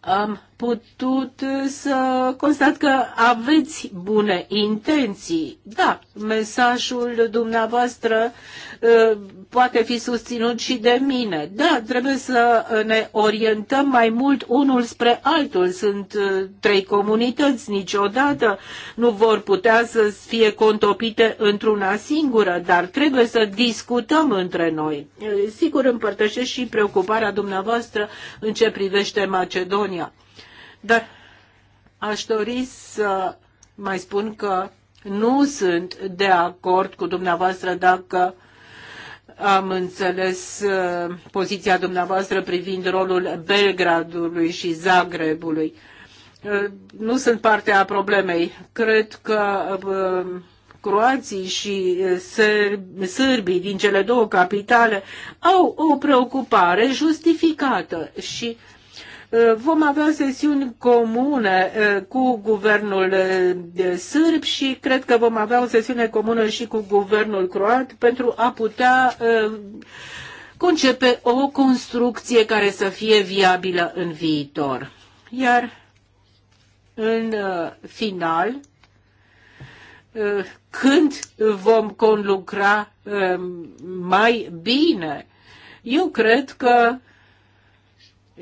am putut să constat că aveți bune intenții. Da, mesajul dumneavoastră Uh, poate fi susținut și de mine. Da, trebuie să ne orientăm mai mult unul spre altul. Sunt uh, trei comunități, niciodată nu vor putea să fie contopite într-una singură, dar trebuie să discutăm între noi. Uh, sigur împărtășesc și preocuparea dumneavoastră în ce privește Macedonia. Dar aș dori să mai spun că nu sunt de acord cu dumneavoastră dacă am înțeles uh, poziția dumneavoastră privind rolul Belgradului și Zagrebului. Uh, nu sunt parte a problemei. Cred că uh, croații și sârbii din cele două capitale au o preocupare justificată și Uh, vom avea sesiuni comune uh, cu guvernul uh, sârb și cred că vom avea o sesiune comună și cu guvernul croat pentru a putea concepe o construcție care să fie viabilă în viitor. Iar în final, când vom conlucra mai bine, eu cred că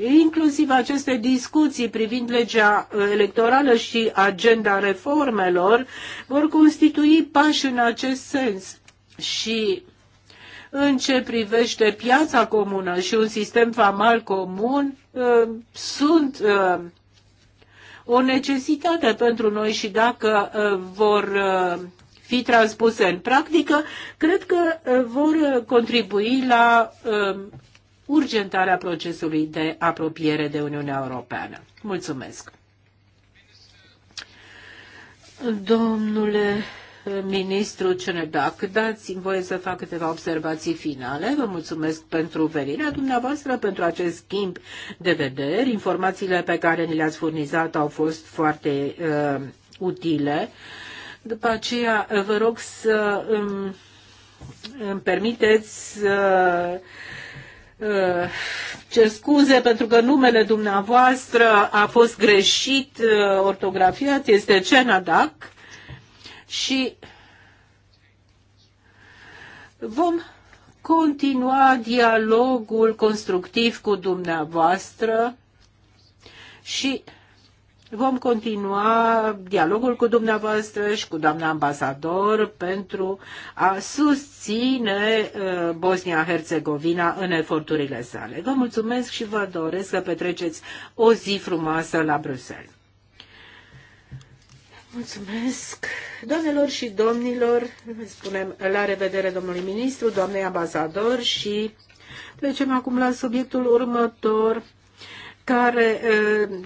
inclusiv aceste discuții privind legea uh, electorală și agenda reformelor vor constitui pași în acest sens. Și în ce privește piața comună și un sistem famal comun, uh, sunt uh, o necesitate pentru noi și dacă vor fi transpuse în practică, cred că vor contribui la urgentarea procesului de apropiere de Uniunea Europeană. Mulțumesc! Domnule ministru Cenedac, dați-mi voie să fac câteva observații finale. Vă mulțumesc pentru venirea dumneavoastră, pentru acest schimb de vederi. Informațiile pe care ni le-ați furnizat au fost foarte uh, utile. După aceea, vă rog să îmi, îmi permiteți să uh, Eh, Ce scuze pentru că numele dumneavoastră a fost greșit eh, ortografiat, este Cenadac și vom continua dialogul constructiv cu dumneavoastră și Vom continua dialogul cu dumneavoastră și cu doamna ambasador pentru a susține uh, Bosnia-Herzegovina în eforturile sale. Vă mulțumesc și vă doresc să petreceți o zi frumoasă la Bruxelles. Mulțumesc. Doamnelor și domnilor, spunem la revedere domnului ministru, doamnei ambasador și trecem acum la subiectul următor care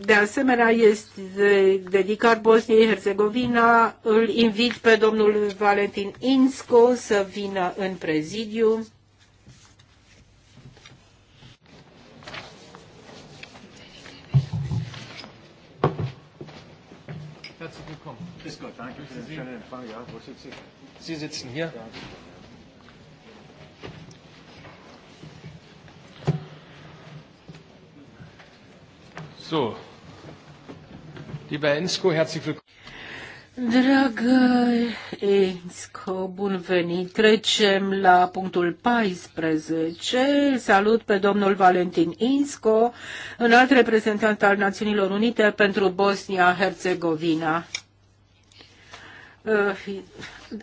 de asemenea este dedicat Bosniei Herzegovina. Îl invit pe domnul Valentin Insco să vină în prezidiu. Herzlich willkommen. Grüß Gott, danke für Sie? Sie sitzen hier. Ja. So, lieber Ensko, herzlich willkommen. Dragă Insco, bun venit! Trecem la punctul 14. Salut pe domnul Valentin Insco, înalt reprezentant al Națiunilor Unite pentru Bosnia-Herzegovina. Uh,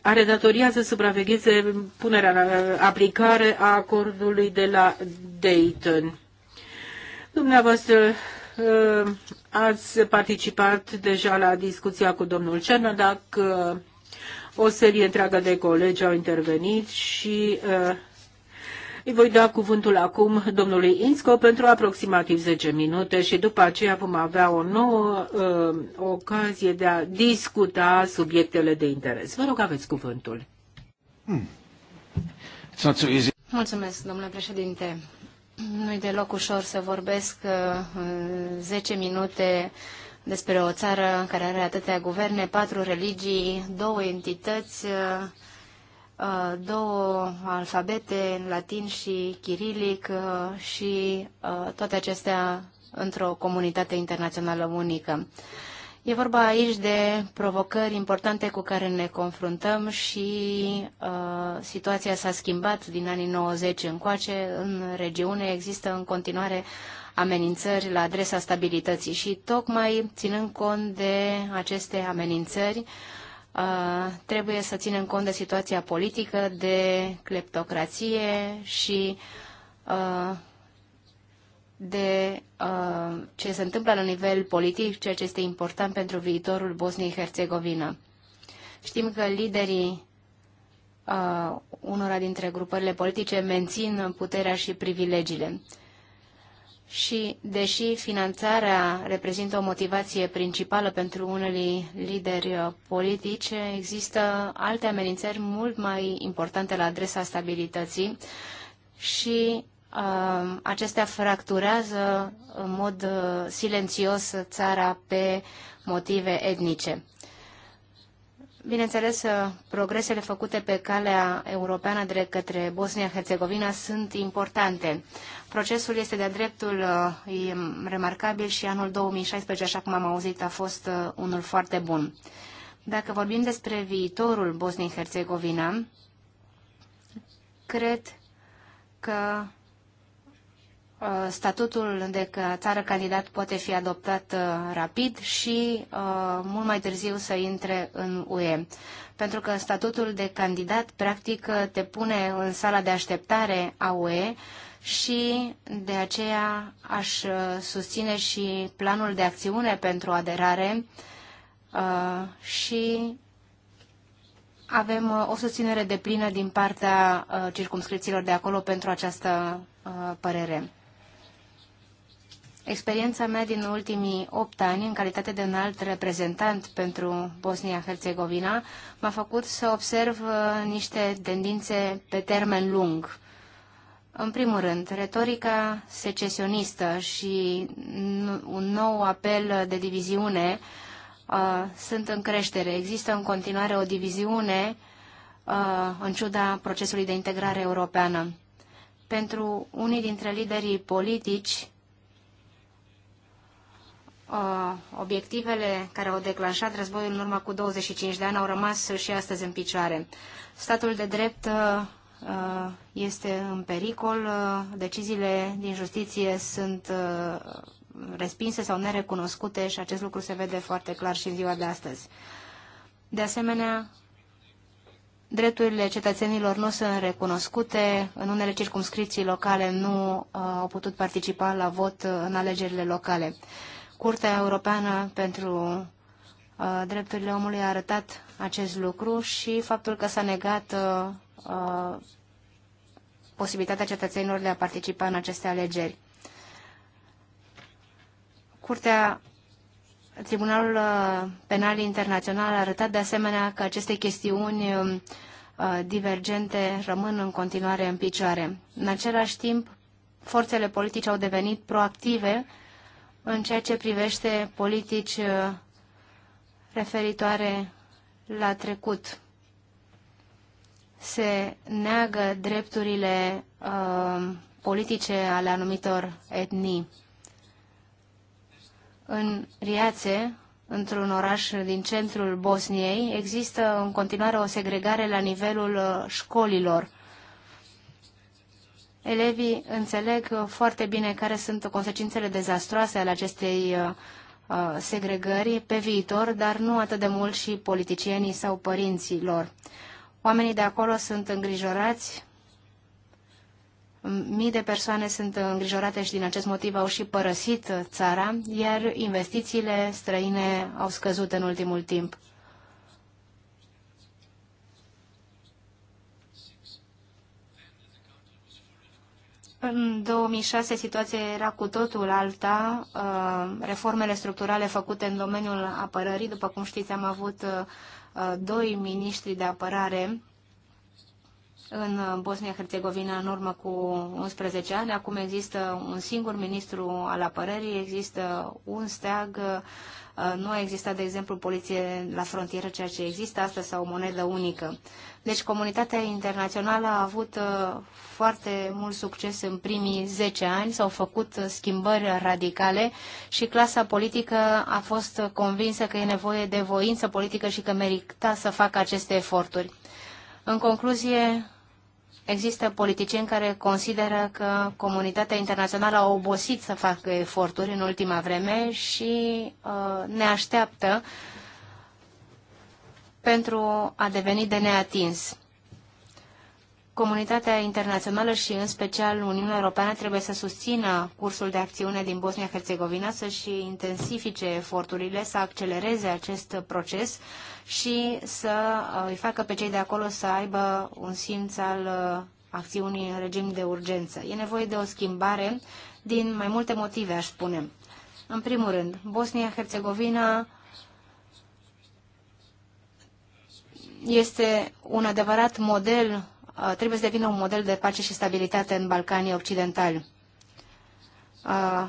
are datoria să supravegheze punerea în uh, aplicare a acordului de la Dayton. Dumneavoastră Uh, ați participat deja la discuția cu domnul dacă uh, o serie întreagă de colegi au intervenit și uh, îi voi da cuvântul acum domnului Insco pentru aproximativ 10 minute și după aceea vom avea o nouă ocazie de a discuta subiectele de interes. Vă rog, aveți cuvântul. Hmm. Mulțumesc, domnule președinte. Nu-i deloc ușor să vorbesc 10 uh, minute despre o țară care are atâtea guverne, patru religii, două entități, uh, uh, două alfabete, latin și chirilic, și toate acestea într-o comunitate internațională unică. E vorba aici de provocări importante cu care ne confruntăm și uh, situația s-a schimbat din anii 90 încoace. În regiune există în continuare amenințări la adresa stabilității și tocmai ținând cont de aceste amenințări, uh, trebuie să ținem cont de situația politică, de cleptocrație și uh, de uh, ce se întâmplă la nivel politic, ceea ce este important pentru viitorul Bosniei-Herzegovina. Știm că liderii uh, unora dintre grupările politice mențin puterea și privilegiile. Și, deși finanțarea reprezintă o motivație principală pentru unele lideri uh, politici, există alte amenințări mult mai importante la adresa stabilității și Um, acestea fracturează în mod uh, silențios țara pe motive etnice. Bineînțeles, uh, progresele făcute pe calea europeană de către Bosnia-Herzegovina sunt importante. Procesul este de-a dreptul uh, remarcabil și anul 2016, așa cum am auzit, a fost unul foarte bun. Dacă vorbim despre viitorul Bosniei-Herzegovina, cred că Uh, statutul de țară candidat poate fi adoptat uh, rapid și uh, mult mai târziu să intre în UE. Pentru că statutul de candidat, practic, te pune în sala de așteptare a UE și de aceea aș susține și planul de acțiune pentru aderare și avem o susținere de plină din partea circumscripțiilor de acolo pentru această părere. Experiența mea din ultimii opt ani, în calitate de înalt reprezentant pentru Bosnia-Herzegovina, m-a făcut să observ uh, niște tendințe pe termen lung. În primul rând, retorica secesionistă și un nou apel de diviziune uh, sunt în creștere. Există în continuare o diviziune uh, în ciuda procesului de integrare europeană. Pentru unii dintre liderii politici, obiectivele care au declanșat războiul în urmă cu 25 de ani au rămas și astăzi în picioare. Statul de drept este în pericol, deciziile din justiție sunt respinse sau nerecunoscute și acest lucru se vede foarte clar și în ziua de astăzi. De asemenea, drepturile cetățenilor nu sunt recunoscute, în unele circumscripții locale nu au putut participa la vot în alegerile locale. Curtea Europeană pentru uh, Drepturile Omului a arătat acest lucru și faptul că s-a negat uh, uh, posibilitatea cetățenilor de a participa în aceste alegeri. Curtea Tribunalul Penal Internațional a arătat de asemenea că aceste chestiuni divergente rămân în continuare în picioare. În același timp, forțele politice au devenit proactive în ceea ce privește politici uh, referitoare la trecut. Se neagă drepturile uh, politice ale anumitor etnii. În Riațe, într-un oraș din centrul Bosniei, există în continuare o segregare la nivelul uh, școlilor Elevii înțeleg foarte bine care sunt consecințele dezastroase ale acestei uh, uh, segregări pe viitor, dar nu atât de mult și politicienii sau părinții lor. Oamenii de acolo sunt îngrijorați, mii de persoane sunt îngrijorate și din acest motiv au și părăsit țara, iar investițiile străine au scăzut în ultimul timp. În 2006 situația era cu totul alta. Uh, reformele structurale făcute în domeniul apărării, după cum știți, am avut uh, doi miniștri de apărare în Bosnia-Herzegovina în urmă cu 11 ani. Acum există un singur ministru al apărării, există un steag, uh, nu a existat, de exemplu, poliție la frontieră, ceea ce există astăzi, sau o monedă unică. Deci comunitatea internațională a avut uh, foarte mult succes în primii 10 ani, s-au făcut uh, schimbări radicale și clasa politică a fost uh, convinsă că e nevoie de voință politică și că merita să facă aceste eforturi. În concluzie, Există politicieni care consideră că comunitatea internațională a obosit să facă eforturi în ultima vreme și uh, ne așteaptă uh, pentru a deveni de neatins. Comunitatea internațională și în special Uniunea Europeană trebuie să susțină cursul de acțiune din Bosnia-Herzegovina, să-și intensifice eforturile, să accelereze acest proces și să uh, îi facă pe cei de acolo să aibă un simț al uh, acțiunii în regim de urgență. E nevoie de o schimbare din mai multe motive, aș spune. În primul rând, Bosnia-Herzegovina este un adevărat model, uh, trebuie să devină un model de pace și stabilitate în Balcanii Occidentali. Uh,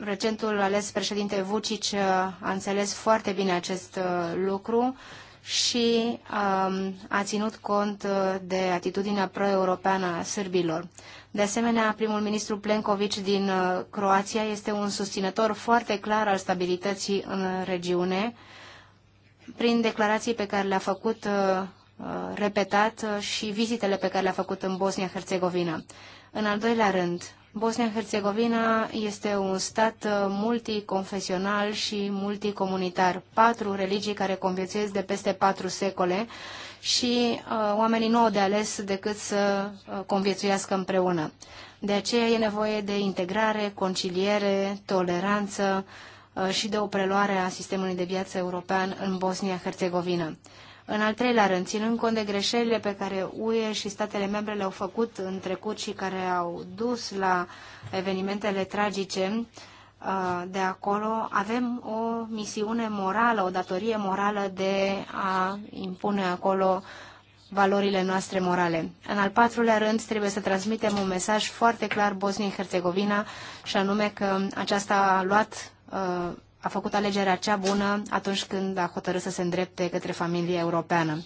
recentul ales președinte Vucic uh, a înțeles foarte bine acest lucru și um, a ținut cont de atitudinea pro-europeană a sârbilor. De asemenea, primul ministru Plenković din Croația este un susținător foarte clar al stabilității în regiune, prin declarații pe care le-a făcut uh, uh repetat uh, și vizitele pe care le-a făcut în Bosnia-Herzegovina. În al doilea rând, Bosnia-Herzegovina este un stat uh, multiconfesional și multicomunitar. Patru religii care conviețuiesc de peste patru secole și uh, oamenii nu au de ales decât să conviețuiască împreună. De aceea e nevoie de integrare, conciliere, toleranță, uh, Uh, și de o preluare a sistemului de viață european în Bosnia-Herzegovină. În al treilea rând, ținând cont de greșelile pe care UE și statele membre le-au făcut în trecut și care au dus la evenimentele tragice uh, de acolo, avem o misiune morală, o datorie morală de a impune acolo valorile noastre morale. În al patrulea rând, trebuie să transmitem un mesaj foarte clar Bosniei-Herzegovina și anume că aceasta a luat Uh, a făcut alegerea cea bună atunci când a hotărât să se îndrepte către familia europeană.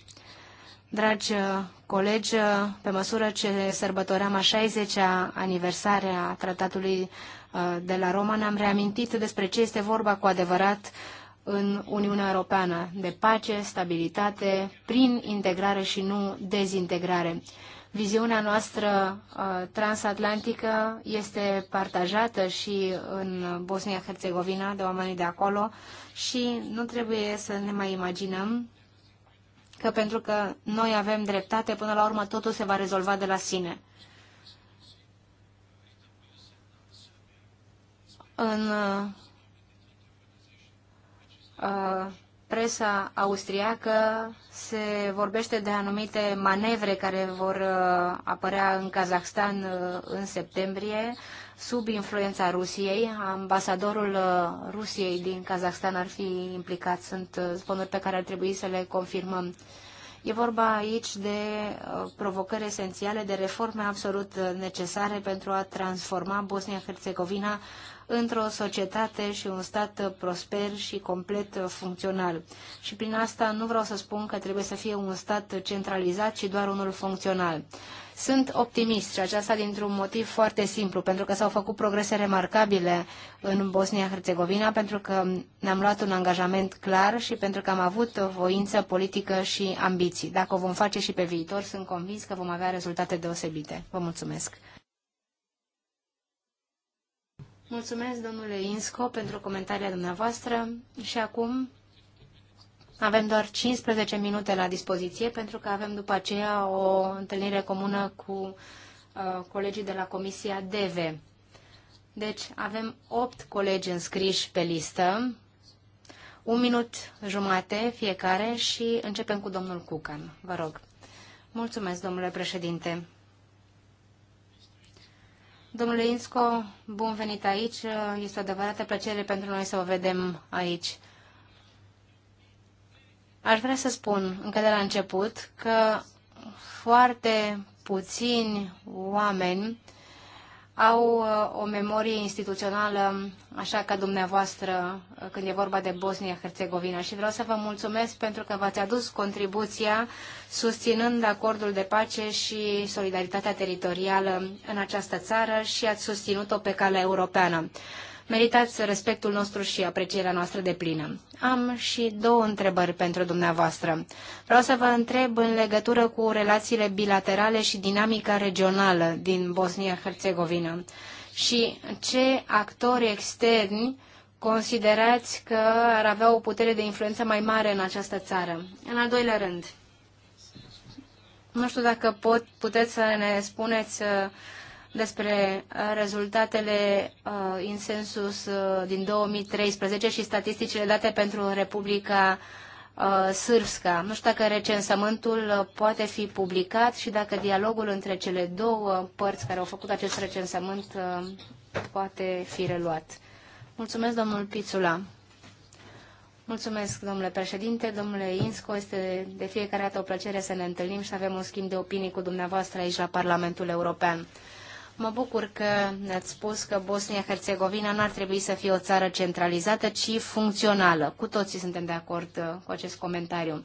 Dragi uh, colegi, uh, pe măsură ce sărbătoream a 60-a aniversare a tratatului de la Roma, ne-am reamintit despre ce este vorba cu adevărat în Uniunea Europeană, de pace, stabilitate, prin integrare și nu dezintegrare. Viziunea noastră uh, transatlantică este partajată și în Bosnia-Herzegovina de oamenii de acolo și nu trebuie să ne mai imaginăm că pentru că noi avem dreptate, până la urmă totul se va rezolva de la sine. În uh, presa austriacă se vorbește de anumite manevre care vor uh, apărea în Kazahstan uh, în septembrie sub influența Rusiei. Ambasadorul uh, Rusiei din Kazahstan ar fi implicat. Sunt zvonuri pe care ar trebui să le confirmăm. E vorba aici de provocări esențiale, de reforme absolut necesare pentru a transforma Bosnia-Herzegovina într-o societate și un stat prosper și complet funcțional. Și prin asta nu vreau să spun că trebuie să fie un stat centralizat, ci doar unul funcțional. Sunt optimist și aceasta dintr-un motiv foarte simplu, pentru că s-au făcut progrese remarcabile în Bosnia-Herzegovina, pentru că ne-am luat un angajament clar și pentru că am avut voință politică și ambiții. Dacă o vom face și pe viitor, sunt convins că vom avea rezultate deosebite. Vă mulțumesc! Mulțumesc, domnule Insco, pentru comentariile dumneavoastră și acum avem doar 15 minute la dispoziție pentru că avem după aceea o întâlnire comună cu uh, colegii de la Comisia DV. Deci avem 8 colegi înscriși pe listă, un minut jumate fiecare și începem cu domnul Cucan. Vă rog. Mulțumesc, domnule președinte. Domnule Insco, bun venit aici. Este o adevărată plăcere pentru noi să o vedem aici. Aș vrea să spun încă de la început că foarte puțini oameni au uh, o memorie instituțională, așa ca dumneavoastră, uh, când e vorba de Bosnia-Herzegovina. Și vreau să vă mulțumesc pentru că v-ați adus contribuția susținând acordul de pace și solidaritatea teritorială în această țară și ați susținut-o pe calea europeană. Meritați respectul nostru și aprecierea noastră de plină. Am și două întrebări pentru dumneavoastră. Vreau să vă întreb în legătură cu relațiile bilaterale și dinamica regională din Bosnia-Herzegovina și ce actori externi considerați că ar avea o putere de influență mai mare în această țară. În al doilea rând, nu știu dacă pot, puteți să ne spuneți uh, despre uh, rezultatele uh, in sensus uh, din 2013 și statisticile date pentru Republica uh, Nu știu dacă recensământul uh, poate fi publicat și dacă dialogul între cele două părți care au făcut acest recensământ uh, poate fi reluat. Mulțumesc, domnul Pițula. Mulțumesc, domnule președinte. Domnule Insco, este de fiecare dată o plăcere să ne întâlnim și să avem un schimb de opinii cu dumneavoastră aici la Parlamentul European. Mă bucur că ați spus că Bosnia-Herzegovina nu ar trebui să fie o țară centralizată, ci funcțională. Cu toții suntem de acord uh, cu acest comentariu.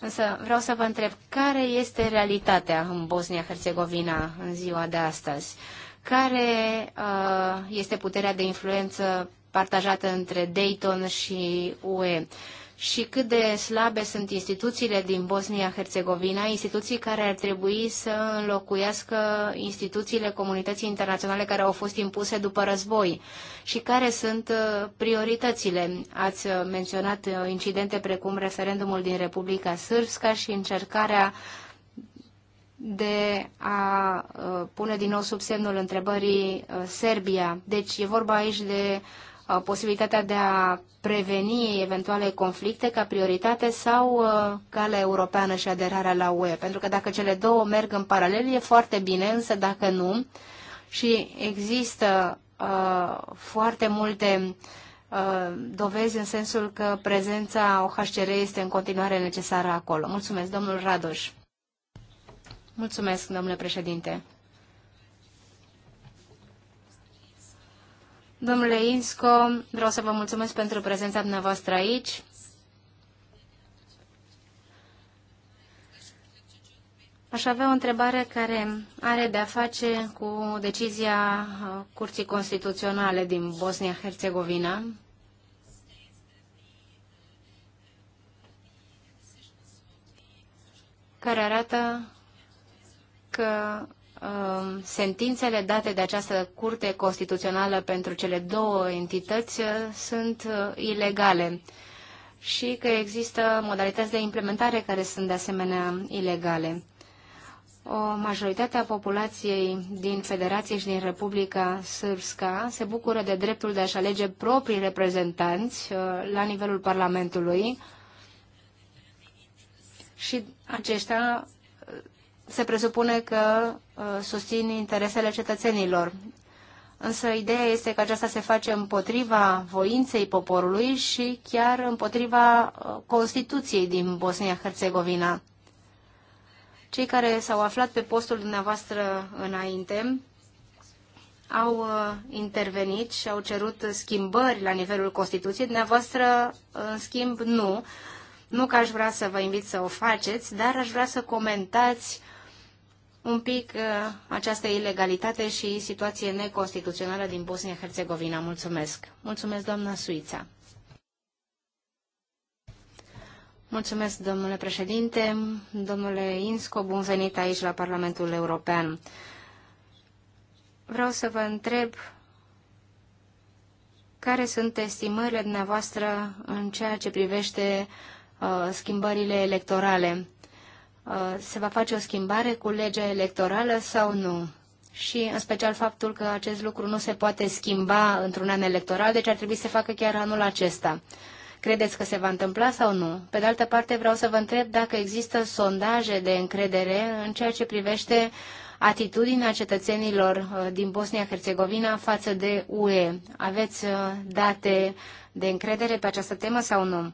Însă vreau să vă întreb, care este realitatea în Bosnia-Herzegovina în ziua de astăzi? Care uh, este puterea de influență partajată între Dayton și UE? Uh, și cât de slabe sunt instituțiile din Bosnia-Herzegovina, instituții care ar trebui să înlocuiască instituțiile comunității internaționale care au fost impuse după război și care sunt uh, prioritățile. Ați uh, menționat uh, incidente precum referendumul din Republica Sârbska și încercarea de a pune din nou sub semnul întrebării Serbia. Deci e vorba aici de Uh, posibilitatea de a preveni eventuale conflicte ca prioritate sau uh, calea europeană și aderarea la UE. Pentru că dacă cele două merg în paralel e foarte bine, însă dacă nu și există uh, foarte multe uh, dovezi în sensul că prezența OHCR este în continuare necesară acolo. Mulțumesc, domnul Radoș. Mulțumesc, domnule președinte. Domnule Insco, vreau să vă mulțumesc pentru prezența dumneavoastră aici. Aș avea o întrebare care are de-a face cu decizia uh, Curții Constituționale din Bosnia-Herzegovina. care arată că Um, sentințele date de această Curte Constituțională pentru cele două entități uh, sunt uh, ilegale și că există modalități de implementare care sunt de asemenea ilegale. O majoritate a populației din Federație și din Republica Sârbska se bucură de dreptul de a-și alege proprii reprezentanți uh, la nivelul Parlamentului și aceștia se presupune că uh, susțin interesele cetățenilor. Însă ideea este că aceasta se face împotriva voinței poporului și chiar împotriva uh, Constituției din Bosnia-Herzegovina. Cei care s-au aflat pe postul dumneavoastră înainte au uh, intervenit și au cerut schimbări la nivelul Constituției, dumneavoastră, în schimb, nu. Nu că aș vrea să vă invit să o faceți, dar aș vrea să comentați uh, un pic uh, această ilegalitate și situație neconstituțională din Bosnia-Herzegovina. Mulțumesc. Mulțumesc, doamna Suița. Mulțumesc, domnule președinte. Domnule Insco, bun venit aici la Parlamentul European. Vreau să vă întreb care sunt estimările dumneavoastră în ceea ce privește uh, schimbările electorale Uh, se va face o schimbare cu legea electorală sau nu. Și în special faptul că acest lucru nu se poate schimba într-un an electoral, deci ar trebui să se facă chiar anul acesta. Credeți că se va întâmpla sau nu? Pe de altă parte, vreau să vă întreb dacă există sondaje de încredere în ceea ce privește atitudinea cetățenilor uh, din Bosnia-Herzegovina față de UE. Aveți uh, date de încredere pe această temă sau nu?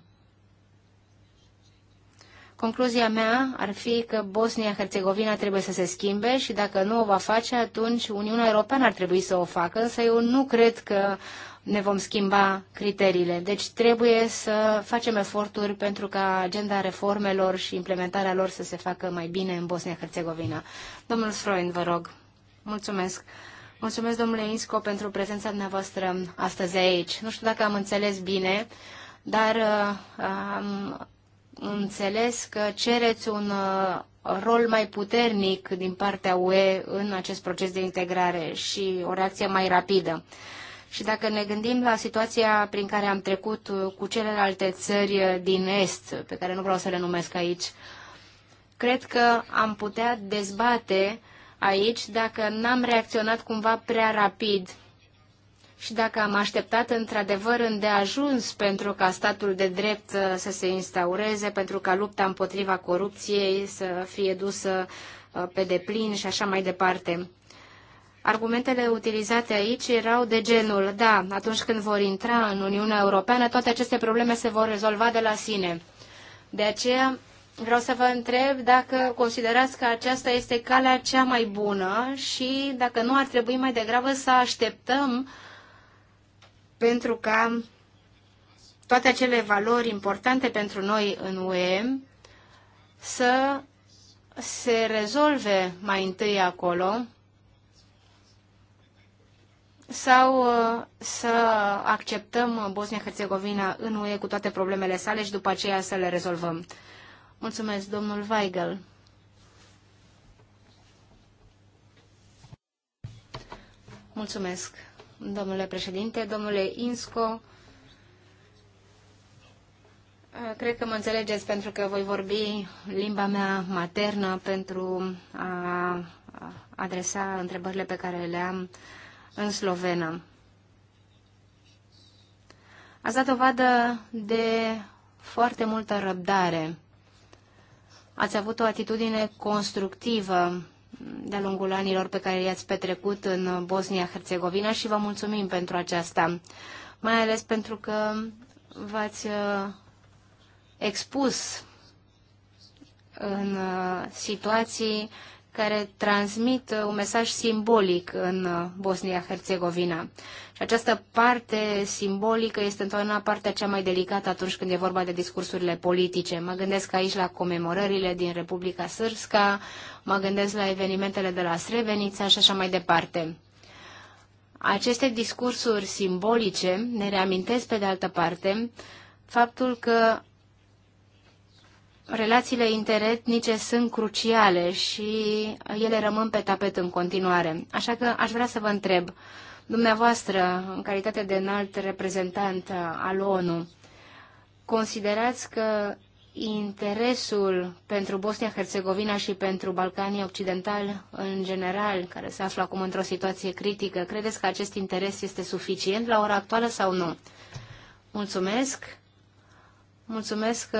Concluzia mea ar fi că Bosnia-Herzegovina trebuie să se schimbe și dacă nu o va face, atunci Uniunea Europeană ar trebui să o facă, însă eu nu cred că ne vom schimba criteriile. Deci trebuie să facem eforturi pentru ca agenda reformelor și implementarea lor să se facă mai bine în Bosnia-Herzegovina. Domnul Freund, vă rog. Mulțumesc. Mulțumesc, domnule Insco, pentru prezența dumneavoastră astăzi aici. Nu știu dacă am înțeles bine, dar uh, am înțeles că cereți un uh, rol mai puternic din partea UE în acest proces de integrare și o reacție mai rapidă. Și dacă ne gândim la situația prin care am trecut uh, cu celelalte țări uh, din Est, pe care nu vreau să le numesc aici, cred că am putea dezbate aici dacă n-am reacționat cumva prea rapid și dacă am așteptat într-adevăr îndeajuns pentru ca statul de drept uh, să se instaureze, pentru ca lupta împotriva corupției să fie dusă uh, pe deplin și așa mai departe. Argumentele utilizate aici erau de genul, da, atunci când vor intra în Uniunea Europeană, toate aceste probleme se vor rezolva de la sine. De aceea vreau să vă întreb dacă considerați că aceasta este calea cea mai bună și dacă nu ar trebui mai degrabă să așteptăm uh, pentru ca toate acele valori importante pentru noi în UE să se rezolve mai întâi acolo sau uh, să acceptăm Bosnia-Herzegovina în UE cu toate problemele sale și după aceea să le rezolvăm. Mulțumesc, domnul Weigel. Mulțumesc domnule președinte, domnule Insco. Cred că mă înțelegeți pentru că voi vorbi limba mea maternă pentru a adresa întrebările pe care le am în slovenă. Ați dat dovadă de foarte multă răbdare. Ați avut o atitudine constructivă de-a lungul anilor pe care i-ați petrecut în Bosnia-Herzegovina și vă mulțumim pentru aceasta, mai ales pentru că v-ați uh, expus în uh, situații care transmit uh, un mesaj simbolic în uh, Bosnia-Herzegovina. Și această parte simbolică este întotdeauna partea cea mai delicată atunci când e vorba de discursurile politice. Mă gândesc aici la comemorările din Republica Sârska, mă gândesc la evenimentele de la Srebrenica și așa mai departe. Aceste discursuri simbolice ne reamintesc, pe de altă parte, faptul că relațiile interetnice sunt cruciale și ele rămân pe tapet în continuare. Așa că aș vrea să vă întreb, dumneavoastră, în calitate de înalt reprezentant al ONU, considerați că interesul pentru Bosnia-Herzegovina și pentru Balcanii Occidentali în general, care se află acum într-o situație critică, credeți că acest interes este suficient la ora actuală sau nu? Mulțumesc! Mulțumesc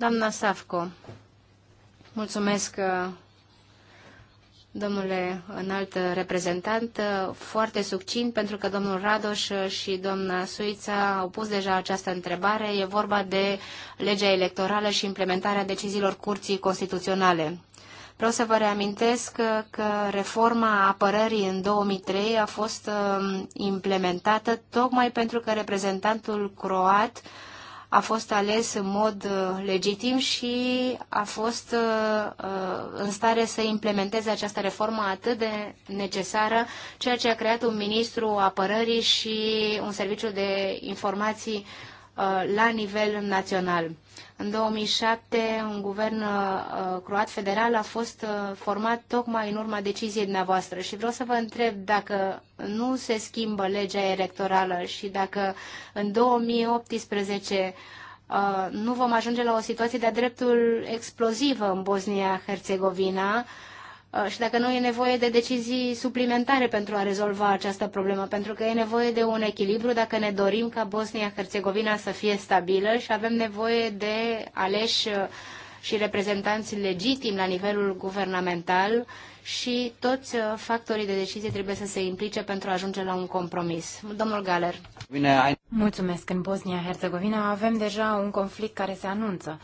Doamna Safco, mulțumesc uh, domnule înalt reprezentant, uh, foarte succint, pentru că domnul Radoș uh, și doamna Suița au pus deja această întrebare. E vorba de legea electorală și implementarea deciziilor Curții Constituționale. Vreau să vă reamintesc că reforma apărării în 2003 a fost um, implementată tocmai pentru că reprezentantul croat a fost ales în mod uh, legitim și a fost uh, uh, în stare să implementeze această reformă atât de necesară, ceea ce a creat un ministru apărării și un serviciu de informații Uh, la nivel național. În 2007, un guvern uh, croat federal a fost uh, format tocmai în urma deciziei dumneavoastră și vreau să vă întreb dacă nu se schimbă legea electorală și dacă în 2018 nu vom ajunge la o situație de-a dreptul explozivă în Bosnia-Herzegovina, Uh, și dacă nu e nevoie de decizii suplimentare pentru a rezolva această problemă, pentru că e nevoie de un echilibru dacă ne dorim ca Bosnia-Herzegovina să fie stabilă și avem nevoie de aleși uh, și reprezentanți legitimi la nivelul guvernamental și toți uh, factorii de decizie trebuie să se implice pentru a ajunge la un compromis. Domnul Galer. Mulțumesc. În Bosnia-Herzegovina avem deja un conflict care se anunță.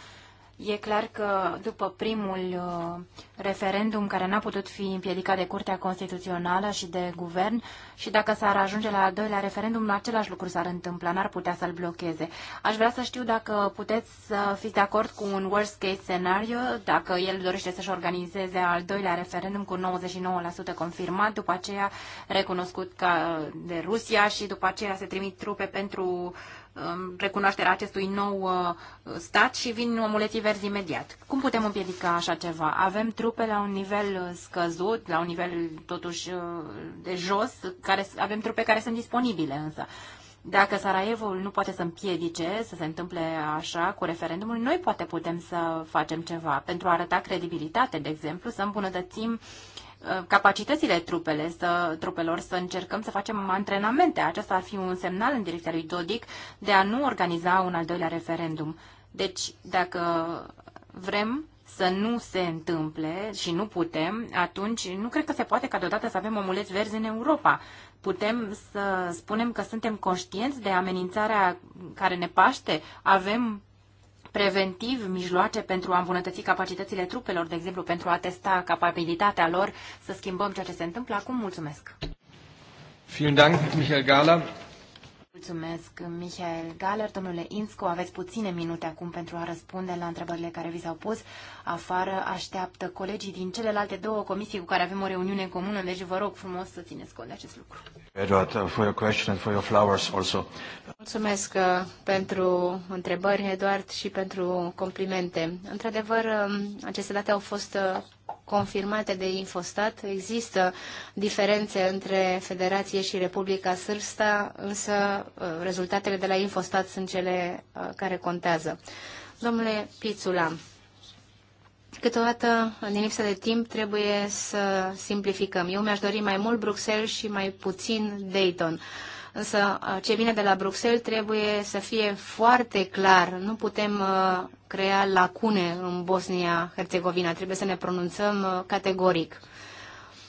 E clar că după primul uh, referendum care n-a putut fi împiedicat de Curtea Constituțională și de guvern și dacă s-ar ajunge la al doilea referendum, același lucru s-ar întâmpla, n-ar putea să-l blocheze. Aș vrea să știu dacă puteți să fiți de acord cu un worst case scenario, dacă el dorește să-și organizeze al doilea referendum cu 99% confirmat, după aceea recunoscut ca de Rusia și după aceea se trimit trupe pentru uh, Um, recunoașterea acestui nou uh, stat și vin omuleții verzi imediat. Cum putem împiedica așa ceva? Avem trupe la un nivel uh, scăzut, la un nivel totuși uh, de jos, care, avem trupe care sunt disponibile însă. Dacă Sarajevo nu poate să împiedice să se întâmple așa cu referendumul, noi poate putem să facem ceva pentru a arăta credibilitate, de exemplu, să îmbunătățim uh, Uh, capacitățile trupele, să, trupelor, să încercăm să facem antrenamente. Aceasta ar fi un semnal în direcția lui Dodic de a nu organiza un al doilea referendum. Deci, dacă vrem să nu se întâmple și nu putem, atunci nu cred că se poate ca deodată să avem omuleți verzi în Europa. Putem să spunem că suntem conștienți de amenințarea care ne paște, avem preventiv mijloace pentru a îmbunătăți capacitățile trupelor, de exemplu, pentru a testa capabilitatea lor să schimbăm ceea ce se întâmplă acum? Mulțumesc! Vielen Dank, Michael Gala. Mulțumesc, Michael Galler. Domnule Insco, aveți puține minute acum pentru a răspunde la întrebările care vi s-au pus. Afară așteaptă colegii din celelalte două comisii cu care avem o reuniune comună, deci vă rog frumos să țineți cont de acest lucru. Edward, for your question and for your flowers also. Mulțumesc uh, pentru întrebări, Eduard, și pentru complimente. Într-adevăr, um, aceste date au fost uh, confirmate de Infostat. Există diferențe între Federație și Republica Sârsta, însă uh, rezultatele de la Infostat sunt cele uh, care contează. Domnule Pițula, Câteodată, din lipsă de timp, trebuie să simplificăm. Eu mi-aș dori mai mult Bruxelles și mai puțin Dayton. Uh, Însă uh, ce vine de la Bruxelles trebuie să fie foarte clar. Nu putem uh, crea lacune în Bosnia-Herzegovina. Trebuie să ne pronunțăm uh, categoric.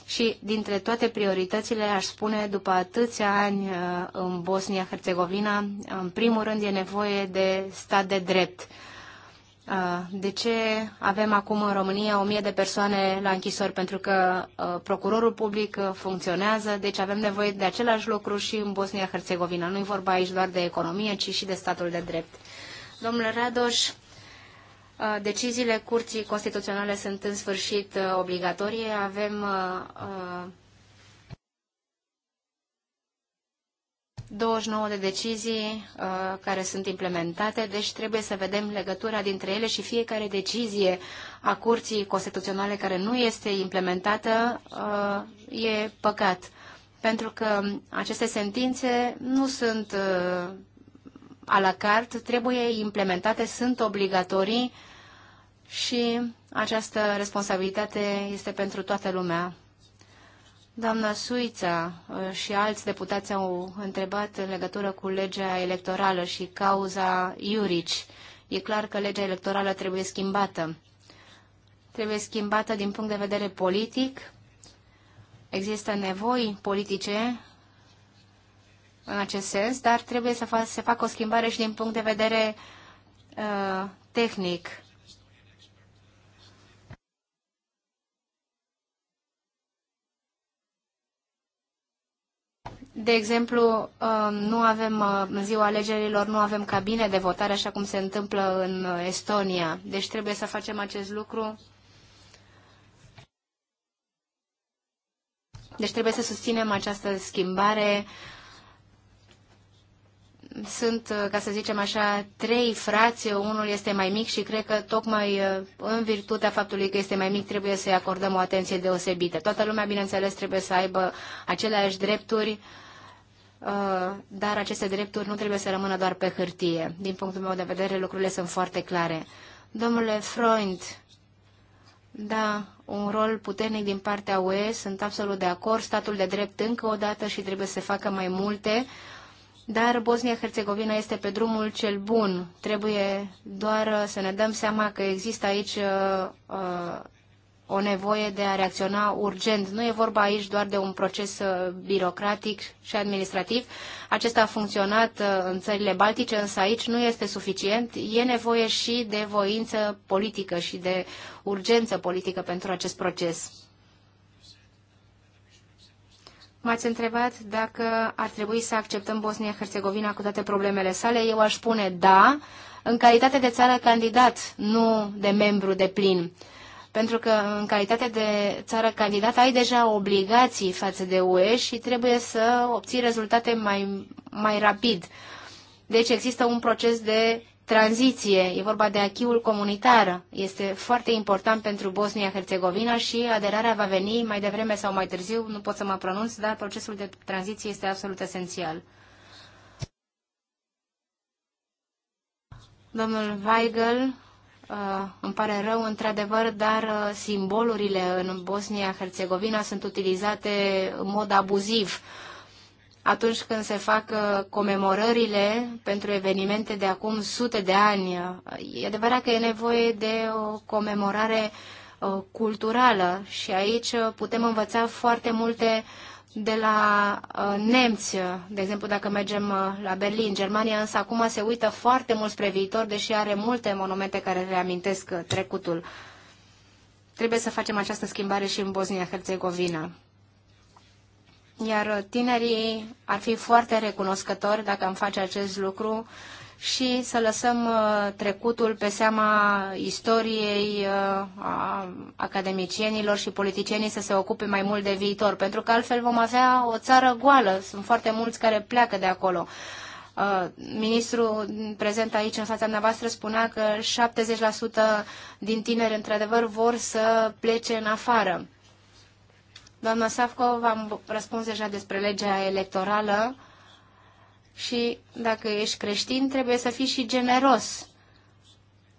Și dintre toate prioritățile, aș spune, după atâția ani în Bosnia-Herzegovina, în primul rând e nevoie de stat de drept de ce avem acum în România o mie de persoane la închisori? Pentru că procurorul public funcționează, deci avem nevoie de același lucru și în Bosnia-Herzegovina. Nu-i vorba aici doar de economie, ci și de statul de drept. Domnule Radoș, deciziile Curții Constituționale sunt în sfârșit obligatorie. Avem 29 de decizii uh, care sunt implementate, deci trebuie să vedem legătura dintre ele și fiecare decizie a Curții Constituționale care nu este implementată uh, e păcat. Pentru că aceste sentințe nu sunt uh, a la cart, trebuie implementate, sunt obligatorii și această responsabilitate este pentru toată lumea Doamna Suița uh, și alți deputați au întrebat în legătură cu legea electorală și cauza Iurici. E clar că legea electorală trebuie schimbată. Trebuie schimbată din punct de vedere politic. Există nevoi politice în acest sens, dar trebuie să se facă o schimbare și din punct de vedere uh, tehnic De exemplu, um, nu avem uh, în ziua alegerilor, nu avem cabine de votare, așa cum se întâmplă în uh, Estonia. Deci trebuie să facem acest lucru. Deci trebuie să susținem această schimbare. Sunt, uh, ca să zicem așa, trei frați, unul este mai mic și cred că tocmai în virtutea faptului că este mai mic trebuie să-i acordăm o atenție deosebită. Toată lumea, bineînțeles, trebuie să aibă aceleași drepturi Uh, dar aceste drepturi nu trebuie să rămână doar pe hârtie. Din punctul meu de vedere, lucrurile sunt foarte clare. Domnule Freund, da, un rol puternic din partea UE, sunt absolut de acord, statul de drept încă o dată și trebuie să facă mai multe, dar Bosnia-Herzegovina este pe drumul cel bun. Trebuie doar uh, să ne dăm seama că există aici uh, uh o nevoie de a reacționa urgent. Nu e vorba aici doar de un proces uh, birocratic și administrativ. Acesta a funcționat uh, în țările baltice, însă aici nu este suficient. E nevoie și de voință politică și de urgență politică pentru acest proces. M-ați întrebat dacă ar trebui să acceptăm Bosnia-Herzegovina cu toate problemele sale. Eu aș spune da, în calitate de țară candidat, nu de membru de plin pentru că în calitate de țară candidată ai deja obligații față de UE și trebuie să obții rezultate mai, mai rapid. Deci există un proces de tranziție, e vorba de achiul comunitar, este foarte important pentru Bosnia-Herzegovina și aderarea va veni mai devreme sau mai târziu, nu pot să mă pronunț, dar procesul de tranziție este absolut esențial. Domnul Weigel Uh, îmi pare rău într-adevăr, dar uh, simbolurile în Bosnia-Herzegovina sunt utilizate în mod abuziv atunci când se fac uh, comemorările pentru evenimente de acum sute de ani. E adevărat că e nevoie de o comemorare culturală și aici putem învăța foarte multe uh, de la uh, nemți, uh, de exemplu dacă mergem uh, la Berlin, Germania însă acum se uită foarte mult spre viitor, deși are multe monumente care reamintesc uh, trecutul. Trebuie să facem această schimbare și în Bosnia-Herzegovina. Iar uh, tinerii ar fi foarte recunoscători dacă am face acest lucru și să lăsăm uh, trecutul pe seama istoriei uh, a academicienilor și politicienii să se ocupe mai mult de viitor, pentru că altfel vom avea o țară goală. Sunt foarte mulți care pleacă de acolo. Uh, ministrul prezent aici în fața dumneavoastră spunea că 70% din tineri într-adevăr vor să plece în afară. Doamna Savco, v-am răspuns deja despre legea electorală și dacă ești creștin, trebuie să fii și generos.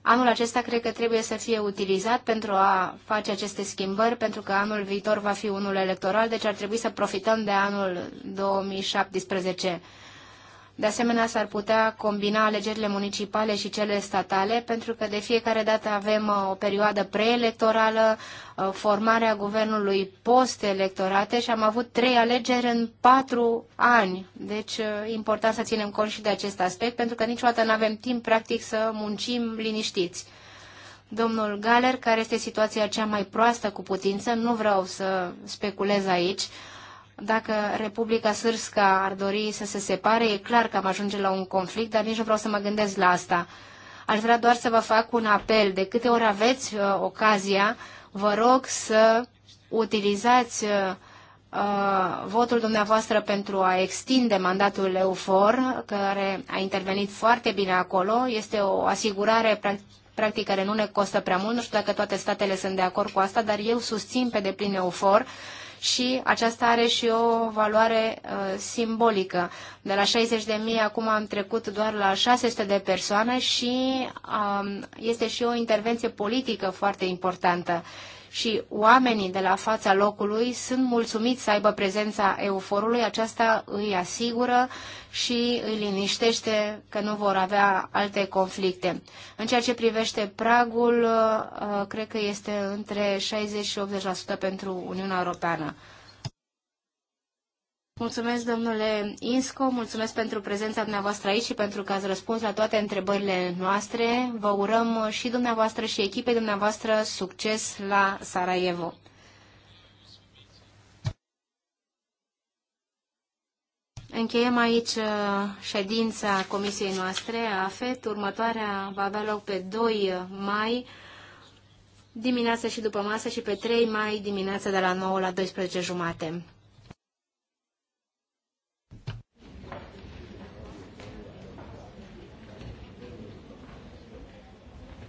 Anul acesta cred că trebuie să fie utilizat pentru a face aceste schimbări, pentru că anul viitor va fi unul electoral, deci ar trebui să profităm de anul 2017 de asemenea, s-ar putea combina alegerile municipale și cele statale, pentru că de fiecare dată avem uh, o perioadă preelectorală, uh, formarea guvernului post-electorate și am avut trei alegeri în patru ani. Deci, uh, important să ținem cont și de acest aspect, pentru că niciodată nu avem timp, practic, să muncim liniștiți domnul Galer, care este situația cea mai proastă cu putință, nu vreau să speculez aici, dacă Republica Sârsca ar dori să se separe, e clar că am ajunge la un conflict, dar nici nu vreau să mă gândesc la asta. Aș vrea doar să vă fac un apel. De câte ori aveți uh, ocazia, vă rog să utilizați uh, uh votul dumneavoastră pentru a extinde mandatul EUFOR, care a intervenit foarte bine acolo. Este o asigurare practic care nu ne costă prea mult. Nu știu dacă toate statele sunt de acord cu asta, dar eu susțin pe deplin EUFOR și aceasta are și o valoare uh, simbolică. De la 60.000 acum am trecut doar la 600 de persoane și uh, este și o intervenție politică foarte importantă. Uh, și oamenii de la fața locului sunt mulțumiți să aibă prezența euforului, aceasta îi asigură și îi liniștește că nu vor avea alte conflicte. În ceea ce privește pragul, uh, cred că este între 60 și 80% pentru Uniunea Europeană. Mulțumesc, domnule Insco, mulțumesc pentru prezența dumneavoastră aici și pentru că ați răspuns la toate întrebările noastre. Vă urăm și dumneavoastră și echipei dumneavoastră succes la Sarajevo. Încheiem aici uh, ședința comisiei noastre, AFET. Următoarea va avea loc pe 2 mai dimineața și după masă și pe 3 mai dimineața de la 9 la 12 jumate.